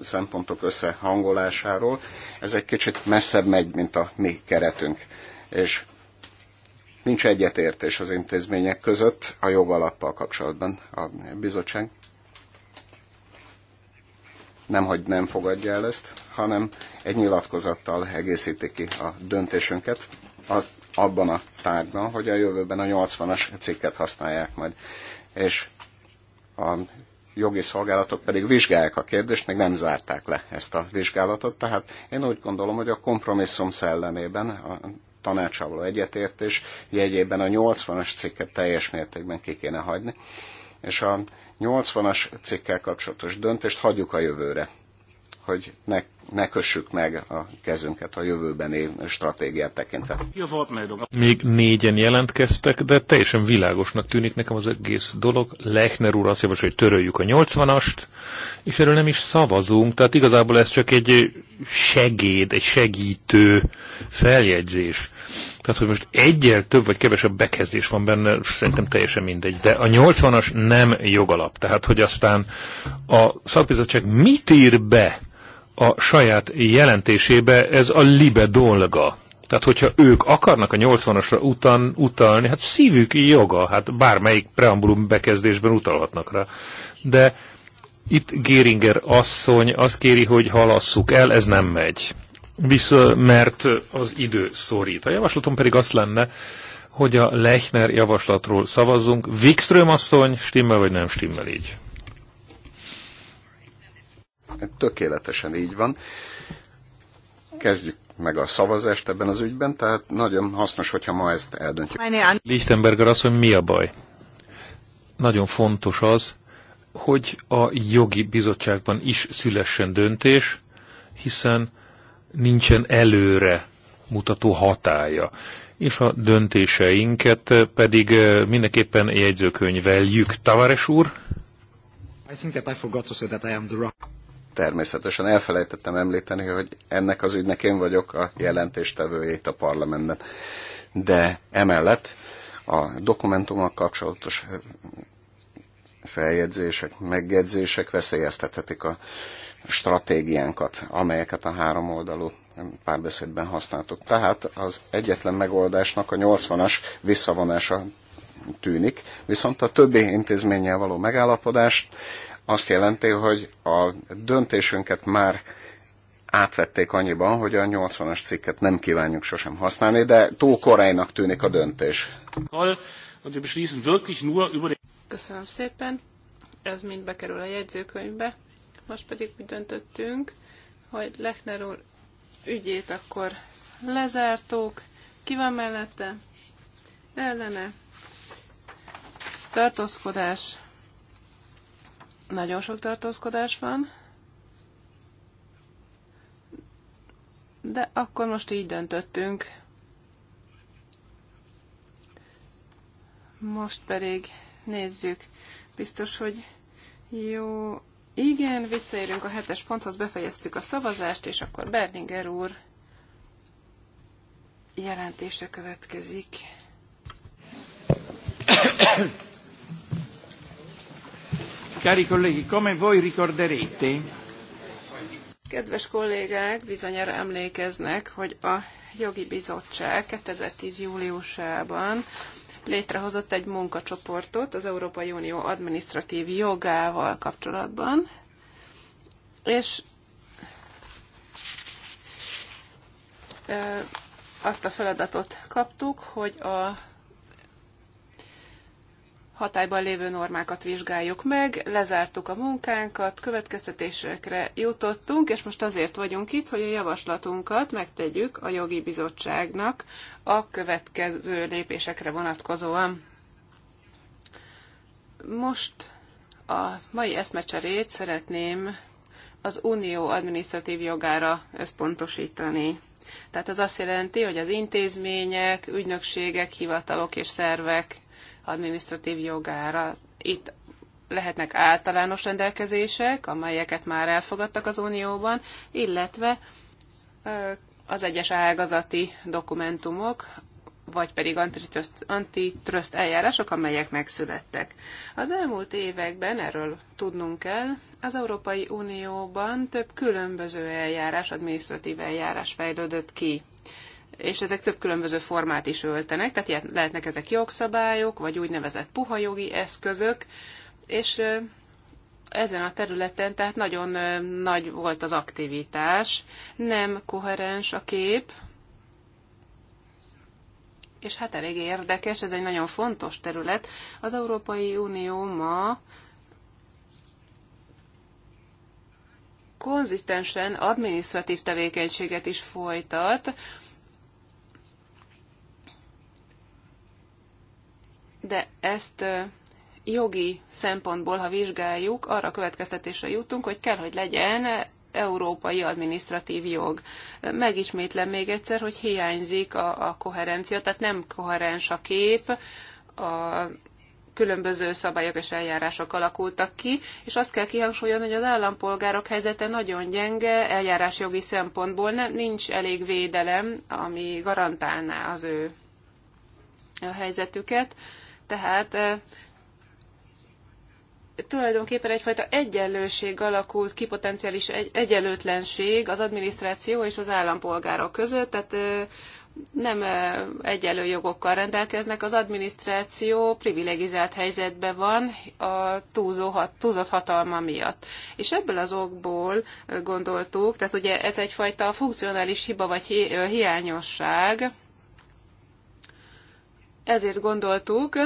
szempontok összehangolásáról. Ez egy kicsit messzebb megy, mint a mi keretünk. És nincs egyetértés az intézmények között a jogalappal kapcsolatban a bizottság. Nem, hogy nem fogadja el ezt, hanem egy nyilatkozattal egészíti ki a döntésünket, az, abban a tárgyban, hogy a jövőben a 80-as cikket használják majd. És a jogi szolgálatok pedig vizsgálják a kérdést, még nem zárták le ezt a vizsgálatot. Tehát én úgy gondolom, hogy a kompromisszum szellemében a tanácsával egyetértés jegyében a 80-as cikket teljes mértékben ki kéne hagyni, és a 80-as cikkel kapcsolatos döntést hagyjuk a jövőre, hogy nek ne kössük meg a kezünket a jövőbeni stratégiát tekintve. Még négyen jelentkeztek, de teljesen világosnak tűnik nekem az egész dolog. Lechner úr azt javasolja, hogy töröljük a 80-ast, és erről nem is szavazunk, tehát igazából ez csak egy segéd, egy segítő feljegyzés. Tehát, hogy most egyel több vagy kevesebb bekezdés van benne, szerintem teljesen mindegy. De a 80-as nem jogalap. Tehát, hogy aztán a szakbizottság mit ír be a saját jelentésébe ez a libe dolga. Tehát, hogyha ők akarnak a 80-asra utan, utalni, hát szívük joga, hát bármelyik preambulum bekezdésben utalhatnak rá. De itt Géringer asszony azt kéri, hogy halasszuk el, ez nem megy. Vissza, mert az idő szorít. A javaslatom pedig azt lenne, hogy a Lechner javaslatról szavazzunk. Wikström asszony, stimmel vagy nem stimmel így? Tökéletesen így van. Kezdjük meg a szavazást ebben az ügyben, tehát nagyon hasznos, hogyha ma ezt eldöntjük. Lichtenberger azt, mondja, mi a baj? Nagyon fontos az, hogy a jogi bizottságban is szülessen döntés, hiszen nincsen előre mutató hatája, és a döntéseinket pedig eh, mindenképpen jegyzőkönyveljük. Tavares úr? I think that I forgot to say that I am the rock természetesen elfelejtettem említeni, hogy ennek az ügynek én vagyok a jelentéstevőjét a parlamentben. De emellett a dokumentumok kapcsolatos feljegyzések, megjegyzések veszélyeztethetik a stratégiánkat, amelyeket a három oldalú párbeszédben használtuk. Tehát az egyetlen megoldásnak a 80-as visszavonása tűnik, viszont a többi intézménnyel való megállapodást azt jelenti, hogy a döntésünket már átvették annyiban, hogy a 80-as cikket nem kívánjuk sosem használni, de túl korainak tűnik a döntés. Köszönöm szépen. Ez mind bekerül a jegyzőkönyvbe. Most pedig mi döntöttünk, hogy Lechner úr ügyét akkor lezártók. Ki van mellette? Ellene. Tartózkodás. Nagyon sok tartózkodás van. De akkor most így döntöttünk. Most pedig nézzük. Biztos, hogy jó. Igen, visszaérünk a hetes ponthoz, befejeztük a szavazást, és akkor Berninger úr jelentése következik. Cari colleghi, come voi ricorderete, Kedves kollégák, bizonyára emlékeznek, hogy a jogi bizottság 2010. júliusában létrehozott egy munkacsoportot az Európai Unió administratív jogával kapcsolatban, és azt a feladatot kaptuk, hogy a hatályban lévő normákat vizsgáljuk meg, lezártuk a munkánkat, következtetésekre jutottunk, és most azért vagyunk itt, hogy a javaslatunkat megtegyük a jogi bizottságnak a következő lépésekre vonatkozóan. Most a mai eszmecserét szeretném az unió adminisztratív jogára összpontosítani. Tehát ez azt jelenti, hogy az intézmények, ügynökségek, hivatalok és szervek administratív jogára. Itt lehetnek általános rendelkezések, amelyeket már elfogadtak az Unióban, illetve az egyes ágazati dokumentumok, vagy pedig antitrust, antitrust eljárások, amelyek megszülettek. Az elmúlt években, erről tudnunk kell, az Európai Unióban több különböző eljárás, adminisztratív eljárás fejlődött ki és ezek több különböző formát is öltenek, tehát lehetnek ezek jogszabályok, vagy úgynevezett puha jogi eszközök, és ezen a területen, tehát nagyon nagy volt az aktivitás, nem koherens a kép, és hát elég érdekes, ez egy nagyon fontos terület. Az Európai Unió ma konzisztensen adminisztratív tevékenységet is folytat, de ezt jogi szempontból, ha vizsgáljuk, arra a következtetésre jutunk, hogy kell, hogy legyen európai adminisztratív jog. Megismétlem még egyszer, hogy hiányzik a, a koherencia, tehát nem koherens a kép, a különböző szabályok és eljárások alakultak ki, és azt kell kihangsúlyozni, hogy az állampolgárok helyzete nagyon gyenge eljárásjogi szempontból, nem, nincs elég védelem, ami garantálná az ő a helyzetüket tehát tulajdonképpen egyfajta egyenlőség alakult kipotenciális egy, egyenlőtlenség az adminisztráció és az állampolgárok között, tehát nem egyenlő jogokkal rendelkeznek, az adminisztráció privilegizált helyzetben van a túlzó hat, túlzott hatalma miatt. És ebből az okból gondoltuk, tehát ugye ez egyfajta funkcionális hiba vagy hi, hiányosság, ezért gondoltuk,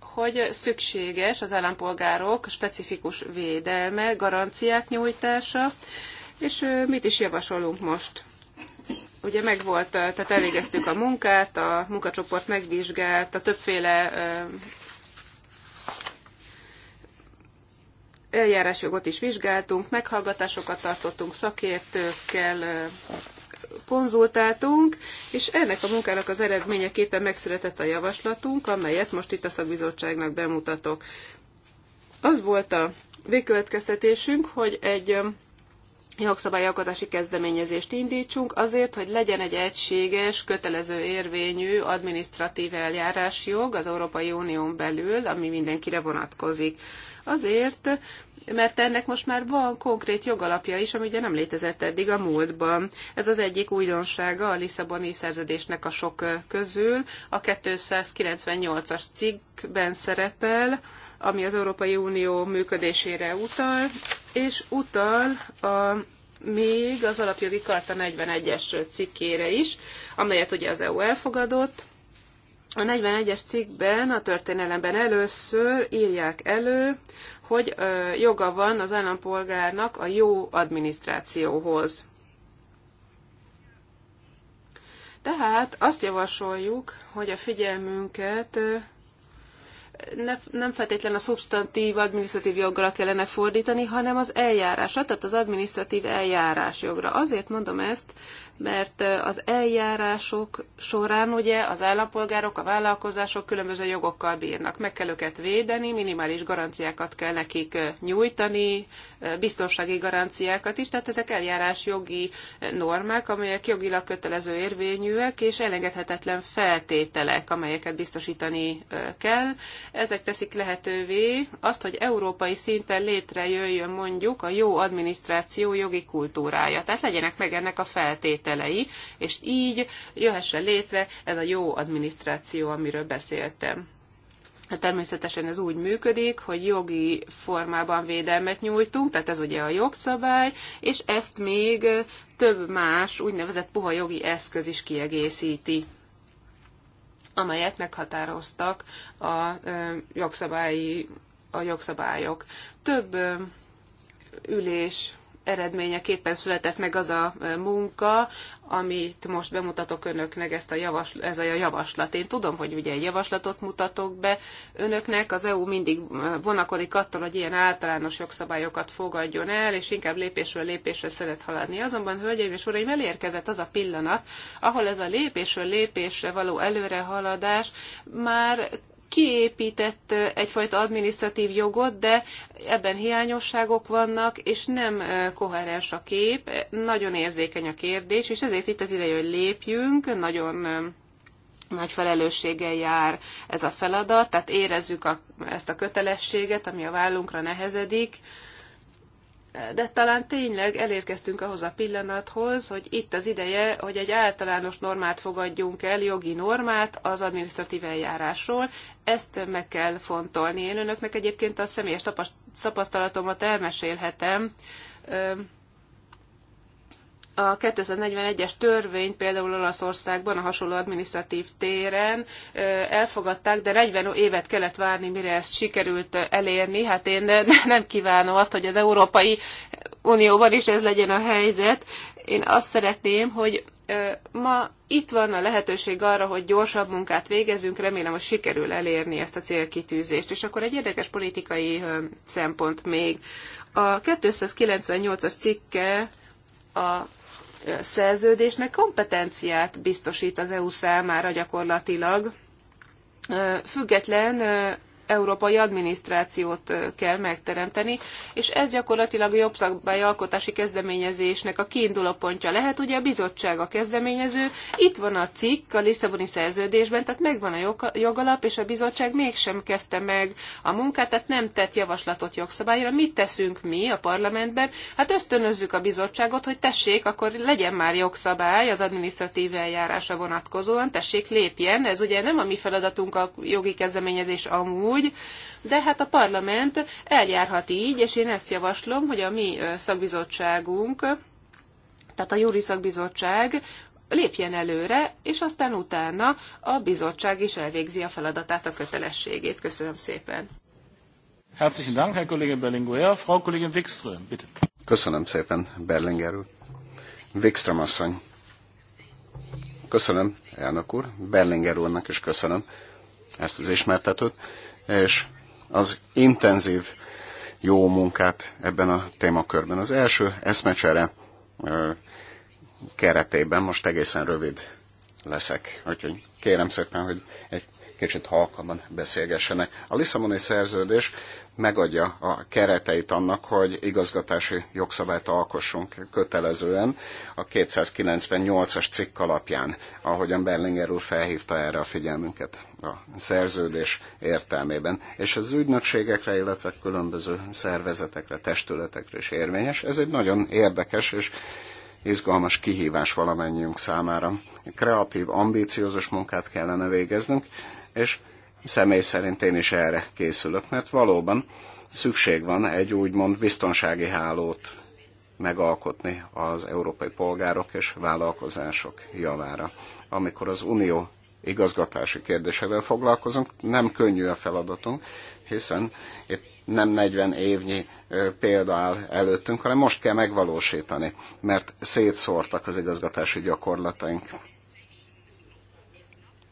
hogy szükséges az állampolgárok specifikus védelme, garanciák nyújtása, és mit is javasolunk most? Ugye megvolt, tehát elvégeztük a munkát, a munkacsoport a többféle eljárásjogot is vizsgáltunk, meghallgatásokat tartottunk szakértőkkel, konzultáltunk, és ennek a munkának az eredményeképpen megszületett a javaslatunk, amelyet most itt a szakbizottságnak bemutatok. Az volt a végkövetkeztetésünk, hogy egy um, jogszabályalkotási kezdeményezést indítsunk azért, hogy legyen egy egységes, kötelező érvényű adminisztratív eljárásjog az Európai Unión belül, ami mindenkire vonatkozik. Azért, mert ennek most már van konkrét jogalapja is, ami ugye nem létezett eddig a múltban. Ez az egyik újdonsága a Lisszaboni szerződésnek a sok közül. A 298-as cikkben szerepel, ami az Európai Unió működésére utal, és utal a még az alapjogi karta 41-es cikkére is, amelyet ugye az EU elfogadott, a 41-es cikkben, a történelemben először írják elő, hogy joga van az állampolgárnak a jó adminisztrációhoz. Tehát azt javasoljuk, hogy a figyelmünket ne, nem feltétlen a szubstantív adminisztratív jogra kellene fordítani, hanem az eljárásra, tehát az adminisztratív eljárás jogra. Azért mondom ezt, mert az eljárások során ugye az állampolgárok, a vállalkozások különböző jogokkal bírnak. Meg kell őket védeni, minimális garanciákat kell nekik nyújtani, biztonsági garanciákat is, tehát ezek eljárásjogi normák, amelyek jogilag kötelező érvényűek és elengedhetetlen feltételek, amelyeket biztosítani kell. Ezek teszik lehetővé azt, hogy európai szinten létrejöjjön mondjuk a jó adminisztráció jogi kultúrája. Tehát legyenek meg ennek a feltételek feltételei, és így jöhessen létre ez a jó adminisztráció, amiről beszéltem. Hát természetesen ez úgy működik, hogy jogi formában védelmet nyújtunk, tehát ez ugye a jogszabály, és ezt még több más úgynevezett puha jogi eszköz is kiegészíti amelyet meghatároztak a jogszabályi, a jogszabályok. Több ülés eredményeképpen született meg az a e, munka, amit most bemutatok önöknek, ezt a javasl- ez a javaslat. Én tudom, hogy ugye egy javaslatot mutatok be önöknek, az EU mindig e, vonakodik attól, hogy ilyen általános jogszabályokat fogadjon el, és inkább lépésről lépésre szeret haladni. Azonban, hölgyeim és uraim, elérkezett az a pillanat, ahol ez a lépésről lépésre való előrehaladás már kiépített egyfajta adminisztratív jogot, de ebben hiányosságok vannak, és nem koherens a kép, nagyon érzékeny a kérdés, és ezért itt az ideje, hogy lépjünk, nagyon nagy felelősséggel jár ez a feladat, tehát érezzük a, ezt a kötelességet, ami a vállunkra nehezedik, de talán tényleg elérkeztünk ahhoz a pillanathoz, hogy itt az ideje, hogy egy általános normát fogadjunk el, jogi normát az administratív eljárásról. Ezt meg kell fontolni. Én önöknek egyébként a személyes tapasztalatomat elmesélhetem a 2041 es törvényt például Olaszországban a hasonló adminisztratív téren elfogadták, de 40 évet kellett várni, mire ezt sikerült elérni. Hát én nem kívánom azt, hogy az Európai Unióban is ez legyen a helyzet. Én azt szeretném, hogy ma itt van a lehetőség arra, hogy gyorsabb munkát végezzünk, remélem, hogy sikerül elérni ezt a célkitűzést. És akkor egy érdekes politikai szempont még. A 298-as cikke a szerződésnek kompetenciát biztosít az EU számára gyakorlatilag, független európai adminisztrációt kell megteremteni, és ez gyakorlatilag a jobb alkotási kezdeményezésnek a kiinduló pontja lehet. Ugye a bizottság a kezdeményező, itt van a cikk a Lisszaboni szerződésben, tehát megvan a jogalap, és a bizottság mégsem kezdte meg a munkát, tehát nem tett javaslatot jogszabályra. Mit teszünk mi a parlamentben? Hát ösztönözzük a bizottságot, hogy tessék, akkor legyen már jogszabály az adminisztratív eljárásra vonatkozóan, tessék lépjen, ez ugye nem a mi feladatunk a jogi kezdeményezés amúgy, úgy, de hát a parlament eljárhat így, és én ezt javaslom, hogy a mi szakbizottságunk, tehát a júri szakbizottság lépjen előre, és aztán utána a bizottság is elvégzi a feladatát, a kötelességét. Köszönöm szépen. Herzlichen Dank, Herr Kollege Berlinguer. Frau Kollegin Wikström, bitte. Köszönöm szépen, Berlinger úr. Wikström asszony. Köszönöm, elnök úr. Berlinger úrnak is köszönöm ezt az ismertetőt és az intenzív jó munkát ebben a témakörben. Az első eszmecsere keretében most egészen rövid leszek. Úgyhogy kérem szépen, hogy egy kicsit halkaban beszélgessenek. A Lisszaboni szerződés megadja a kereteit annak, hogy igazgatási jogszabályt alkossunk kötelezően a 298-as cikk alapján, ahogyan Berlinger úr felhívta erre a figyelmünket a szerződés értelmében. És az ügynökségekre, illetve különböző szervezetekre, testületekre is érvényes. Ez egy nagyon érdekes és izgalmas kihívás valamennyiünk számára. Kreatív, ambíciózus munkát kellene végeznünk, és személy szerint én is erre készülök, mert valóban szükség van egy úgymond biztonsági hálót megalkotni az európai polgárok és vállalkozások javára. Amikor az unió igazgatási kérdésével foglalkozunk, nem könnyű a feladatunk, hiszen itt nem 40 évnyi példa áll előttünk, hanem most kell megvalósítani, mert szétszórtak az igazgatási gyakorlataink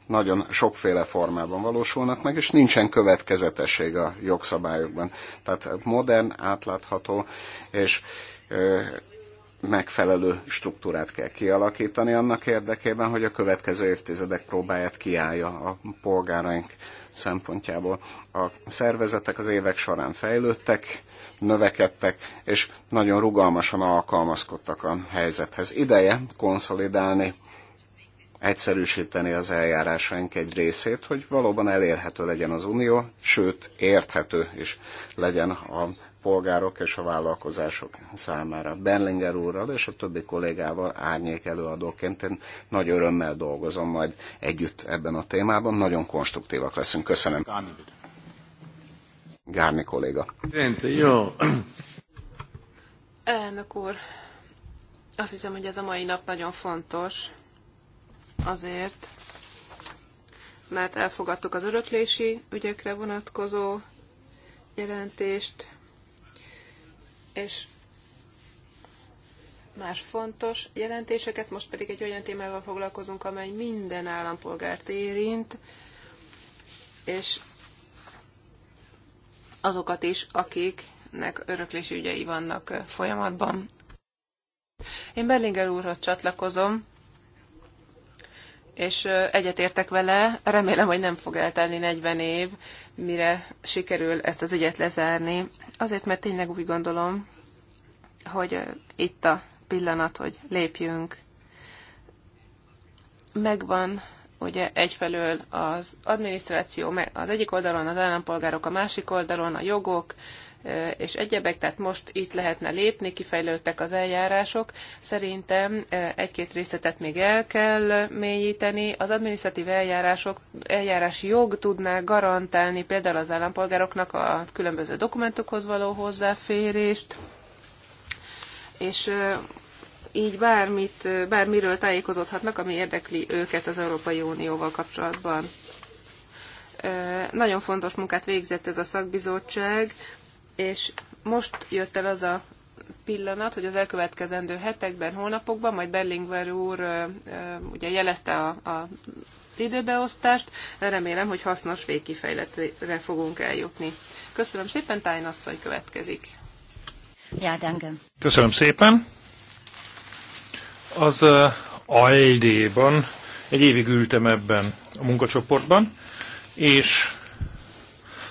nagyon sokféle formában valósulnak meg, és nincsen következetesség a jogszabályokban. Tehát modern, átlátható és megfelelő struktúrát kell kialakítani annak érdekében, hogy a következő évtizedek próbáját kiállja a polgáraink szempontjából. A szervezetek az évek során fejlődtek, növekedtek, és nagyon rugalmasan alkalmazkodtak a helyzethez. Ideje konszolidálni egyszerűsíteni az eljárásaink egy részét, hogy valóban elérhető legyen az unió, sőt érthető is legyen a polgárok és a vállalkozások számára. Berlinger úrral és a többi kollégával árnyék előadóként én nagy örömmel dolgozom majd együtt ebben a témában. Nagyon konstruktívak leszünk. Köszönöm. Gárni kolléga. Jó. Elnök úr, azt hiszem, hogy ez a mai nap nagyon fontos, azért, mert elfogadtuk az öröklési ügyekre vonatkozó jelentést, és más fontos jelentéseket, most pedig egy olyan témával foglalkozunk, amely minden állampolgárt érint, és azokat is, akiknek öröklési ügyei vannak folyamatban. Én Berlinger úrhoz csatlakozom, és egyetértek vele, remélem, hogy nem fog eltelni 40 év, mire sikerül ezt az ügyet lezárni. Azért, mert tényleg úgy gondolom, hogy itt a pillanat, hogy lépjünk. Megvan ugye egyfelől az adminisztráció, az egyik oldalon az állampolgárok, a másik oldalon a jogok, és egyebek, tehát most itt lehetne lépni, kifejlődtek az eljárások. Szerintem egy-két részletet még el kell mélyíteni. Az adminisztratív eljárások, eljárás jog tudná garantálni például az állampolgároknak a különböző dokumentokhoz való hozzáférést, és így bármit, bármiről tájékozódhatnak, ami érdekli őket az Európai Unióval kapcsolatban. Nagyon fontos munkát végzett ez a szakbizottság, és most jött el az a pillanat, hogy az elkövetkezendő hetekben, hónapokban, majd Berlingver úr ugye jelezte a, a időbeosztást, remélem, hogy hasznos végkifejletre fogunk eljutni. Köszönöm szépen, Tájn asszony következik. Ja, danke. Köszönöm szépen. Az uh, Aldéban egy évig ültem ebben a munkacsoportban, és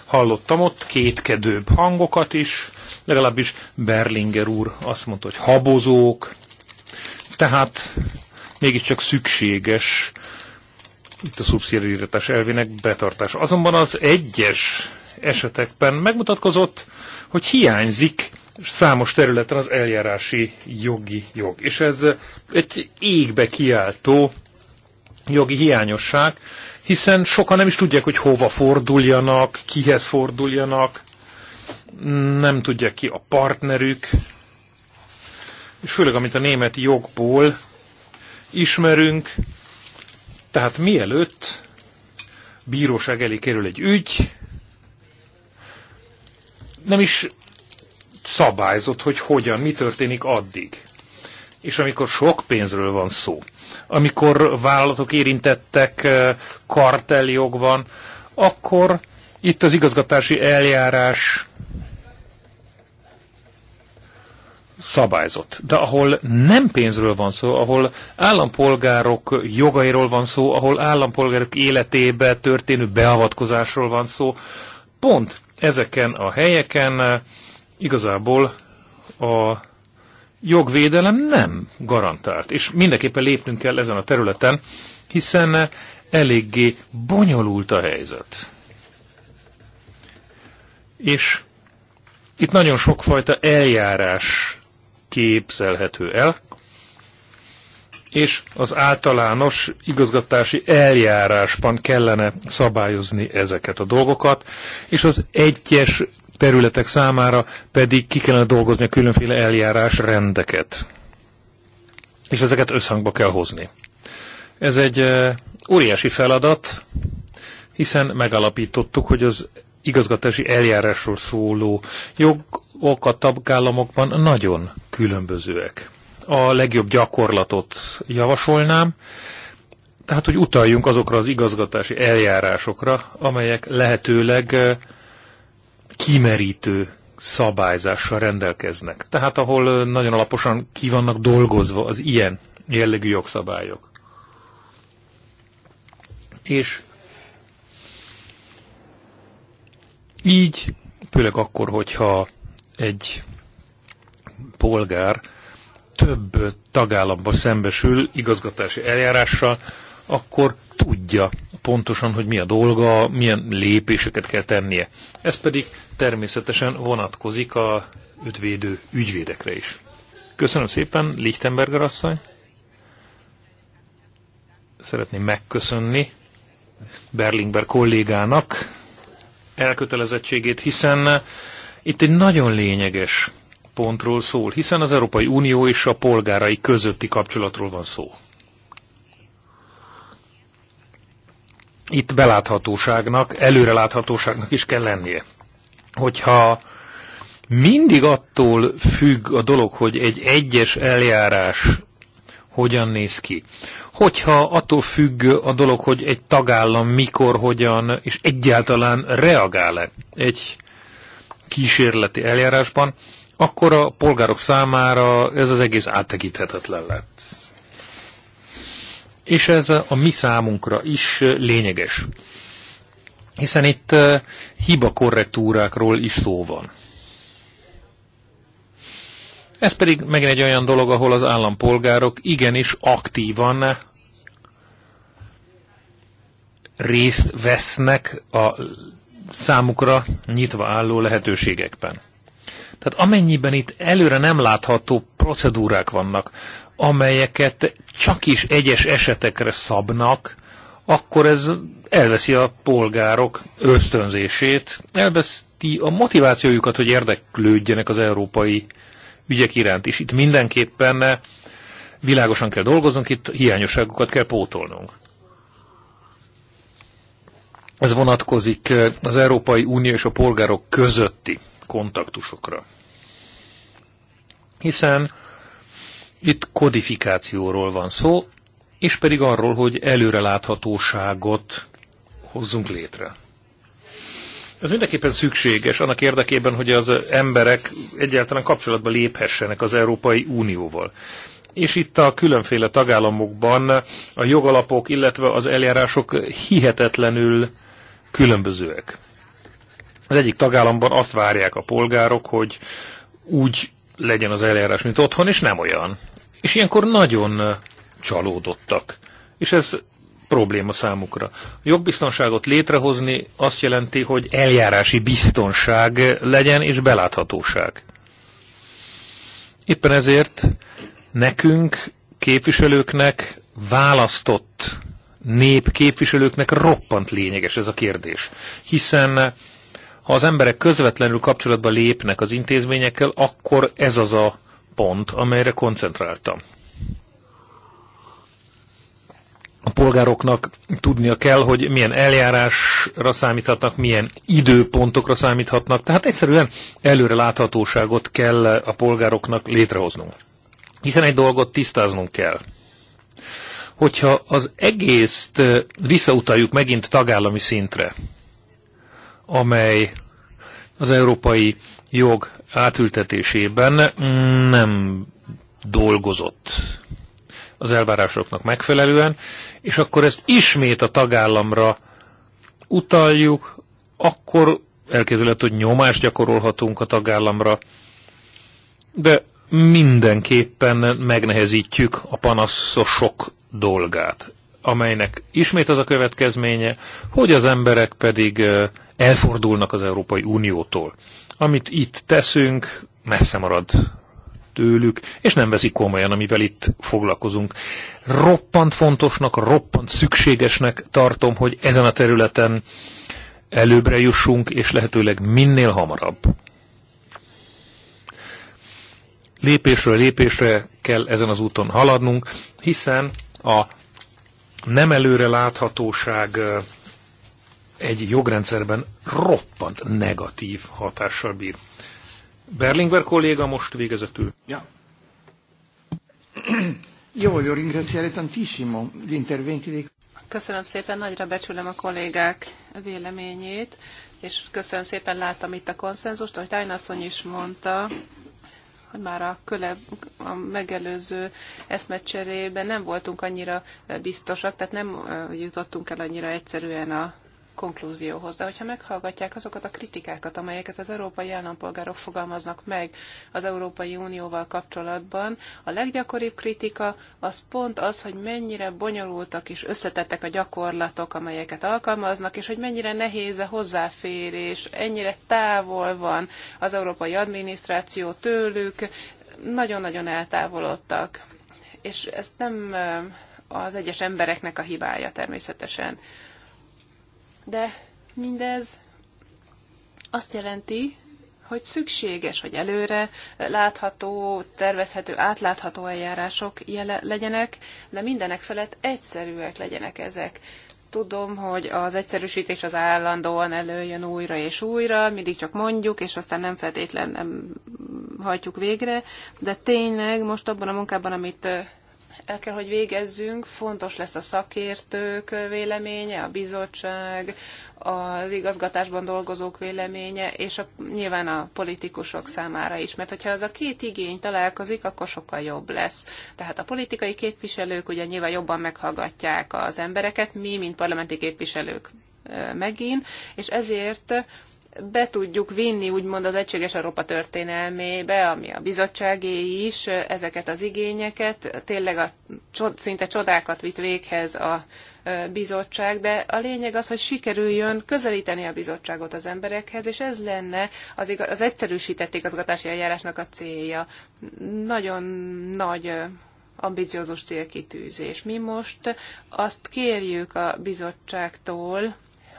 hallottam ott kétkedőbb hangokat is, legalábbis Berlinger úr azt mondta, hogy habozók, tehát mégiscsak szükséges itt a szubszidiaritás elvének betartása. Azonban az egyes esetekben megmutatkozott, hogy hiányzik számos területen az eljárási jogi jog. És ez egy égbe kiáltó jogi hiányosság, hiszen sokan nem is tudják, hogy hova forduljanak, kihez forduljanak, nem tudják ki a partnerük, és főleg amit a német jogból ismerünk, tehát mielőtt bíróság elé kerül egy ügy, nem is szabályzott, hogy hogyan, mi történik addig és amikor sok pénzről van szó, amikor vállalatok érintettek eh, karteljogban, akkor itt az igazgatási eljárás szabályzott. De ahol nem pénzről van szó, ahol állampolgárok jogairól van szó, ahol állampolgárok életébe történő beavatkozásról van szó, pont ezeken a helyeken eh, igazából a jogvédelem nem garantált, és mindenképpen lépnünk kell ezen a területen, hiszen eléggé bonyolult a helyzet. És itt nagyon sokfajta eljárás képzelhető el, és az általános igazgatási eljárásban kellene szabályozni ezeket a dolgokat, és az egyes területek számára pedig ki kellene dolgozni a különféle eljárás rendeket. És ezeket összhangba kell hozni. Ez egy eh, óriási feladat, hiszen megalapítottuk, hogy az igazgatási eljárásról szóló jogok a tagállamokban nagyon különbözőek. A legjobb gyakorlatot javasolnám, tehát hogy utaljunk azokra az igazgatási eljárásokra, amelyek lehetőleg eh, kimerítő szabályzással rendelkeznek. Tehát ahol nagyon alaposan ki vannak dolgozva az ilyen jellegű jogszabályok. És így, főleg akkor, hogyha egy polgár több tagállamba szembesül igazgatási eljárással, akkor tudja pontosan, hogy mi a dolga, milyen lépéseket kell tennie. Ez pedig természetesen vonatkozik a ötvédő ügyvédekre is. Köszönöm szépen, Lichtenberger asszony. Szeretném megköszönni Berlingber kollégának elkötelezettségét, hiszen itt egy nagyon lényeges pontról szól, hiszen az Európai Unió és a polgárai közötti kapcsolatról van szó. itt beláthatóságnak, előreláthatóságnak is kell lennie. Hogyha mindig attól függ a dolog, hogy egy egyes eljárás hogyan néz ki. Hogyha attól függ a dolog, hogy egy tagállam mikor, hogyan, és egyáltalán reagál-e egy kísérleti eljárásban, akkor a polgárok számára ez az egész áttekinthetetlen lett és ez a mi számunkra is lényeges. Hiszen itt korrektúrákról is szó van. Ez pedig megint egy olyan dolog, ahol az állampolgárok igenis aktívan részt vesznek a számukra nyitva álló lehetőségekben. Tehát amennyiben itt előre nem látható procedúrák vannak, amelyeket csak is egyes esetekre szabnak, akkor ez elveszi a polgárok ösztönzését, elveszti a motivációjukat, hogy érdeklődjenek az európai ügyek iránt. És itt mindenképpen világosan kell dolgoznunk, itt hiányosságokat kell pótolnunk. Ez vonatkozik az Európai Unió és a polgárok közötti kontaktusokra. Hiszen itt kodifikációról van szó, és pedig arról, hogy előreláthatóságot hozzunk létre. Ez mindenképpen szükséges annak érdekében, hogy az emberek egyáltalán kapcsolatba léphessenek az Európai Unióval. És itt a különféle tagállamokban a jogalapok, illetve az eljárások hihetetlenül különbözőek. Az egyik tagállamban azt várják a polgárok, hogy úgy legyen az eljárás, mint otthon, és nem olyan. És ilyenkor nagyon csalódottak. És ez probléma számukra. jogbiztonságot létrehozni azt jelenti, hogy eljárási biztonság legyen és beláthatóság. Éppen ezért nekünk, képviselőknek, választott nép képviselőknek roppant lényeges ez a kérdés. Hiszen ha az emberek közvetlenül kapcsolatba lépnek az intézményekkel, akkor ez az a pont, amelyre koncentráltam. A polgároknak tudnia kell, hogy milyen eljárásra számíthatnak, milyen időpontokra számíthatnak, tehát egyszerűen előre láthatóságot kell a polgároknak létrehoznunk. Hiszen egy dolgot tisztáznunk kell hogyha az egészt visszautaljuk megint tagállami szintre, amely az európai jog átültetésében nem dolgozott az elvárásoknak megfelelően, és akkor ezt ismét a tagállamra utaljuk, akkor elképzelhető, hogy nyomást gyakorolhatunk a tagállamra, de mindenképpen megnehezítjük a panaszosok dolgát, amelynek ismét az a következménye, hogy az emberek pedig elfordulnak az Európai Uniótól. Amit itt teszünk, messze marad tőlük, és nem veszik komolyan, amivel itt foglalkozunk. Roppant fontosnak, roppant szükségesnek tartom, hogy ezen a területen előbbre jussunk, és lehetőleg minél hamarabb. Lépésről lépésre kell ezen az úton haladnunk, hiszen a nem előre láthatóság egy jogrendszerben roppant negatív hatással bír. Berlingber kolléga most végezetül. Ja. Jó, hogy ringraziare tantissimo Köszönöm szépen, nagyra becsülöm a kollégák véleményét, és köszönöm szépen, láttam itt a konszenzust, ahogy Tájnasszony is mondta, hogy már a, köle, a megelőző eszmecserében nem voltunk annyira biztosak, tehát nem jutottunk el annyira egyszerűen a konklúzióhoz. De hogyha meghallgatják azokat a kritikákat, amelyeket az európai állampolgárok fogalmaznak meg az Európai Unióval kapcsolatban, a leggyakoribb kritika az pont az, hogy mennyire bonyolultak és összetettek a gyakorlatok, amelyeket alkalmaznak, és hogy mennyire nehéz a hozzáférés, ennyire távol van az európai adminisztráció tőlük, nagyon-nagyon eltávolodtak. És ez nem az egyes embereknek a hibája természetesen de mindez azt jelenti, hogy szükséges, hogy előre látható, tervezhető, átlátható eljárások jele, legyenek, de mindenek felett egyszerűek legyenek ezek. Tudom, hogy az egyszerűsítés az állandóan előjön újra és újra, mindig csak mondjuk, és aztán nem feltétlenül nem hajtjuk végre, de tényleg most abban a munkában, amit el kell, hogy végezzünk, fontos lesz a szakértők véleménye, a bizottság, az igazgatásban dolgozók véleménye, és a, nyilván a politikusok számára is. Mert hogyha az a két igény találkozik, akkor sokkal jobb lesz. Tehát a politikai képviselők ugye nyilván jobban meghallgatják az embereket, mi, mint parlamenti képviselők megint, és ezért be tudjuk vinni úgymond az Egységes Európa történelmébe, ami a bizottságé is, ezeket az igényeket. Tényleg a, szinte csodákat vitt véghez a bizottság, de a lényeg az, hogy sikerüljön közelíteni a bizottságot az emberekhez, és ez lenne az, igaz, az egyszerűsített igazgatási eljárásnak a célja. Nagyon nagy ambiciózus célkitűzés. Mi most azt kérjük a bizottságtól,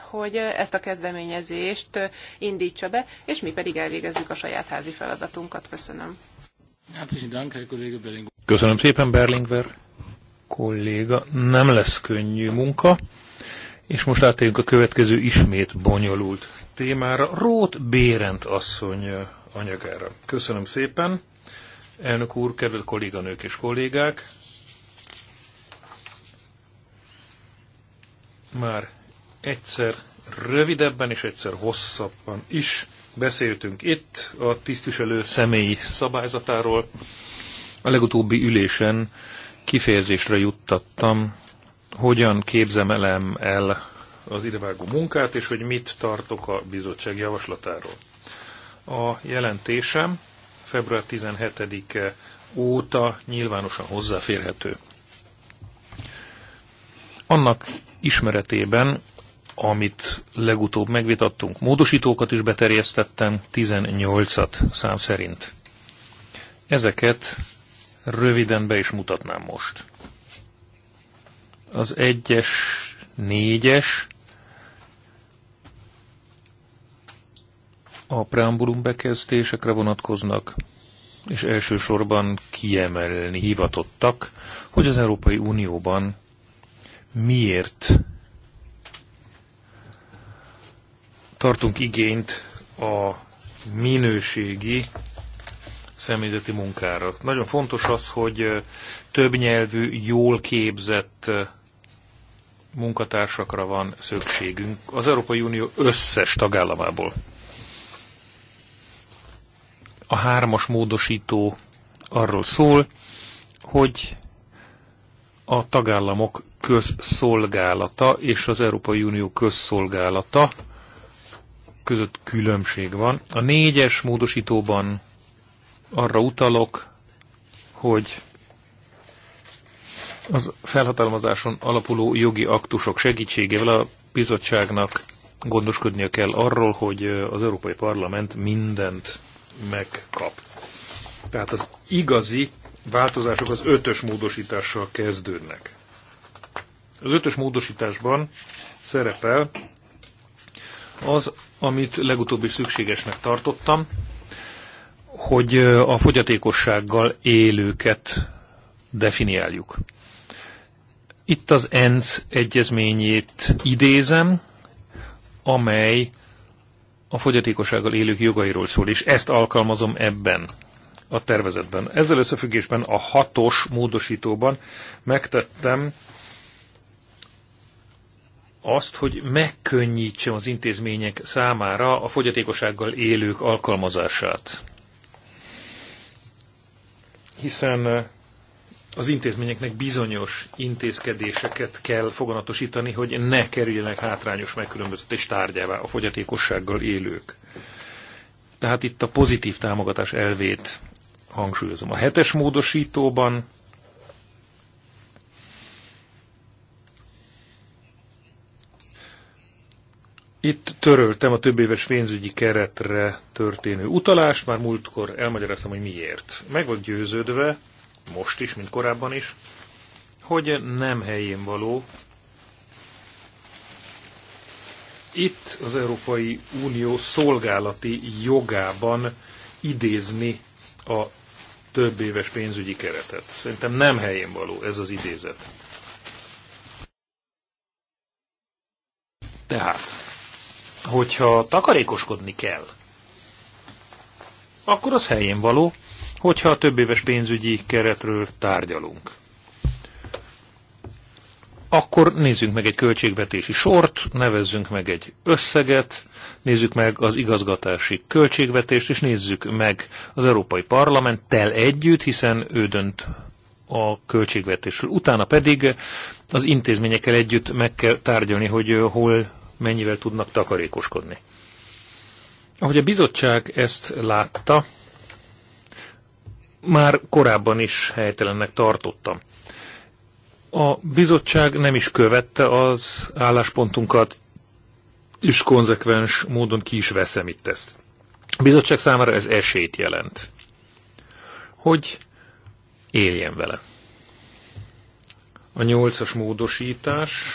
hogy ezt a kezdeményezést indítsa be, és mi pedig elvégezzük a saját házi feladatunkat. Köszönöm. Köszönöm szépen, Berlingver kolléga. Nem lesz könnyű munka. És most átérünk a következő ismét bonyolult témára, Rót Bérent asszony anyagára. Köszönöm szépen, elnök úr, kedves kolléganők és kollégák. Már egyszer rövidebben és egyszer hosszabban is beszéltünk itt a tisztviselő személyi szabályzatáról. A legutóbbi ülésen kifejezésre juttattam, hogyan képzemelem el az idevágó munkát, és hogy mit tartok a bizottság javaslatáról. A jelentésem február 17-e óta nyilvánosan hozzáférhető. Annak ismeretében amit legutóbb megvitattunk. Módosítókat is beterjesztettem, 18-at szám szerint. Ezeket röviden be is mutatnám most. Az 1-es, 4-es, a preambulum bekezdésekre vonatkoznak, és elsősorban kiemelni hivatottak, hogy az Európai Unióban miért tartunk igényt a minőségi személyzeti munkára. Nagyon fontos az, hogy többnyelvű, jól képzett munkatársakra van szükségünk az Európai Unió összes tagállamából. A hármas módosító arról szól, hogy a tagállamok közszolgálata és az Európai Unió közszolgálata között különbség van. A négyes módosítóban arra utalok, hogy az felhatalmazáson alapuló jogi aktusok segítségével a bizottságnak gondoskodnia kell arról, hogy az Európai Parlament mindent megkap. Tehát az igazi változások az ötös módosítással kezdődnek. Az ötös módosításban szerepel, az, amit legutóbb is szükségesnek tartottam, hogy a fogyatékossággal élőket definiáljuk. Itt az ENSZ egyezményét idézem, amely a fogyatékossággal élők jogairól szól, és ezt alkalmazom ebben a tervezetben. Ezzel összefüggésben a hatos módosítóban megtettem azt, hogy megkönnyítsem az intézmények számára a fogyatékossággal élők alkalmazását. Hiszen eh, az intézményeknek bizonyos intézkedéseket kell foganatosítani, hogy ne kerüljenek hátrányos megkülönböztetés tárgyává a fogyatékossággal élők. Tehát itt a pozitív támogatás elvét hangsúlyozom. A hetes módosítóban Itt töröltem a több éves pénzügyi keretre történő utalást, már múltkor elmagyaráztam, hogy miért. Meg volt győződve, most is, mint korábban is, hogy nem helyén való. Itt az Európai Unió szolgálati jogában idézni a több éves pénzügyi keretet. Szerintem nem helyén való ez az idézet. Tehát hogyha takarékoskodni kell, akkor az helyén való, hogyha a több éves pénzügyi keretről tárgyalunk. Akkor nézzünk meg egy költségvetési sort, nevezzünk meg egy összeget, nézzük meg az igazgatási költségvetést, és nézzük meg az Európai Parlamenttel együtt, hiszen ő dönt a költségvetésről. Utána pedig az intézményekkel együtt meg kell tárgyalni, hogy hol mennyivel tudnak takarékoskodni. Ahogy a bizottság ezt látta, már korábban is helytelennek tartottam. A bizottság nem is követte az álláspontunkat, és konzekvens módon ki is veszem itt ezt. A bizottság számára ez esélyt jelent, hogy éljen vele. A nyolcas módosítás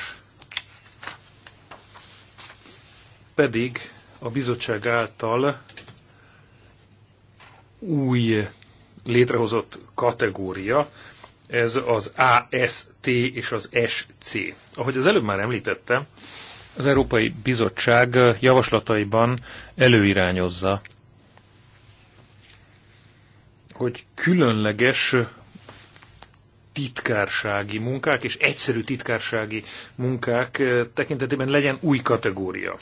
pedig a bizottság által új létrehozott kategória, ez az AST és az SC. Ahogy az előbb már említettem, az Európai Bizottság javaslataiban előirányozza, hogy különleges titkársági munkák és egyszerű titkársági munkák tekintetében legyen új kategória.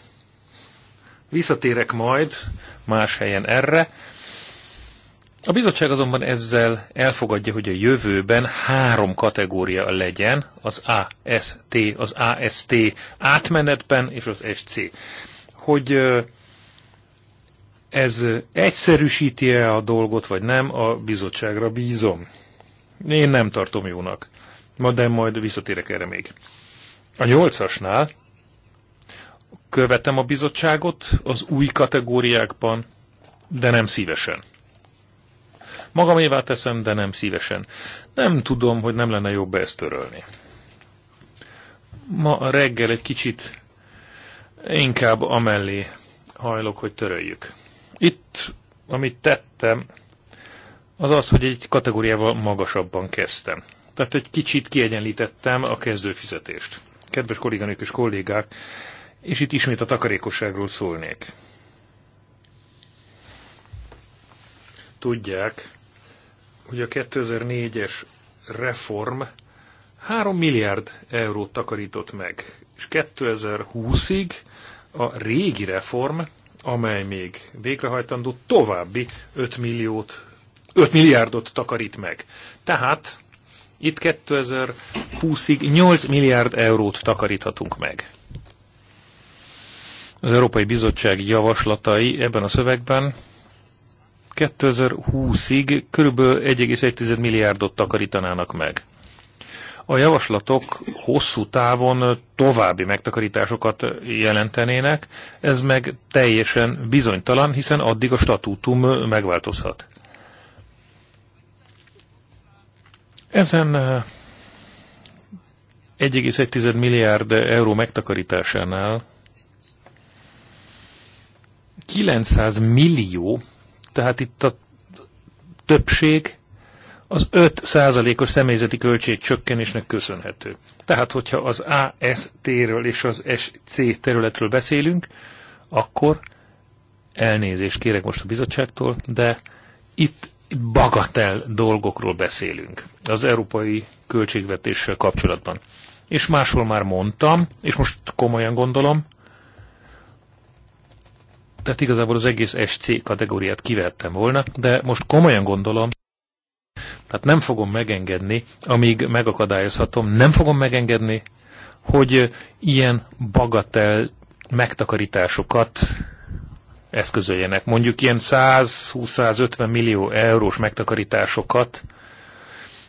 Visszatérek majd más helyen erre. A bizottság azonban ezzel elfogadja, hogy a jövőben három kategória legyen, az AST, az AST átmenetben és az SC. Hogy ez egyszerűsíti-e a dolgot, vagy nem, a bizottságra bízom. Én nem tartom jónak. Ma de majd visszatérek erre még. A nyolcasnál követem a bizottságot az új kategóriákban, de nem szívesen. Magamévá teszem, de nem szívesen. Nem tudom, hogy nem lenne jobb ezt törölni. Ma reggel egy kicsit inkább amellé hajlok, hogy töröljük. Itt, amit tettem, az az, hogy egy kategóriával magasabban kezdtem. Tehát egy kicsit kiegyenlítettem a kezdőfizetést. Kedves kolléganők és kollégák, és itt ismét a takarékosságról szólnék. Tudják, hogy a 2004-es reform 3 milliárd eurót takarított meg, és 2020-ig a régi reform, amely még végrehajtandó, további 5 milliót 5 milliárdot takarít meg. Tehát itt 2020-ig 8 milliárd eurót takaríthatunk meg az Európai Bizottság javaslatai ebben a szövegben 2020-ig kb. 1,1 milliárdot takarítanának meg. A javaslatok hosszú távon további megtakarításokat jelentenének, ez meg teljesen bizonytalan, hiszen addig a statútum megváltozhat. Ezen 1,1 eh, milliárd euró megtakarításánál 900 millió, tehát itt a többség az 5 százalékos személyzeti költség csökkenésnek köszönhető. Tehát, hogyha az AST-ről és az SC területről beszélünk, akkor elnézést kérek most a bizottságtól, de itt bagatel dolgokról beszélünk az európai költségvetéssel kapcsolatban. És máshol már mondtam, és most komolyan gondolom, tehát igazából az egész SC kategóriát kivettem volna, de most komolyan gondolom, tehát nem fogom megengedni, amíg megakadályozhatom, nem fogom megengedni, hogy ilyen bagatel megtakarításokat eszközöljenek. Mondjuk ilyen 120-150 millió eurós megtakarításokat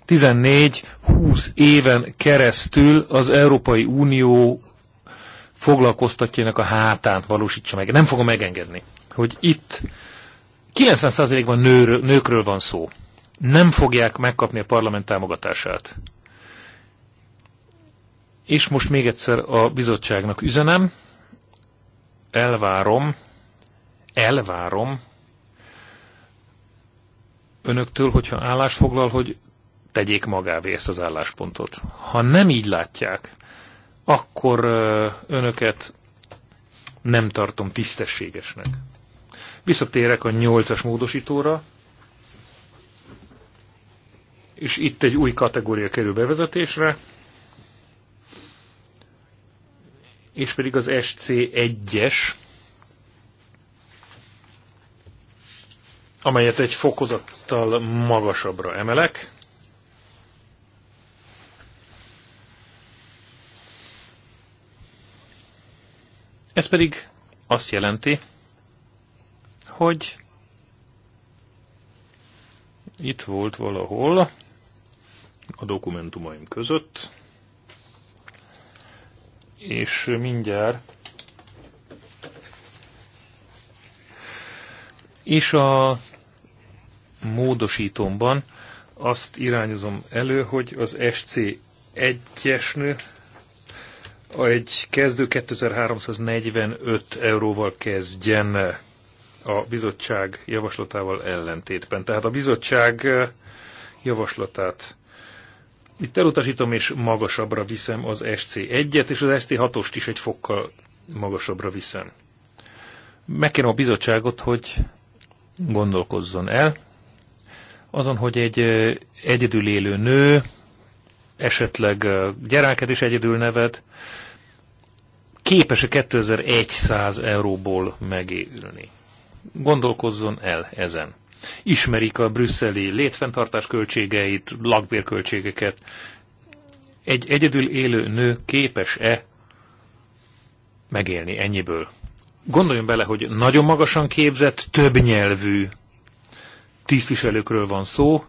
14-20 éven keresztül az Európai Unió foglalkoztatjának a hátán valósítsa meg. Nem fogom megengedni, hogy itt 90%-ban nőről, nőkről van szó. Nem fogják megkapni a parlament támogatását. És most még egyszer a bizottságnak üzenem, elvárom, elvárom önöktől, hogyha állás foglal, hogy tegyék magávé ezt az álláspontot. Ha nem így látják, akkor önöket nem tartom tisztességesnek. Visszatérek a nyolcas módosítóra, és itt egy új kategória kerül bevezetésre, és pedig az SC1-es, amelyet egy fokozattal magasabbra emelek, Ez pedig azt jelenti, hogy itt volt valahol a dokumentumaim között, és mindjárt és a módosítomban azt irányozom elő, hogy az SC 1 nő egy kezdő 2345 euróval kezdjen a bizottság javaslatával ellentétben. Tehát a bizottság javaslatát itt elutasítom, és magasabbra viszem az SC1-et, és az SC6-ost is egy fokkal magasabbra viszem. Megkérem a bizottságot, hogy gondolkozzon el azon, hogy egy egyedül élő nő esetleg gyereket is egyedül neved, képes-e 2100 euróból megélni? Gondolkozzon el ezen. Ismerik a brüsszeli létfenntartás költségeit, lakbérköltségeket. Egy egyedül élő nő képes-e megélni ennyiből? Gondoljon bele, hogy nagyon magasan képzett, többnyelvű tisztviselőkről van szó,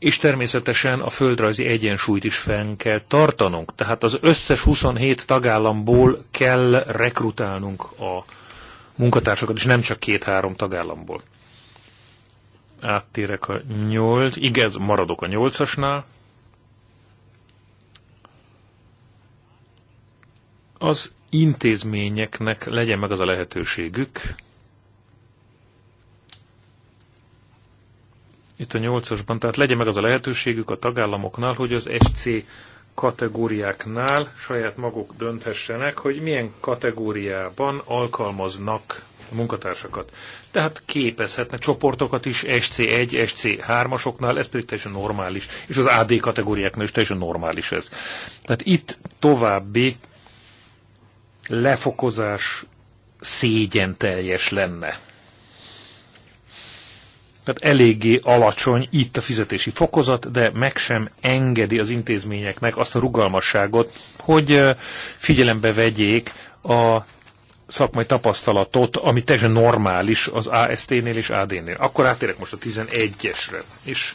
és természetesen a földrajzi egyensúlyt is fenn kell tartanunk. Tehát az összes 27 tagállamból kell rekrutálnunk a munkatársakat, és nem csak két-három tagállamból. Áttérek a nyolc, igen, maradok a nyolcasnál. Az intézményeknek legyen meg az a lehetőségük, itt a nyolcasban, tehát legyen meg az a lehetőségük a tagállamoknál, hogy az SC kategóriáknál saját maguk dönthessenek, hogy milyen kategóriában alkalmaznak munkatársakat. Tehát képezhetnek csoportokat is, SC1, SC3-asoknál, ez pedig teljesen normális, és az AD kategóriáknál is teljesen normális ez. Tehát itt további lefokozás szégyen teljes lenne. Tehát eléggé alacsony itt a fizetési fokozat, de meg sem engedi az intézményeknek azt a rugalmasságot, hogy figyelembe vegyék a szakmai tapasztalatot, ami teljesen normális az AST-nél és AD-nél. Akkor átérek most a 11-esre, és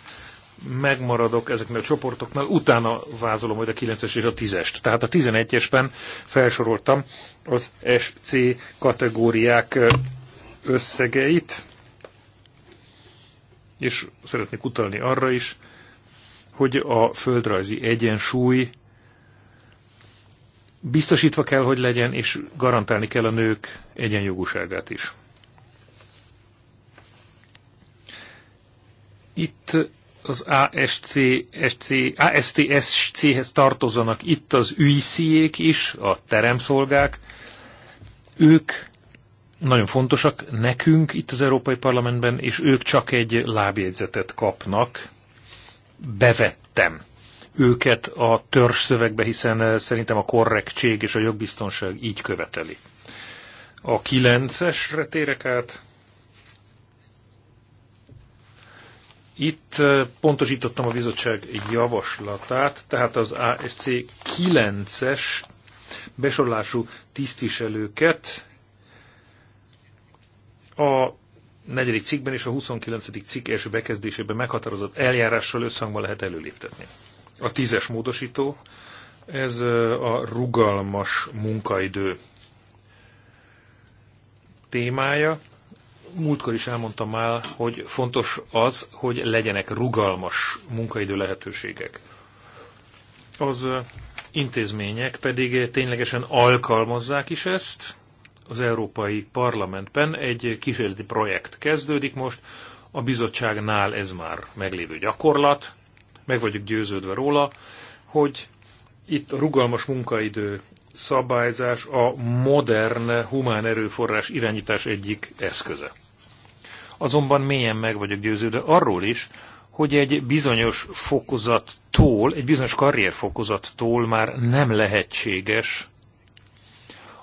megmaradok ezeknél a csoportoknál, utána vázolom majd a 9-es és a 10-est. Tehát a 11-esben felsoroltam az SC kategóriák összegeit, és szeretnék utalni arra is, hogy a földrajzi egyensúly biztosítva kell, hogy legyen, és garantálni kell a nők egyenjogúságát is. Itt az ASC, SC, ASTSC-hez tartozanak itt az ügyszíjék is, a teremszolgák. Ők nagyon fontosak nekünk itt az Európai Parlamentben, és ők csak egy lábjegyzetet kapnak. Bevettem őket a törzsszövegbe, hiszen eh, szerintem a korrektség és a jogbiztonság így követeli. A kilencesre térek át. Itt eh, pontosítottam a bizottság javaslatát, tehát az ASC 9-es besorolású tisztviselőket a negyedik cikkben és a 29. cikk első bekezdésében meghatározott eljárással összhangban lehet előléptetni. A tízes módosító, ez a rugalmas munkaidő témája. Múltkor is elmondtam már, hogy fontos az, hogy legyenek rugalmas munkaidő lehetőségek. Az intézmények pedig ténylegesen alkalmazzák is ezt, az Európai Parlamentben egy kísérleti projekt kezdődik most, a bizottságnál ez már meglévő gyakorlat, meg vagyok győződve róla, hogy itt a rugalmas munkaidő szabályzás a modern humán erőforrás irányítás egyik eszköze. Azonban mélyen meg vagyok győződve arról is, hogy egy bizonyos fokozattól, egy bizonyos karrierfokozattól már nem lehetséges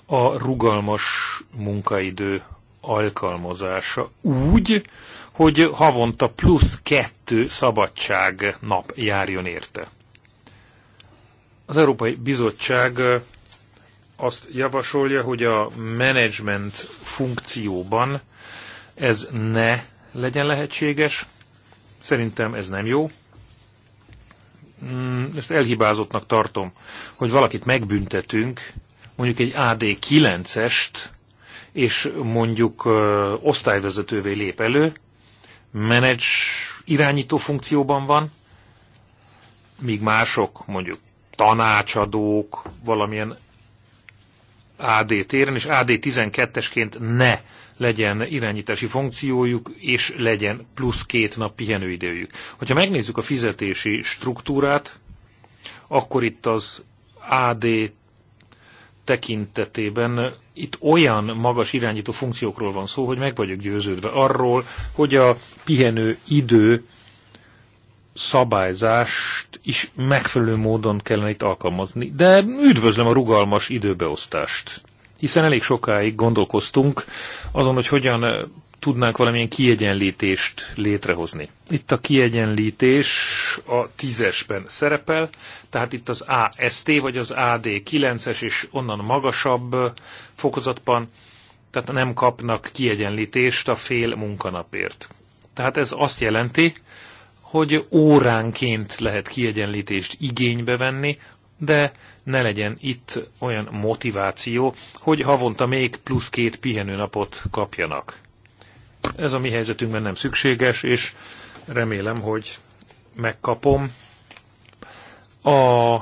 a rugalmas munkaidő alkalmazása úgy, hogy havonta plusz kettő szabadság nap járjon érte. Az Európai Bizottság azt javasolja, hogy a menedzsment funkcióban ez ne legyen lehetséges. Szerintem ez nem jó. Mm, ezt elhibázottnak tartom, hogy valakit megbüntetünk, mondjuk egy AD9-est, és mondjuk ö, osztályvezetővé lép elő, menedzs irányító funkcióban van, míg mások mondjuk tanácsadók valamilyen AD téren, és AD 12-esként ne legyen irányítási funkciójuk, és legyen plusz két nap pihenőidőjük. Hogyha megnézzük a fizetési struktúrát, akkor itt az AD tekintetében itt olyan magas irányító funkciókról van szó, hogy meg vagyok győződve arról, hogy a pihenő idő szabályzást is megfelelő módon kellene itt alkalmazni. De üdvözlöm a rugalmas időbeosztást, hiszen elég sokáig gondolkoztunk azon, hogy hogyan tudnánk valamilyen kiegyenlítést létrehozni. Itt a kiegyenlítés a tízesben szerepel, tehát itt az AST vagy az AD 9-es és onnan magasabb fokozatban, tehát nem kapnak kiegyenlítést a fél munkanapért. Tehát ez azt jelenti, hogy óránként lehet kiegyenlítést igénybe venni, de ne legyen itt olyan motiváció, hogy havonta még plusz két pihenőnapot kapjanak. Ez a mi helyzetünkben nem szükséges, és remélem, hogy megkapom a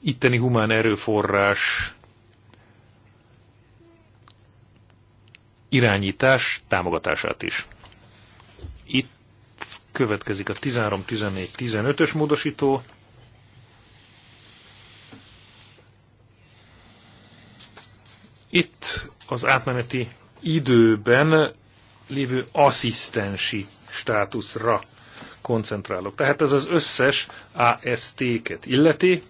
itteni humán erőforrás irányítás támogatását is. Itt következik a 13, 14, 15-ös módosító. Itt az átmeneti időben lévő asszisztensi státuszra koncentrálok. Tehát ez az összes AST-ket illeti,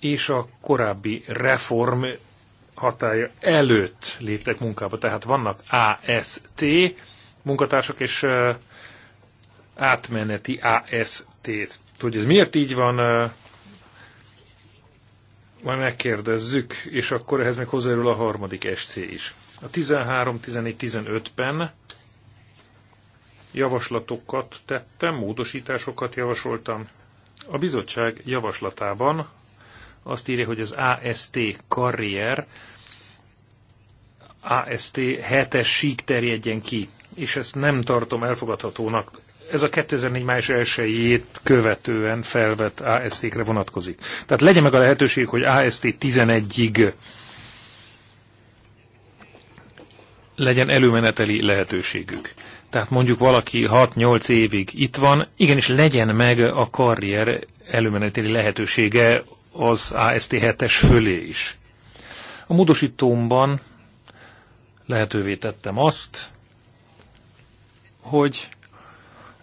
és a korábbi reform hatája előtt léptek munkába. Tehát vannak AST munkatársak, és átmeneti AST-t. ez miért így van, majd megkérdezzük, és akkor ehhez még hozzájárul a harmadik SC is. A 13, 14, 15-ben javaslatokat tettem, módosításokat javasoltam. A bizottság javaslatában azt írja, hogy az AST karrier AST 7-es sík terjedjen ki, és ezt nem tartom elfogadhatónak. Ez a 2004 május 1 követően felvett AST-kre vonatkozik. Tehát legyen meg a lehetőség, hogy AST 11-ig legyen előmeneteli lehetőségük. Tehát mondjuk valaki 6-8 évig itt van, igenis legyen meg a karrier előmeneteli lehetősége az AST 7-es fölé is. A módosítómban lehetővé tettem azt, hogy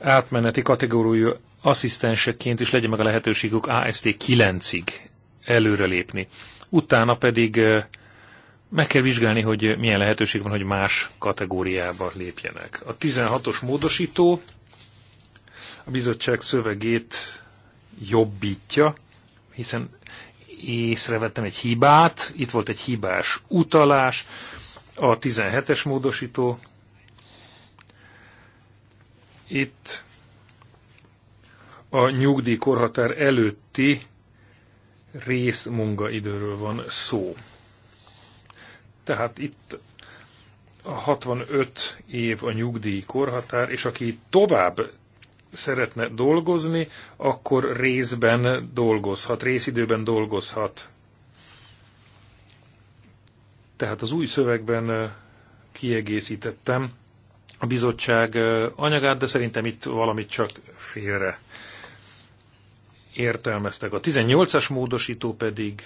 átmeneti kategóriú asszisztenseként is legyen meg a lehetőségük AST 9-ig előrelépni. Utána pedig meg kell vizsgálni, hogy milyen lehetőség van, hogy más kategóriába lépjenek. A 16-os módosító a bizottság szövegét jobbítja, hiszen észrevettem egy hibát, itt volt egy hibás utalás, a 17-es módosító, itt a nyugdíjkorhatár előtti részmunkaidőről van szó. Tehát itt a 65 év a nyugdíj korhatár, és aki tovább szeretne dolgozni, akkor részben dolgozhat, részidőben dolgozhat. Tehát az új szövegben eh, kiegészítettem a bizottság eh, anyagát, de szerintem itt valamit csak félre értelmeztek. A 18-as módosító pedig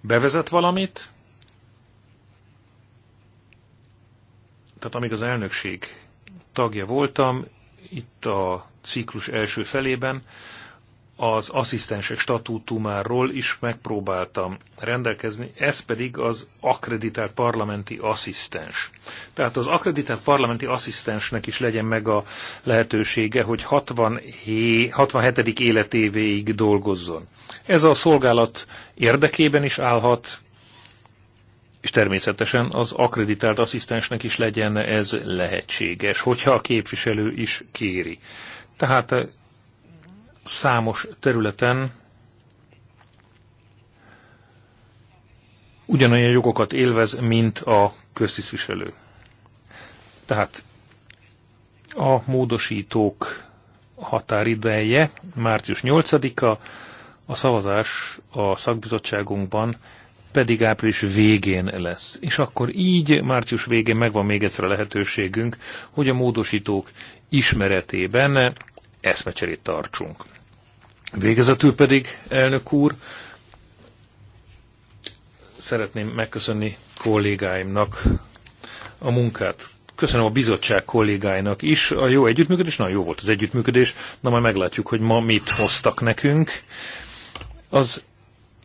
bevezet valamit, tehát amíg az elnökség tagja voltam, itt a ciklus első felében az asszisztensek statútumáról is megpróbáltam rendelkezni, ez pedig az akreditált parlamenti asszisztens. Tehát az akreditált parlamenti asszisztensnek is legyen meg a lehetősége, hogy 67, 67. életévéig dolgozzon. Ez a szolgálat érdekében is állhat, és természetesen az akreditált asszisztensnek is legyen ez lehetséges, hogyha a képviselő is kéri. Tehát számos területen ugyanolyan jogokat élvez, mint a köztisztviselő. Tehát a módosítók határideje március 8-a, a szavazás a szakbizottságunkban pedig április végén lesz. És akkor így március végén megvan még egyszer a lehetőségünk, hogy a módosítók ismeretében eszmecserét tartsunk. Végezetül pedig, elnök úr, szeretném megköszönni kollégáimnak a munkát. Köszönöm a bizottság kollégáinak is a jó együttműködés, nagyon jó volt az együttműködés, na majd meglátjuk, hogy ma mit hoztak nekünk. Az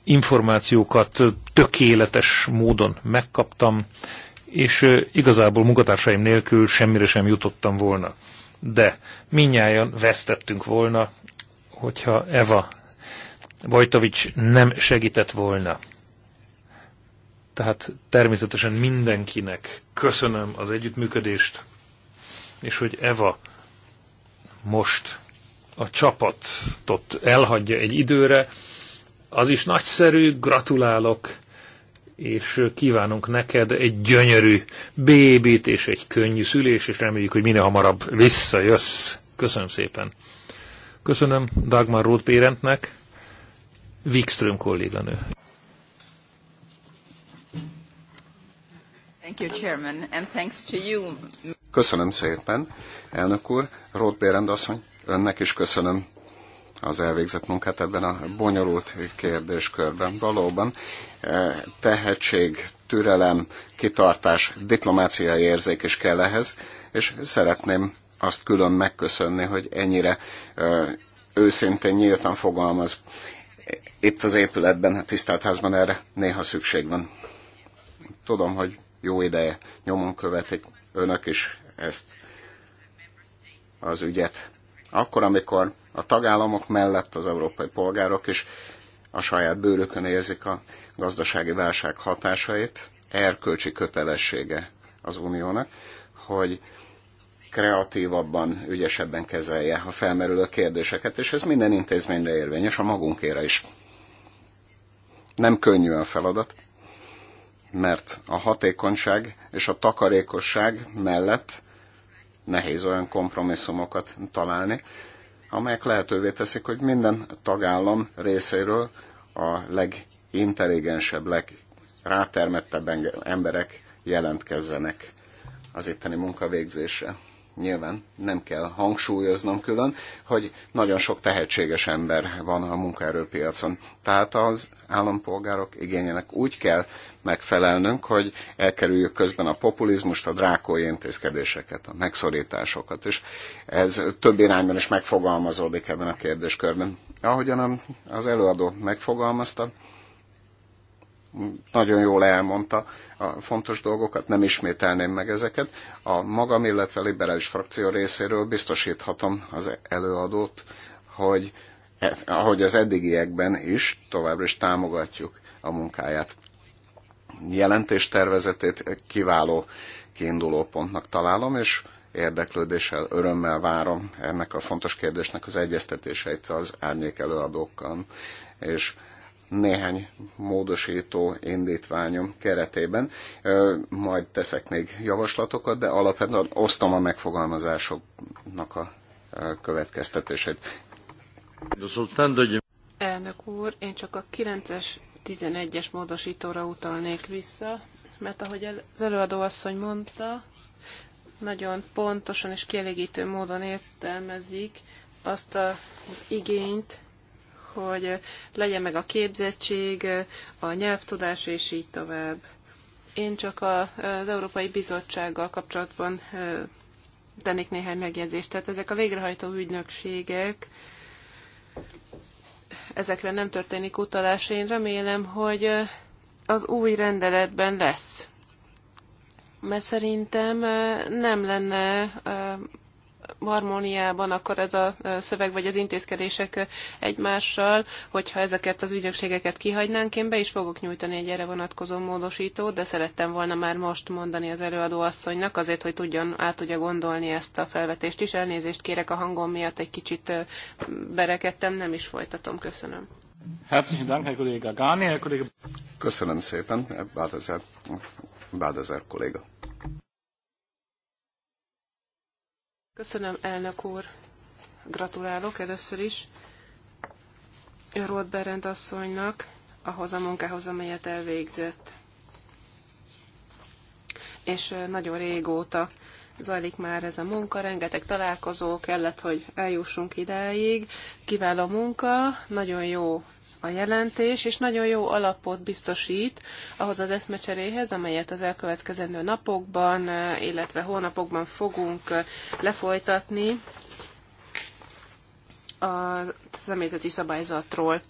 információkat tökéletes módon megkaptam, és igazából munkatársaim nélkül semmire sem jutottam volna. De minnyáján vesztettünk volna, hogyha Eva Vojtovics nem segített volna. Tehát természetesen mindenkinek köszönöm az együttműködést, és hogy Eva most a csapatot elhagyja egy időre, az is nagyszerű, gratulálok, és kívánunk neked egy gyönyörű bébit, és egy könnyű szülés, és reméljük, hogy minél hamarabb visszajössz. Köszönöm szépen! Köszönöm Dagmar Roth Bérentnek, Wikström kolléganő. Köszönöm szépen, elnök úr, Roth Bérend asszony, önnek is köszönöm az elvégzett munkát ebben a bonyolult kérdéskörben. Valóban eh, tehetség, türelem, kitartás, diplomáciai érzék is kell ehhez, és szeretném azt külön megköszönni, hogy ennyire őszintén, nyíltan fogalmaz. Itt az épületben, a házban erre néha szükség van. Tudom, hogy jó ideje nyomon követik önök is ezt az ügyet. Akkor, amikor a tagállamok mellett az európai polgárok is a saját bőrükön érzik a gazdasági válság hatásait, erkölcsi kötelessége az uniónak, hogy kreatívabban, ügyesebben kezelje a felmerülő kérdéseket, és ez minden intézményre érvényes, a magunkére is. Nem könnyű a feladat, mert a hatékonyság és a takarékosság mellett nehéz olyan kompromisszumokat találni, amelyek lehetővé teszik, hogy minden tagállam részéről a legintelligensebb, legrátermettebb emberek jelentkezzenek az itteni munkavégzésre nyilván nem kell hangsúlyoznom külön, hogy nagyon sok tehetséges ember van a munkaerőpiacon. Tehát az állampolgárok igényének úgy kell megfelelnünk, hogy elkerüljük közben a populizmust, a drákói intézkedéseket, a megszorításokat, és ez több irányban is megfogalmazódik ebben a kérdéskörben. Ahogyan az előadó megfogalmazta, nagyon jól elmondta a fontos dolgokat, nem ismételném meg ezeket. A magam, illetve a liberális frakció részéről biztosíthatom az előadót, hogy e, ahogy az eddigiekben is, továbbra is támogatjuk a munkáját. Jelentéstervezetét kiváló kiinduló pontnak találom, és érdeklődéssel, örömmel várom ennek a fontos kérdésnek az egyeztetéseit az árnyék előadókkal, és néhány módosító indítványom keretében. Majd teszek még javaslatokat, de alapvetően osztom a megfogalmazásoknak a következtetését. Elnök úr, én csak a 9-es, 11-es módosítóra utalnék vissza, mert ahogy az előadó asszony mondta, nagyon pontosan és kielégítő módon értelmezik azt az igényt, hogy legyen meg a képzettség, a nyelvtudás, és így tovább. Én csak az Európai Bizottsággal kapcsolatban tennék néhány megjegyzést. Tehát ezek a végrehajtó ügynökségek, ezekre nem történik utalás. Én remélem, hogy az új rendeletben lesz. Mert szerintem nem lenne harmóniában akkor ez a szöveg vagy az intézkedések egymással, hogyha ezeket az ügynökségeket kihagynánk, én be is fogok nyújtani egy erre vonatkozó módosítót, de szerettem volna már most mondani az előadó asszonynak, azért, hogy tudjon át tudja gondolni ezt a felvetést is. Elnézést kérek a hangom miatt, egy kicsit berekedtem, nem is folytatom. Köszönöm. Herzlichen Dank, Herr Kollege Gani, Herr Kollege... Köszönöm szépen, Bádezer, Bádezer kolléga. Köszönöm, elnök úr. Gratulálok először is Rolt Berend asszonynak ahhoz a munkához, amelyet elvégzett. És nagyon régóta zajlik már ez a munka, rengeteg találkozó kellett, hogy eljussunk idáig. Kiváló munka, nagyon jó a jelentés, és nagyon jó alapot biztosít ahhoz az eszmecseréhez, amelyet az elkövetkezendő napokban, eh, illetve hónapokban fogunk eh, lefolytatni a személyzeti szabályzatról.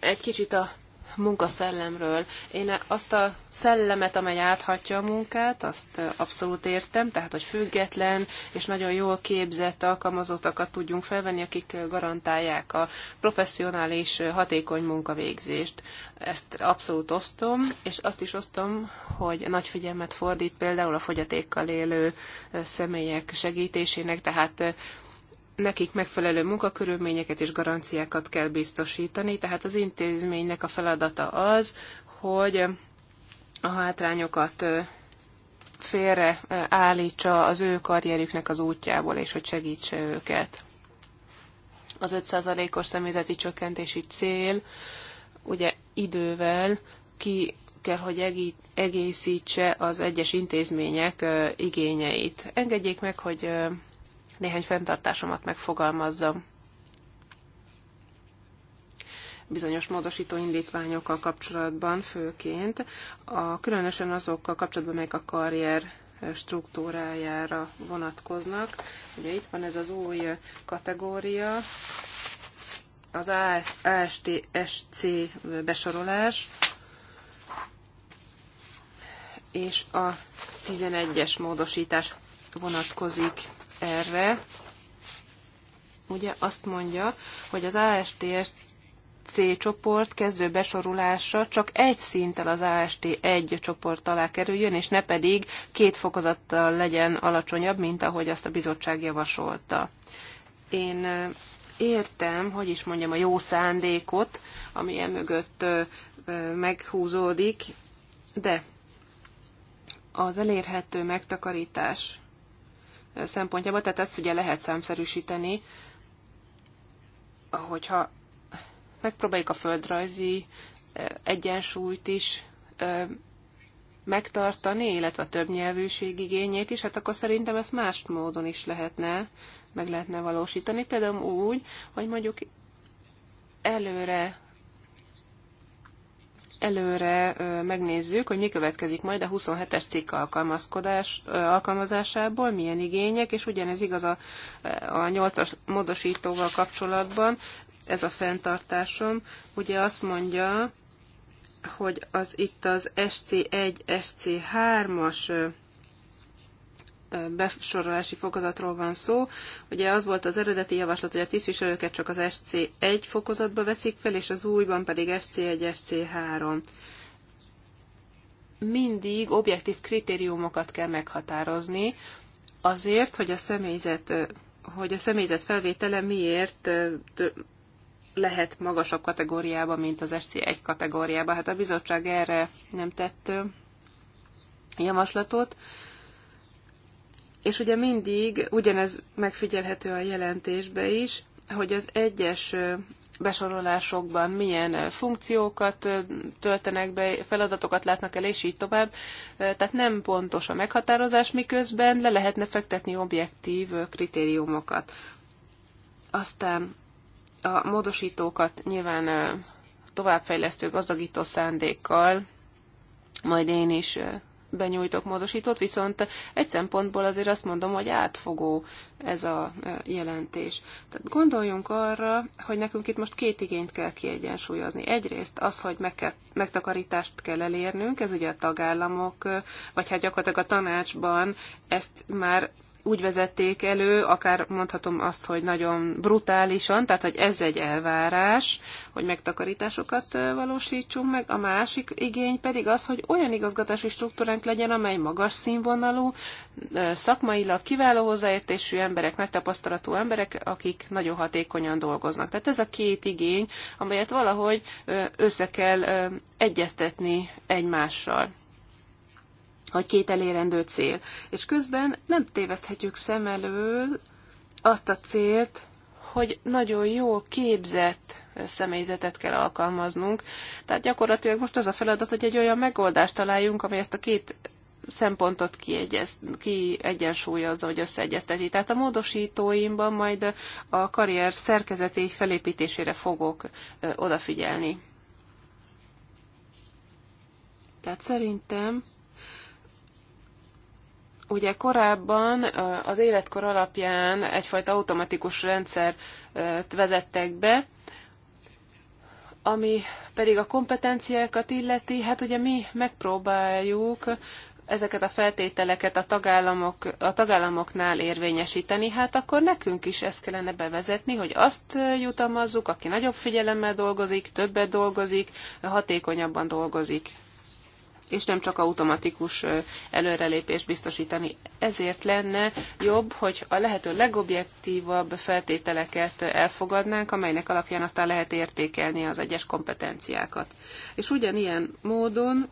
Egy kicsit a munkaszellemről. Én azt a szellemet, amely áthatja a munkát, azt abszolút értem, tehát hogy független és nagyon jól képzett alkalmazottakat tudjunk felvenni, akik garantálják a professzionális, hatékony munkavégzést. Ezt abszolút osztom, és azt is osztom, hogy nagy figyelmet fordít például a fogyatékkal élő személyek segítésének, tehát nekik megfelelő munkakörülményeket és garanciákat kell biztosítani, tehát az intézménynek a feladata az, hogy a hátrányokat félre állítsa az ő karrierüknek az útjából, és hogy segítse őket. Az 5%-os személyzeti csökkentési cél ugye idővel ki kell, hogy egészítse az egyes intézmények igényeit. Engedjék meg, hogy néhány fenntartásomat megfogalmazzam. Bizonyos módosító indítványokkal kapcsolatban főként, a, különösen azokkal kapcsolatban, melyek a karrier struktúrájára vonatkoznak. Ugye itt van ez az új kategória, az ASTSC besorolás, és a 11-es módosítás vonatkozik erre, ugye azt mondja, hogy az ASTS C csoport kezdő besorulása csak egy szinttel az AST 1 csoport alá kerüljön, és ne pedig két fokozattal legyen alacsonyabb, mint ahogy azt a bizottság javasolta. Én értem, hogy is mondjam, a jó szándékot, ami mögött meghúzódik, de az elérhető megtakarítás szempontjából, tehát ezt ugye lehet számszerűsíteni, hogyha megpróbáljuk a földrajzi egyensúlyt is megtartani, illetve a többnyelvűség igényét is, hát akkor szerintem ezt más módon is lehetne, meg lehetne valósítani. Például úgy, hogy mondjuk előre előre megnézzük, hogy mi következik majd a 27-es cikk alkalmazkodás, alkalmazásából, milyen igények, és ugyanez igaz a, a 8-as módosítóval kapcsolatban, ez a fenntartásom. Ugye azt mondja, hogy az itt az SC1, SC3-as besorolási fokozatról van szó. Ugye az volt az eredeti javaslat, hogy a tisztviselőket csak az SC1 fokozatba veszik fel, és az újban pedig SC1, SC3. Mindig objektív kritériumokat kell meghatározni, azért, hogy a személyzet, hogy a személyzet felvétele miért lehet magasabb kategóriába, mint az SC1 kategóriába. Hát a bizottság erre nem tett javaslatot. És ugye mindig ugyanez megfigyelhető a jelentésbe is, hogy az egyes besorolásokban milyen funkciókat töltenek be, feladatokat látnak el, és így tovább. Tehát nem pontos a meghatározás, miközben le lehetne fektetni objektív kritériumokat. Aztán a módosítókat nyilván továbbfejlesztő gazdagító szándékkal majd én is benyújtok módosítót, viszont egy szempontból azért azt mondom, hogy átfogó ez a jelentés. Tehát gondoljunk arra, hogy nekünk itt most két igényt kell kiegyensúlyozni. Egyrészt az, hogy meg kell, megtakarítást kell elérnünk, ez ugye a tagállamok, vagy hát gyakorlatilag a tanácsban ezt már úgy vezették elő, akár mondhatom azt, hogy nagyon brutálisan, tehát hogy ez egy elvárás, hogy megtakarításokat valósítsunk meg, a másik igény pedig az, hogy olyan igazgatási struktúránk legyen, amely magas színvonalú, szakmailag kiváló hozzáértésű emberek, nagy tapasztalatú emberek, akik nagyon hatékonyan dolgoznak. Tehát ez a két igény, amelyet valahogy össze kell egyeztetni egymással vagy két elérendő cél. És közben nem téveszthetjük szem elől azt a célt, hogy nagyon jó képzett személyzetet kell alkalmaznunk. Tehát gyakorlatilag most az a feladat, hogy egy olyan megoldást találjunk, ami ezt a két szempontot kiegyez, kiegyensúlyozza, hogy összeegyezteti. Tehát a módosítóimban majd a karrier szerkezeti felépítésére fogok odafigyelni. Tehát szerintem Ugye korábban az életkor alapján egyfajta automatikus rendszert vezettek be, ami pedig a kompetenciákat illeti, hát ugye mi megpróbáljuk ezeket a feltételeket a, tagállamok, a tagállamoknál érvényesíteni, hát akkor nekünk is ezt kellene bevezetni, hogy azt jutalmazzuk, aki nagyobb figyelemmel dolgozik, többet dolgozik, hatékonyabban dolgozik és nem csak automatikus előrelépést biztosítani. Ezért lenne jobb, hogy a lehető legobjektívabb feltételeket elfogadnánk, amelynek alapján aztán lehet értékelni az egyes kompetenciákat. És ugyanilyen módon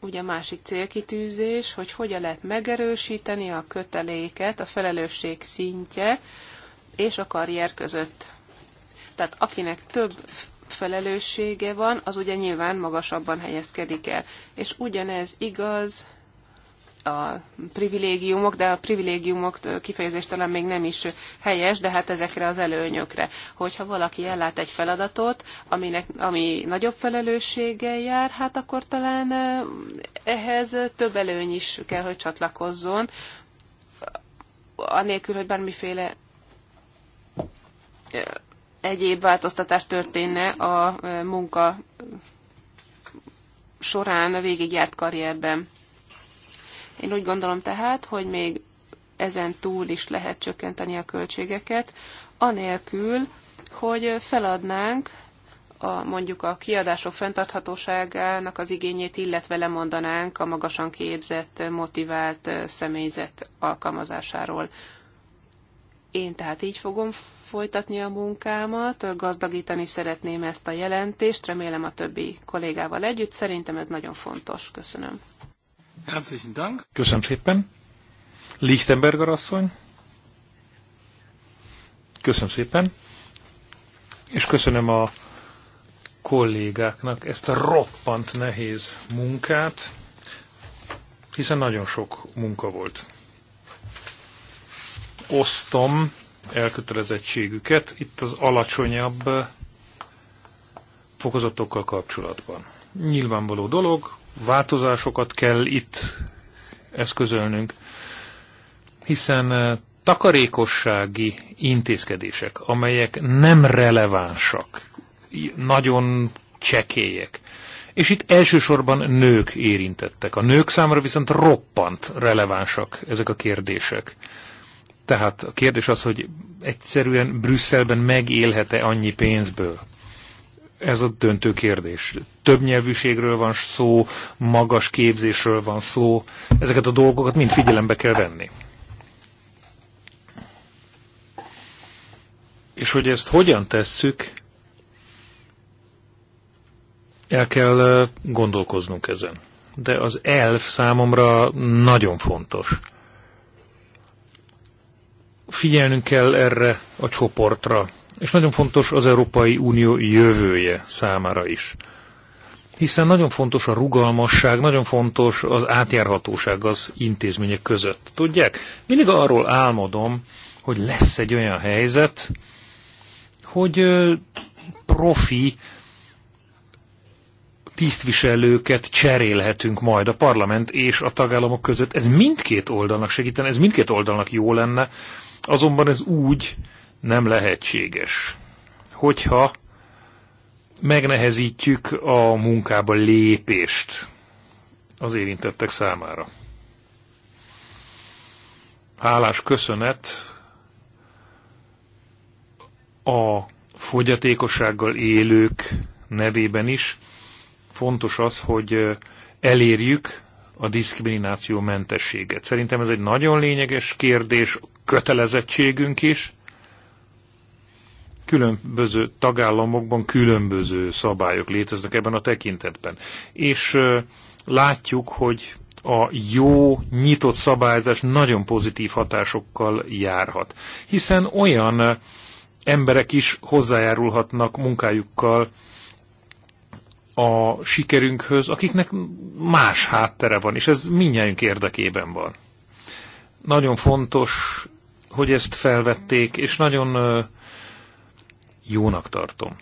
ugye másik célkitűzés, hogy hogyan lehet megerősíteni a köteléket, a felelősség szintje és a karrier között. Tehát akinek több felelőssége van, az ugye nyilván magasabban helyezkedik el. És ugyanez igaz a privilégiumok, de a privilégiumok kifejezés talán még nem is helyes, de hát ezekre az előnyökre. Hogyha valaki ellát egy feladatot, aminek, ami nagyobb felelősséggel jár, hát akkor talán ehhez több előny is kell, hogy csatlakozzon, anélkül, hogy bármiféle egyéb változtatás történne a munka során a végigjárt karrierben. Én úgy gondolom tehát, hogy még ezen túl is lehet csökkenteni a költségeket, anélkül, hogy feladnánk a, mondjuk a kiadások fenntarthatóságának az igényét, illetve lemondanánk a magasan képzett, motivált személyzet alkalmazásáról. Én tehát így fogom folytatni a munkámat, gazdagítani szeretném ezt a jelentést, remélem a többi kollégával együtt. Szerintem ez nagyon fontos. Köszönöm. Herzlichen Dank. Köszönöm szépen. Lichtenberger asszony. Köszönöm szépen. És köszönöm a kollégáknak ezt a roppant nehéz munkát, hiszen nagyon sok munka volt. Osztom elkötelezettségüket itt az alacsonyabb fokozatokkal kapcsolatban. Nyilvánvaló dolog, változásokat kell itt eszközölnünk, hiszen eh, takarékossági intézkedések, amelyek nem relevánsak, nagyon csekélyek, és itt elsősorban nők érintettek. A nők számára viszont roppant relevánsak ezek a kérdések. Tehát a kérdés az, hogy egyszerűen Brüsszelben megélhet-e annyi pénzből? Ez a döntő kérdés. Több nyelvűségről van szó, magas képzésről van szó, ezeket a dolgokat mind figyelembe kell venni. És hogy ezt hogyan tesszük, el kell uh, gondolkoznunk ezen. De az elf számomra nagyon fontos figyelnünk kell erre a csoportra, és nagyon fontos az Európai Unió jövője számára is. Hiszen nagyon fontos a rugalmasság, nagyon fontos az átjárhatóság az intézmények között. Tudják, mindig arról álmodom, hogy lesz egy olyan helyzet, hogy profi tisztviselőket cserélhetünk majd a parlament és a tagállamok között. Ez mindkét oldalnak segítene, ez mindkét oldalnak jó lenne, Azonban ez úgy nem lehetséges, hogyha megnehezítjük a munkába lépést az érintettek számára. Hálás köszönet a fogyatékossággal élők nevében is. Fontos az, hogy elérjük a diszkrimináció mentességet. Szerintem ez egy nagyon lényeges kérdés kötelezettségünk is. Különböző tagállamokban különböző szabályok léteznek ebben a tekintetben. És látjuk, hogy a jó, nyitott szabályzás nagyon pozitív hatásokkal járhat. Hiszen olyan emberek is hozzájárulhatnak munkájukkal a sikerünkhöz, akiknek más háttere van, és ez mindjárt érdekében van. Nagyon fontos hogy ezt felvették, és nagyon jónak tartom.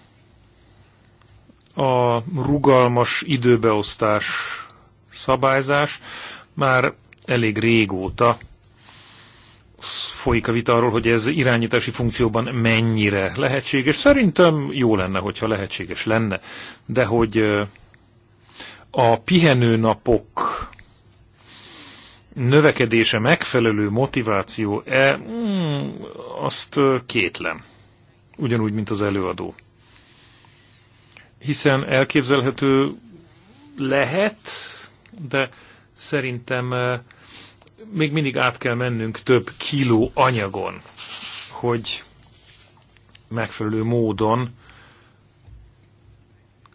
A rugalmas időbeosztás szabályzás már elég régóta folyik a vita arról, hogy ez irányítási funkcióban mennyire lehetséges. Szerintem jó lenne, hogyha lehetséges lenne, de hogy a pihenőnapok növekedése megfelelő motiváció-e, mm, azt kétlem. Ugyanúgy, mint az előadó. Hiszen elképzelhető lehet, de szerintem még mindig át kell mennünk több kiló anyagon, hogy megfelelő módon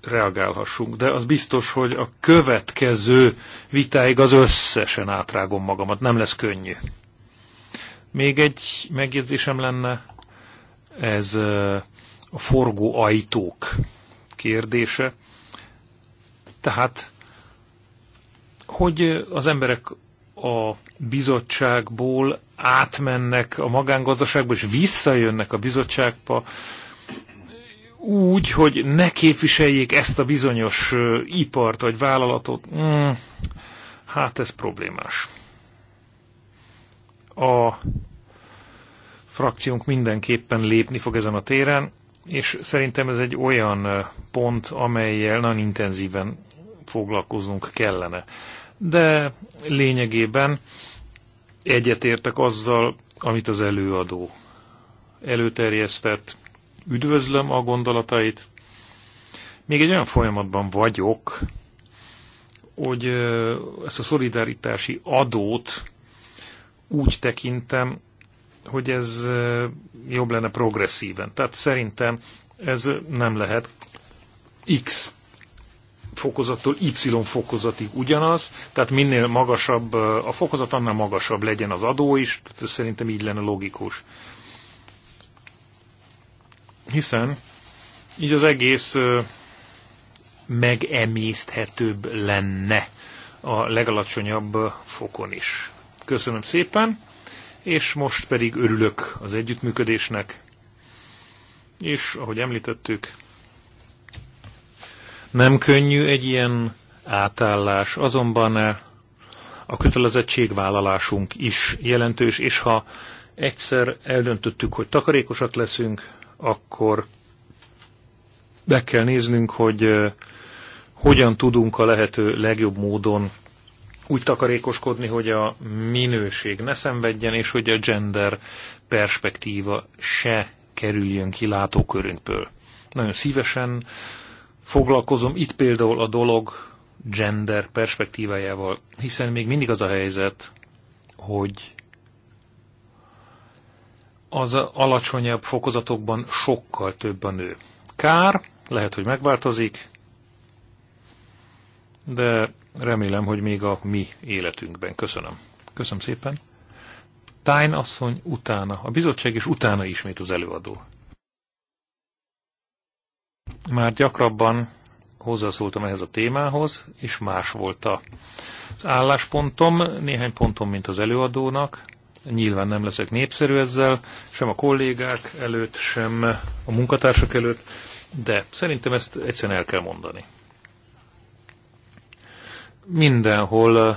reagálhassunk, de az biztos, hogy a következő vitáig az összesen átrágom magamat, nem lesz könnyű. Még egy megjegyzésem lenne, ez a forgó ajtók kérdése. Tehát, hogy az emberek a bizottságból átmennek a magángazdaságba, és visszajönnek a bizottságba, úgy, hogy ne képviseljék ezt a bizonyos ipart vagy vállalatot, mm, hát ez problémás. A frakciónk mindenképpen lépni fog ezen a téren, és szerintem ez egy olyan pont, amelyel nagyon intenzíven foglalkoznunk kellene. De lényegében egyetértek azzal, amit az előadó előterjesztett, Üdvözlöm a gondolatait. Még egy olyan folyamatban vagyok, hogy ezt a szolidaritási adót úgy tekintem, hogy ez jobb lenne progresszíven. Tehát szerintem ez nem lehet X fokozattól Y fokozatig ugyanaz, tehát minél magasabb a fokozat, annál magasabb legyen az adó is, tehát ez szerintem így lenne logikus hiszen így az egész megemészthetőbb lenne a legalacsonyabb fokon is. Köszönöm szépen, és most pedig örülök az együttműködésnek, és ahogy említettük, nem könnyű egy ilyen átállás, azonban a kötelezettségvállalásunk is jelentős, és ha egyszer eldöntöttük, hogy takarékosak leszünk, akkor be kell néznünk, hogy hogyan tudunk a lehető legjobb módon úgy takarékoskodni, hogy a minőség ne szenvedjen, és hogy a gender perspektíva se kerüljön ki látókörünkből. Nagyon szívesen foglalkozom itt például a dolog gender perspektívájával, hiszen még mindig az a helyzet, hogy az alacsonyabb fokozatokban sokkal több a nő. Kár, lehet, hogy megváltozik, de remélem, hogy még a mi életünkben. Köszönöm. Köszönöm szépen. Tájn asszony utána, a bizottság és utána ismét az előadó. Már gyakrabban hozzászóltam ehhez a témához, és más volt az álláspontom, néhány pontom, mint az előadónak. Nyilván nem leszek népszerű ezzel, sem a kollégák előtt, sem a munkatársak előtt, de szerintem ezt egyszerűen el kell mondani. Mindenhol uh,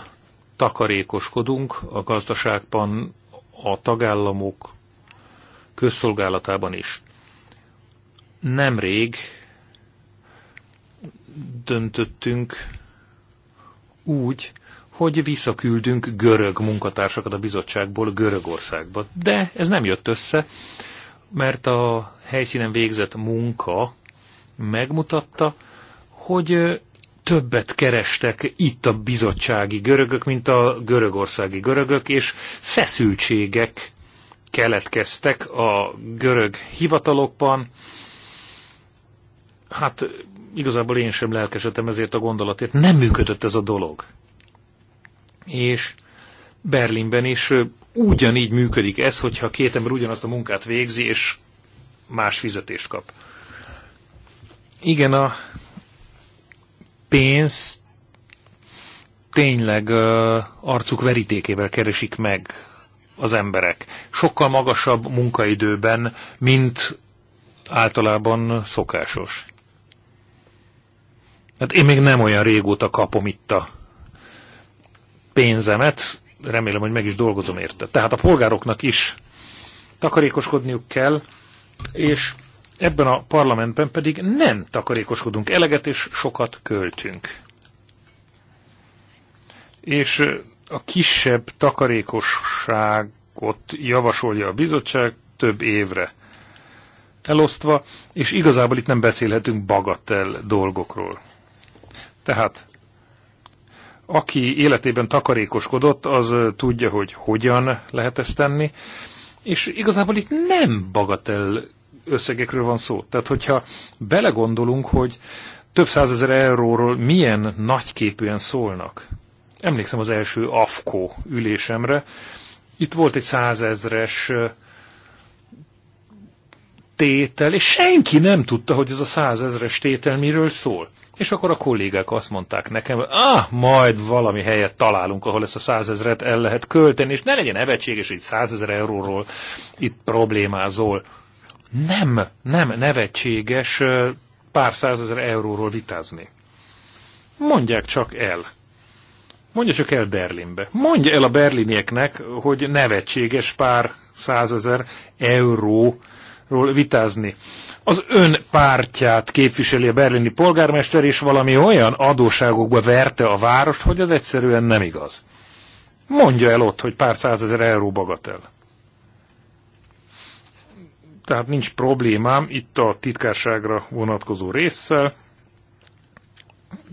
takarékoskodunk a gazdaságban, a tagállamok közszolgálatában is. Nemrég döntöttünk úgy, hogy visszaküldünk görög munkatársakat a bizottságból Görögországba. De ez nem jött össze, mert a helyszínen végzett munka megmutatta, hogy többet kerestek itt a bizottsági görögök, mint a görögországi görögök, és feszültségek keletkeztek a görög hivatalokban. Hát igazából én sem lelkesedtem ezért a gondolatért. Nem működött ez a dolog és Berlinben is ugyanígy működik ez, hogyha két ember ugyanazt a munkát végzi, és más fizetést kap. Igen, a pénz tényleg uh, arcuk verítékével keresik meg az emberek. Sokkal magasabb munkaidőben, mint általában szokásos. Hát én még nem olyan régóta kapom itt a pénzemet, remélem, hogy meg is dolgozom érte. Tehát a polgároknak is takarékoskodniuk kell, és ebben a parlamentben pedig nem takarékoskodunk eleget, és sokat költünk. És a kisebb takarékosságot javasolja a bizottság több évre elosztva, és igazából itt nem beszélhetünk bagatell dolgokról. Tehát aki életében takarékoskodott, az tudja, hogy hogyan lehet ezt tenni, és igazából itt nem bagatel összegekről van szó. Tehát, hogyha belegondolunk, hogy több százezer euróról milyen nagyképűen szólnak. Emlékszem az első AFKO ülésemre, itt volt egy százezres tétel, és senki nem tudta, hogy ez a százezres tétel miről szól. És akkor a kollégák azt mondták nekem, hogy ah, majd valami helyet találunk, ahol ezt a százezret el lehet költeni, és ne legyen nevetséges, hogy százezer euróról itt problémázol. Nem, nem nevetséges pár százezer euróról vitázni. Mondják csak el. Mondja csak el Berlinbe. Mondja el a berlinieknek, hogy nevetséges pár százezer euróról vitázni az ön pártját képviseli a berlini polgármester, és valami olyan adóságokba verte a várost, hogy az egyszerűen nem igaz. Mondja el ott, hogy pár százezer euró bagatel. Tehát nincs problémám itt a titkárságra vonatkozó résszel,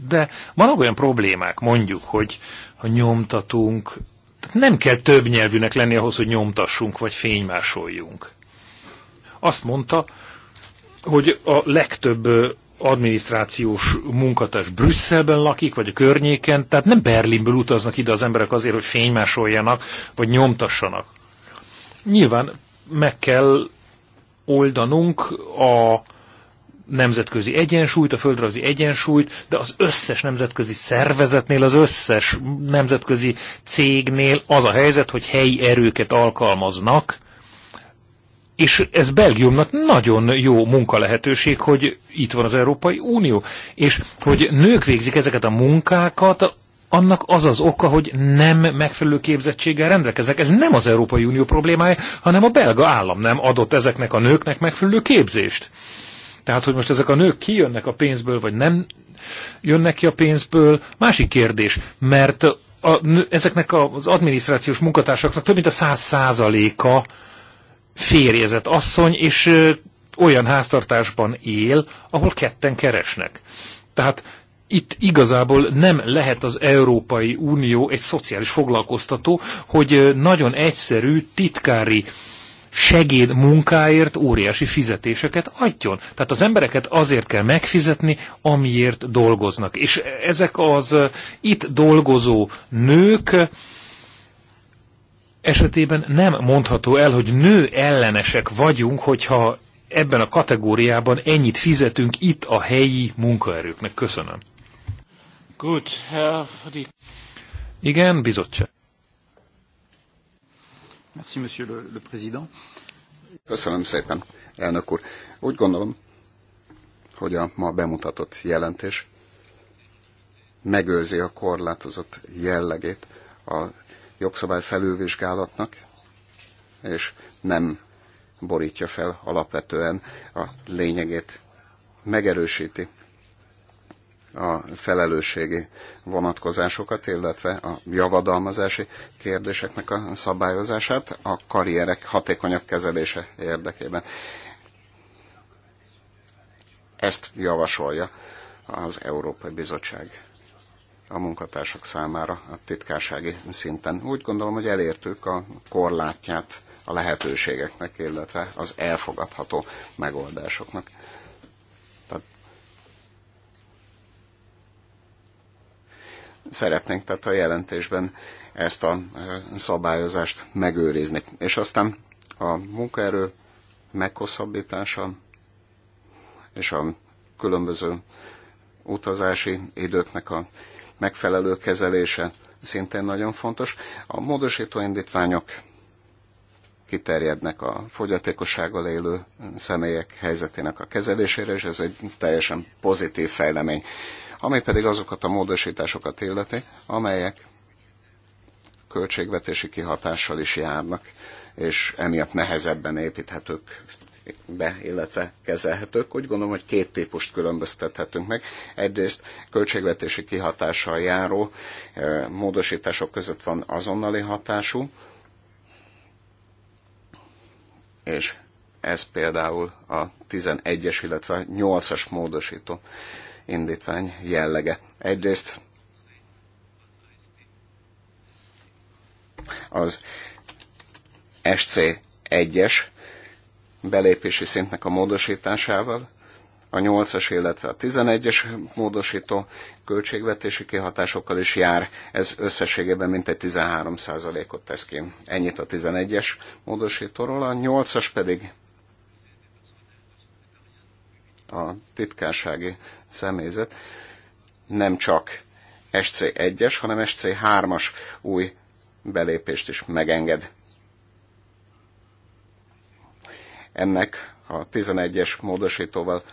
de van olyan problémák, mondjuk, hogy ha nyomtatunk, tehát nem kell több nyelvűnek lenni ahhoz, hogy nyomtassunk, vagy fénymásoljunk. Azt mondta, hogy a legtöbb adminisztrációs munkatárs Brüsszelben lakik, vagy a környéken, tehát nem Berlinből utaznak ide az emberek azért, hogy fénymásoljanak, vagy nyomtassanak. Nyilván meg kell oldanunk a nemzetközi egyensúlyt, a földrajzi egyensúlyt, de az összes nemzetközi szervezetnél, az összes nemzetközi cégnél az a helyzet, hogy helyi erőket alkalmaznak, és ez Belgiumnak nagyon jó munkalehetőség, hogy itt van az Európai Unió, és hogy nők végzik ezeket a munkákat, annak az az oka, hogy nem megfelelő képzettséggel rendelkeznek. Ez nem az Európai Unió problémája, hanem a belga állam nem adott ezeknek a nőknek megfelelő képzést. Tehát, hogy most ezek a nők kijönnek a pénzből, vagy nem jönnek ki a pénzből, másik kérdés, mert a, ezeknek az adminisztrációs munkatársaknak több mint a száz százaléka férjezett asszony, és olyan háztartásban él, ahol ketten keresnek. Tehát itt igazából nem lehet az Európai Unió egy szociális foglalkoztató, hogy nagyon egyszerű, titkári segéd munkáért óriási fizetéseket adjon. Tehát az embereket azért kell megfizetni, amiért dolgoznak. És ezek az itt dolgozó nők esetében nem mondható el, hogy nő ellenesek vagyunk, hogyha ebben a kategóriában ennyit fizetünk itt a helyi munkaerőknek. Köszönöm. Good. Igen, bizottság. Merci, monsieur le, le président. Köszönöm szépen, elnök úr. Úgy gondolom, hogy a ma bemutatott jelentés megőrzi a korlátozott jellegét a jogszabály felülvizsgálatnak, és nem borítja fel alapvetően a lényegét, megerősíti a felelősségi vonatkozásokat, illetve a javadalmazási kérdéseknek a szabályozását a karrierek hatékonyabb kezelése érdekében. Ezt javasolja az Európai Bizottság a munkatársak számára a titkársági szinten. Úgy gondolom, hogy elértük a korlátját a lehetőségeknek, illetve az elfogadható megoldásoknak. Tehát szeretnénk tehát a jelentésben ezt a e, szabályozást megőrizni. És aztán a munkaerő meghosszabbítása és a különböző utazási időknek a megfelelő kezelése szintén nagyon fontos. A módosító indítványok kiterjednek a fogyatékossággal élő személyek helyzetének a kezelésére, és ez egy teljesen pozitív fejlemény. Ami pedig azokat a módosításokat illeti, amelyek költségvetési kihatással is járnak, és emiatt nehezebben építhetők be, illetve kezelhetők. Úgy gondolom, hogy két típust különböztethetünk meg. Egyrészt költségvetési kihatással járó eh, módosítások között van azonnali hatású, és ez például a 11-es, illetve 8-as módosító indítvány jellege. Egyrészt az SC 1-es belépési szintnek a módosításával, a 8-as, illetve a 11-es módosító költségvetési kihatásokkal is jár. Ez összességében mintegy 13%-ot tesz ki. Ennyit a 11-es módosítóról, a 8-as pedig a titkársági személyzet nem csak SC1-es, hanem SC3-as új belépést is megenged. ennek a 11-es módosítóval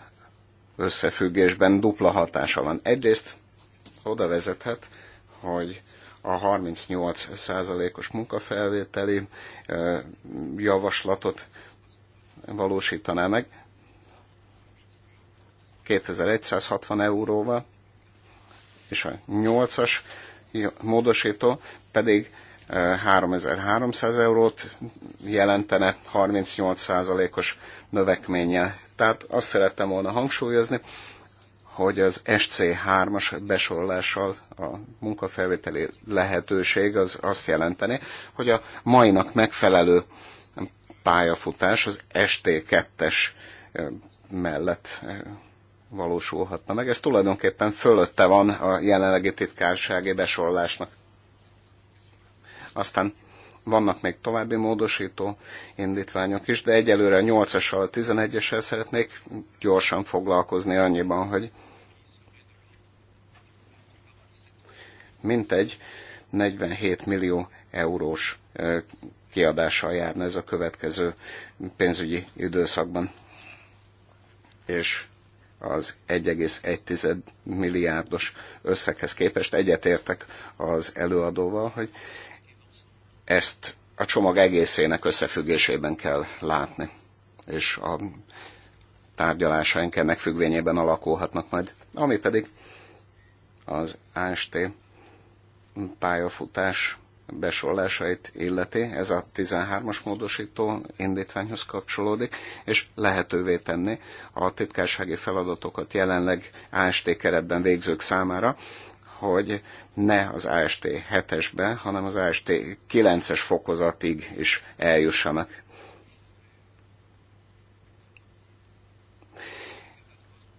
összefüggésben dupla hatása van. Egyrészt oda vezethet, hogy a 38 százalékos munkafelvételi javaslatot valósítaná meg 2160 euróval, és a 8-as módosító pedig 3300 eurót jelentene 38%-os növekménnyel. Tehát azt szerettem volna hangsúlyozni, hogy az SC3-as besorolással a munkafelvételi lehetőség az azt jelenteni, hogy a mainak megfelelő pályafutás az ST2-es mellett valósulhatna meg. Ez tulajdonképpen fölötte van a jelenlegi titkársági besorlásnak. Aztán vannak még további módosító indítványok is, de egyelőre a 8 a 11-essel szeretnék gyorsan foglalkozni annyiban, hogy mintegy 47 millió eurós kiadással járna ez a következő pénzügyi időszakban. És az 1,1 milliárdos összeghez képest egyetértek az előadóval, hogy ezt a csomag egészének összefüggésében kell látni, és a tárgyalásaink ennek függvényében alakulhatnak majd. Ami pedig az AST pályafutás besorlásait illeti, ez a 13-as módosító indítványhoz kapcsolódik, és lehetővé tenni a titkársági feladatokat jelenleg AST keretben végzők számára, hogy ne az AST 7-esbe, hanem az AST 9-es fokozatig is eljussanak.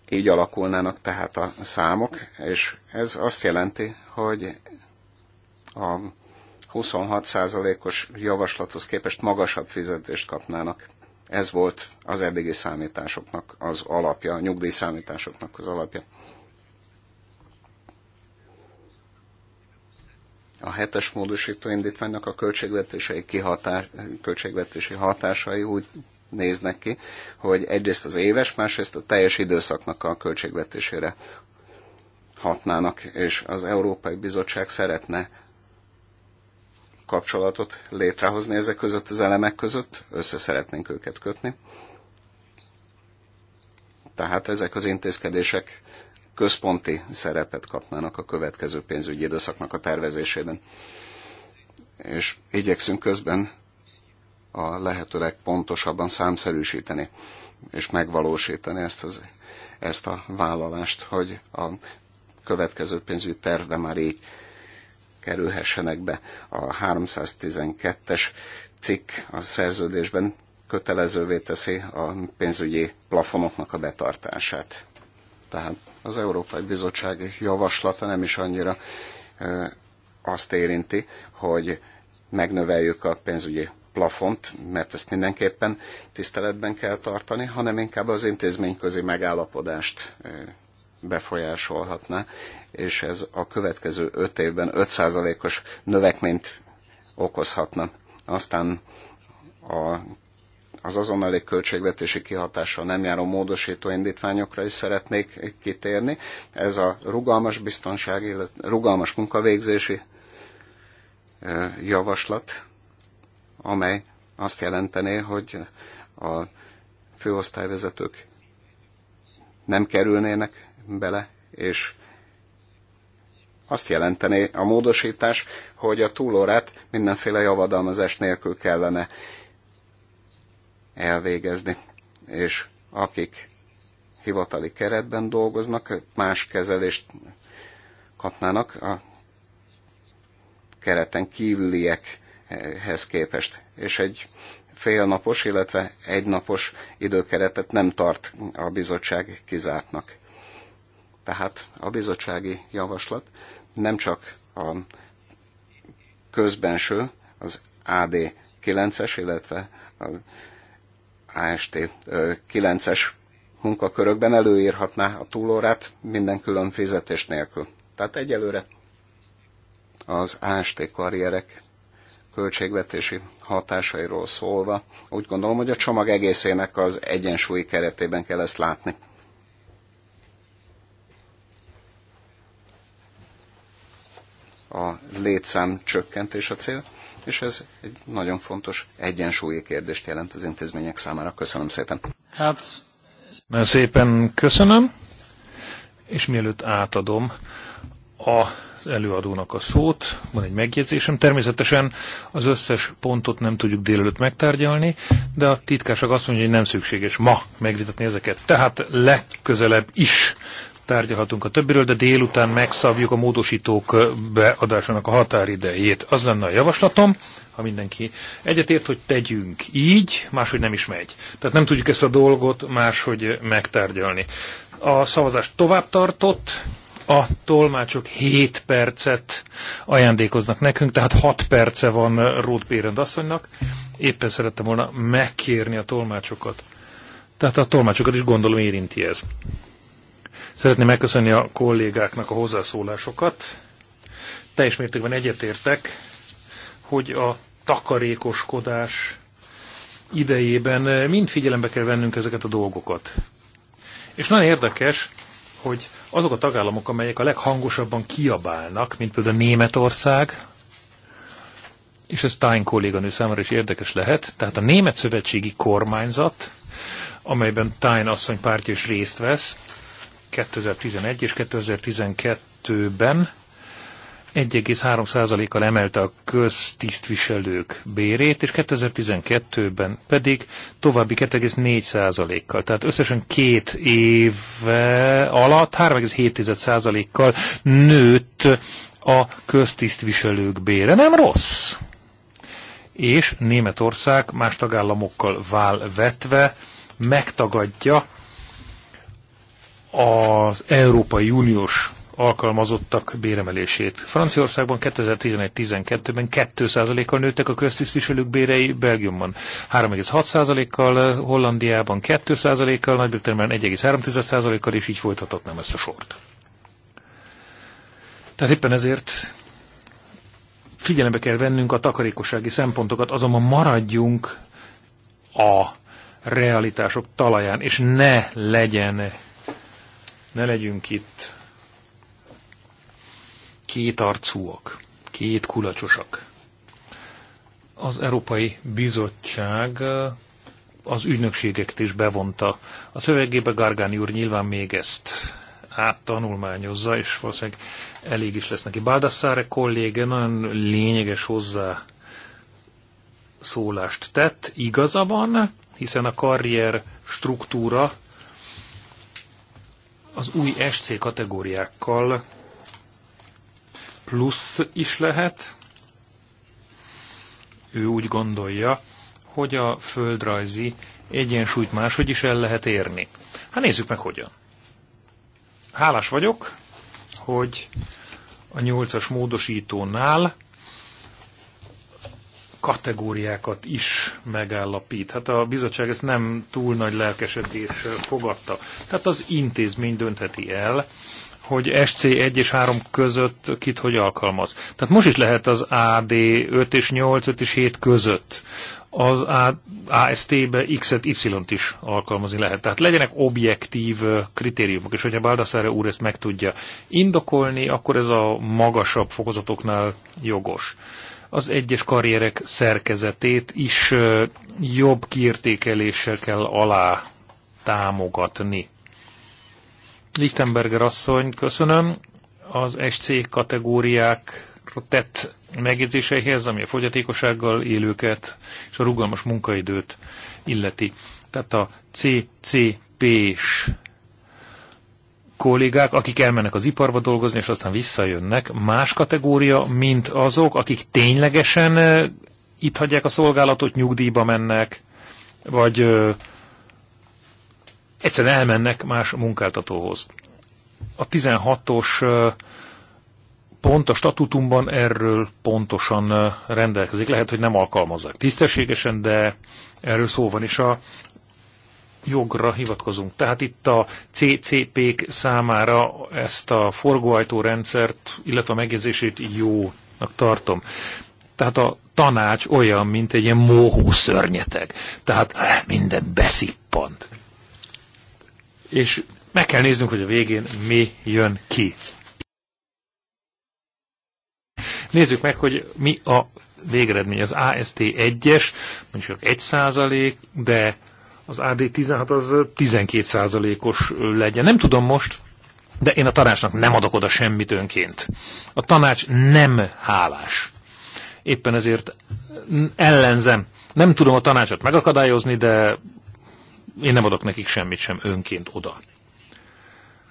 Így alakulnának tehát a számok, és ez azt jelenti, hogy a 26%-os javaslathoz képest magasabb fizetést kapnának. Ez volt az eddigi számításoknak az alapja, a nyugdíjszámításoknak az alapja. a hetes módosító indítványnak a költségvetési, kihatás, költségvetési hatásai úgy néznek ki, hogy egyrészt az éves, másrészt a teljes időszaknak a költségvetésére hatnának, és az Európai Bizottság szeretne kapcsolatot létrehozni ezek között az elemek között, össze szeretnénk őket kötni. Tehát ezek az intézkedések központi szerepet kapnának a következő pénzügyi időszaknak a tervezésében. És igyekszünk közben a lehető legpontosabban számszerűsíteni és megvalósítani ezt, az, ezt a vállalást, hogy a következő pénzügyi tervbe már így kerülhessenek be. A 312-es cikk a szerződésben kötelezővé teszi a pénzügyi plafonoknak a betartását. Tehát az Európai Bizottság javaslata nem is annyira azt érinti, hogy megnöveljük a pénzügyi plafont, mert ezt mindenképpen tiszteletben kell tartani, hanem inkább az intézményközi megállapodást befolyásolhatná, és ez a következő öt évben 5%-os növekményt okozhatna. Aztán a az azonnali költségvetési kihatással nem járó módosító indítványokra is szeretnék kitérni. Ez a rugalmas biztonság, illetve rugalmas munkavégzési javaslat, amely azt jelentené, hogy a főosztályvezetők nem kerülnének bele, és azt jelenteni a módosítás, hogy a túlórát mindenféle javadalmazás nélkül kellene elvégezni, és akik hivatali keretben dolgoznak, más kezelést kapnának a kereten kívüliekhez képest. És egy félnapos, illetve egynapos időkeretet nem tart a bizottság kizártnak. Tehát a bizottsági javaslat nem csak a közbenső, az AD 9-es, illetve az AST 9-es munkakörökben előírhatná a túlórát minden külön fizetés nélkül. Tehát egyelőre az AST karrierek költségvetési hatásairól szólva, úgy gondolom, hogy a csomag egészének az egyensúlyi keretében kell ezt látni. A létszám csökkentés a cél, és ez egy nagyon fontos egyensúlyi kérdést jelent az intézmények számára. Köszönöm szépen. Hát, nagyon szépen köszönöm, és mielőtt átadom a előadónak a szót, van egy megjegyzésem. Természetesen az összes pontot nem tudjuk délelőtt megtárgyalni, de a titkárság azt mondja, hogy nem szükséges ma megvitatni ezeket. Tehát legközelebb is tárgyalhatunk a többiről, de délután megszabjuk a módosítók beadásának a határidejét. Az lenne a javaslatom, ha mindenki egyetért, hogy tegyünk így, máshogy nem is megy. Tehát nem tudjuk ezt a dolgot máshogy megtárgyalni. A szavazás tovább tartott, a tolmácsok 7 percet ajándékoznak nekünk, tehát 6 perce van Ruth Bérend asszonynak. Éppen szerettem volna megkérni a tolmácsokat. Tehát a tolmácsokat is gondolom érinti ez. Szeretném megköszönni a kollégáknak a hozzászólásokat. Teljes mértékben egyetértek, hogy a takarékoskodás idejében mind figyelembe kell vennünk ezeket a dolgokat. És nagyon érdekes, hogy azok a tagállamok, amelyek a leghangosabban kiabálnak, mint például Németország, és ez Stein kolléganő számára is érdekes lehet, tehát a Német Szövetségi Kormányzat, amelyben Tájn asszony pártja is részt vesz, 2011 és 2012-ben 1,3%-kal emelte a köztisztviselők bérét, és 2012-ben pedig további 2,4%-kal. Tehát összesen két év alatt 3,7%-kal nőtt a köztisztviselők bére. Nem rossz! És Németország más tagállamokkal válvetve megtagadja az Európai Uniós alkalmazottak béremelését. Franciaországban 2011-12-ben 2%-kal nőttek a köztisztviselők bérei, Belgiumban 3,6%-kal, Hollandiában 2%-kal, Nagy-Britanniában 1,3%-kal, és így folytatottam ezt a sort. Tehát éppen ezért figyelembe kell vennünk a takarékossági szempontokat, azonban maradjunk a realitások talaján, és ne legyen ne legyünk itt két arcúak, két kulacsosak. Az Európai Bizottság eh, az ügynökségeket is bevonta. A szövegébe Gargáni úr nyilván még ezt áttanulmányozza, és valószínűleg elég is lesz neki. Baldassare kollége nagyon lényeges hozzá szólást tett, igaza van, hiszen a karrier struktúra az új SC kategóriákkal plusz is lehet. Ő úgy gondolja, hogy a földrajzi egyensúlyt máshogy is el lehet érni. Hát nézzük meg hogyan. Hálás vagyok, hogy a nyolcas módosítónál kategóriákat is megállapít. Hát a bizottság ezt nem túl nagy lelkesedés fogadta. Tehát az intézmény döntheti el, hogy SC1 és 3 között kit hogy alkalmaz. Tehát most is lehet az AD 5 és 8, 5 és 7 között az AST-be X-et, Y-t is alkalmazni lehet. Tehát legyenek objektív kritériumok, és hogyha Baldassare úr ezt meg tudja indokolni, akkor ez a magasabb fokozatoknál jogos az egyes karrierek szerkezetét is jobb kiértékeléssel kell alá támogatni. Lichtenberger asszony, köszönöm az SC kategóriák tett megjegyzéseihez, ami a fogyatékossággal élőket és a rugalmas munkaidőt illeti. Tehát a CCP-s kollégák, akik elmennek az iparba dolgozni, és aztán visszajönnek, más kategória, mint azok, akik ténylegesen itt hagyják a szolgálatot, nyugdíjba mennek, vagy ö, egyszerűen elmennek más munkáltatóhoz. A 16-os pont a statutumban erről pontosan rendelkezik. Lehet, hogy nem alkalmazzák tisztességesen, de erről szó van. is. a jogra hivatkozunk. Tehát itt a CCP-k számára ezt a forgóajtórendszert, illetve a megjegyzését jónak tartom. Tehát a tanács olyan, mint egy ilyen mohó szörnyeteg. Tehát minden beszippant. És meg kell néznünk, hogy a végén mi jön ki. Nézzük meg, hogy mi a végeredmény. Az AST 1-es, mondjuk 1 százalék, de az AD16 az 12 százalékos legyen. Nem tudom most, de én a tanácsnak nem adok oda semmit önként. A tanács nem hálás. Éppen ezért ellenzem. Nem tudom a tanácsot megakadályozni, de én nem adok nekik semmit sem önként oda.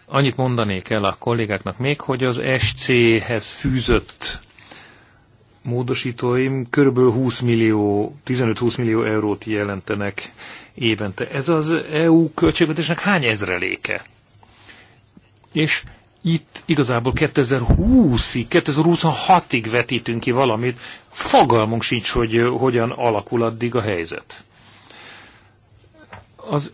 Annyit mondanék el a kollégáknak még, hogy az SC-hez fűzött módosítóim körülbelül 20 millió, 15-20 millió eurót jelentenek évente. Ez az EU költségvetésnek hány ezreléke? És itt igazából 2020-ig, 2026-ig vetítünk ki valamit, fogalmunk sincs, hogy hogyan alakul addig a helyzet. Az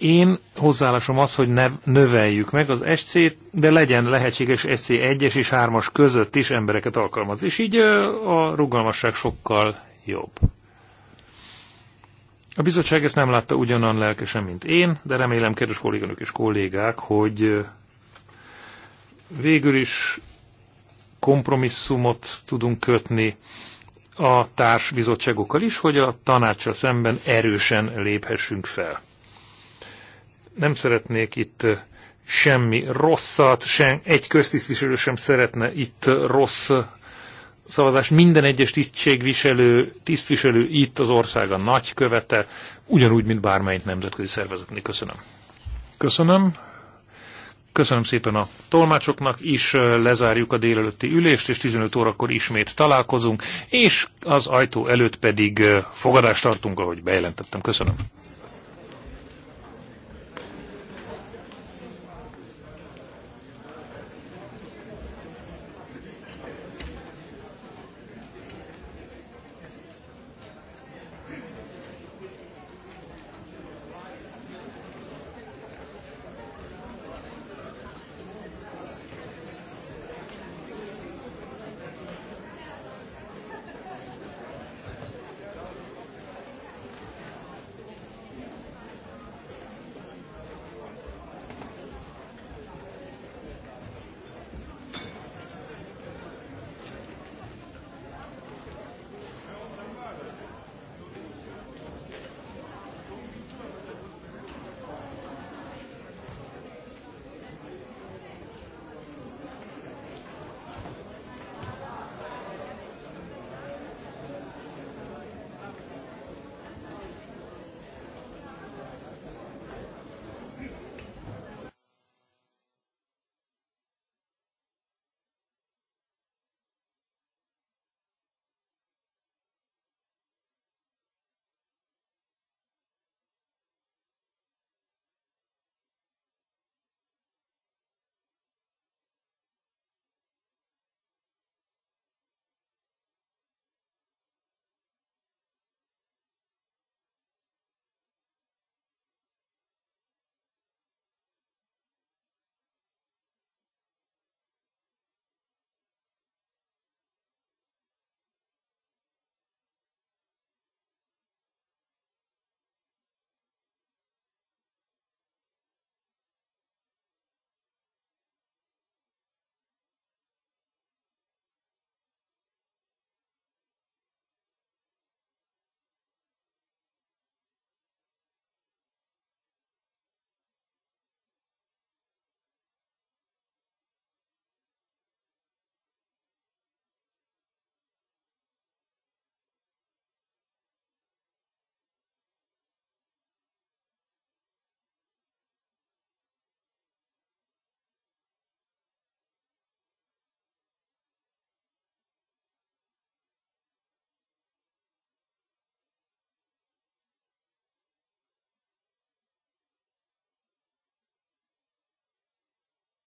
én hozzáállásom az, hogy ne, növeljük meg az sc de legyen lehetséges SC 1-es és 3-as között is embereket alkalmaz, és így a rugalmasság sokkal jobb. A bizottság ezt nem látta ugyanan lelkesen, mint én, de remélem, kedves kolléganok és kollégák, hogy végül is kompromisszumot tudunk kötni a társbizottságokkal is, hogy a tanácsa szemben erősen léphessünk fel nem szeretnék itt semmi rosszat, sem egy köztisztviselő sem szeretne itt rossz szavazást. Minden egyes tisztségviselő, tisztviselő itt az ország a nagykövete, ugyanúgy, mint bármelyik nemzetközi szervezetnél. Köszönöm. Köszönöm. Köszönöm szépen a tolmácsoknak is, lezárjuk a délelőtti ülést, és 15 órakor ismét találkozunk, és az ajtó előtt pedig fogadást tartunk, ahogy bejelentettem. Köszönöm.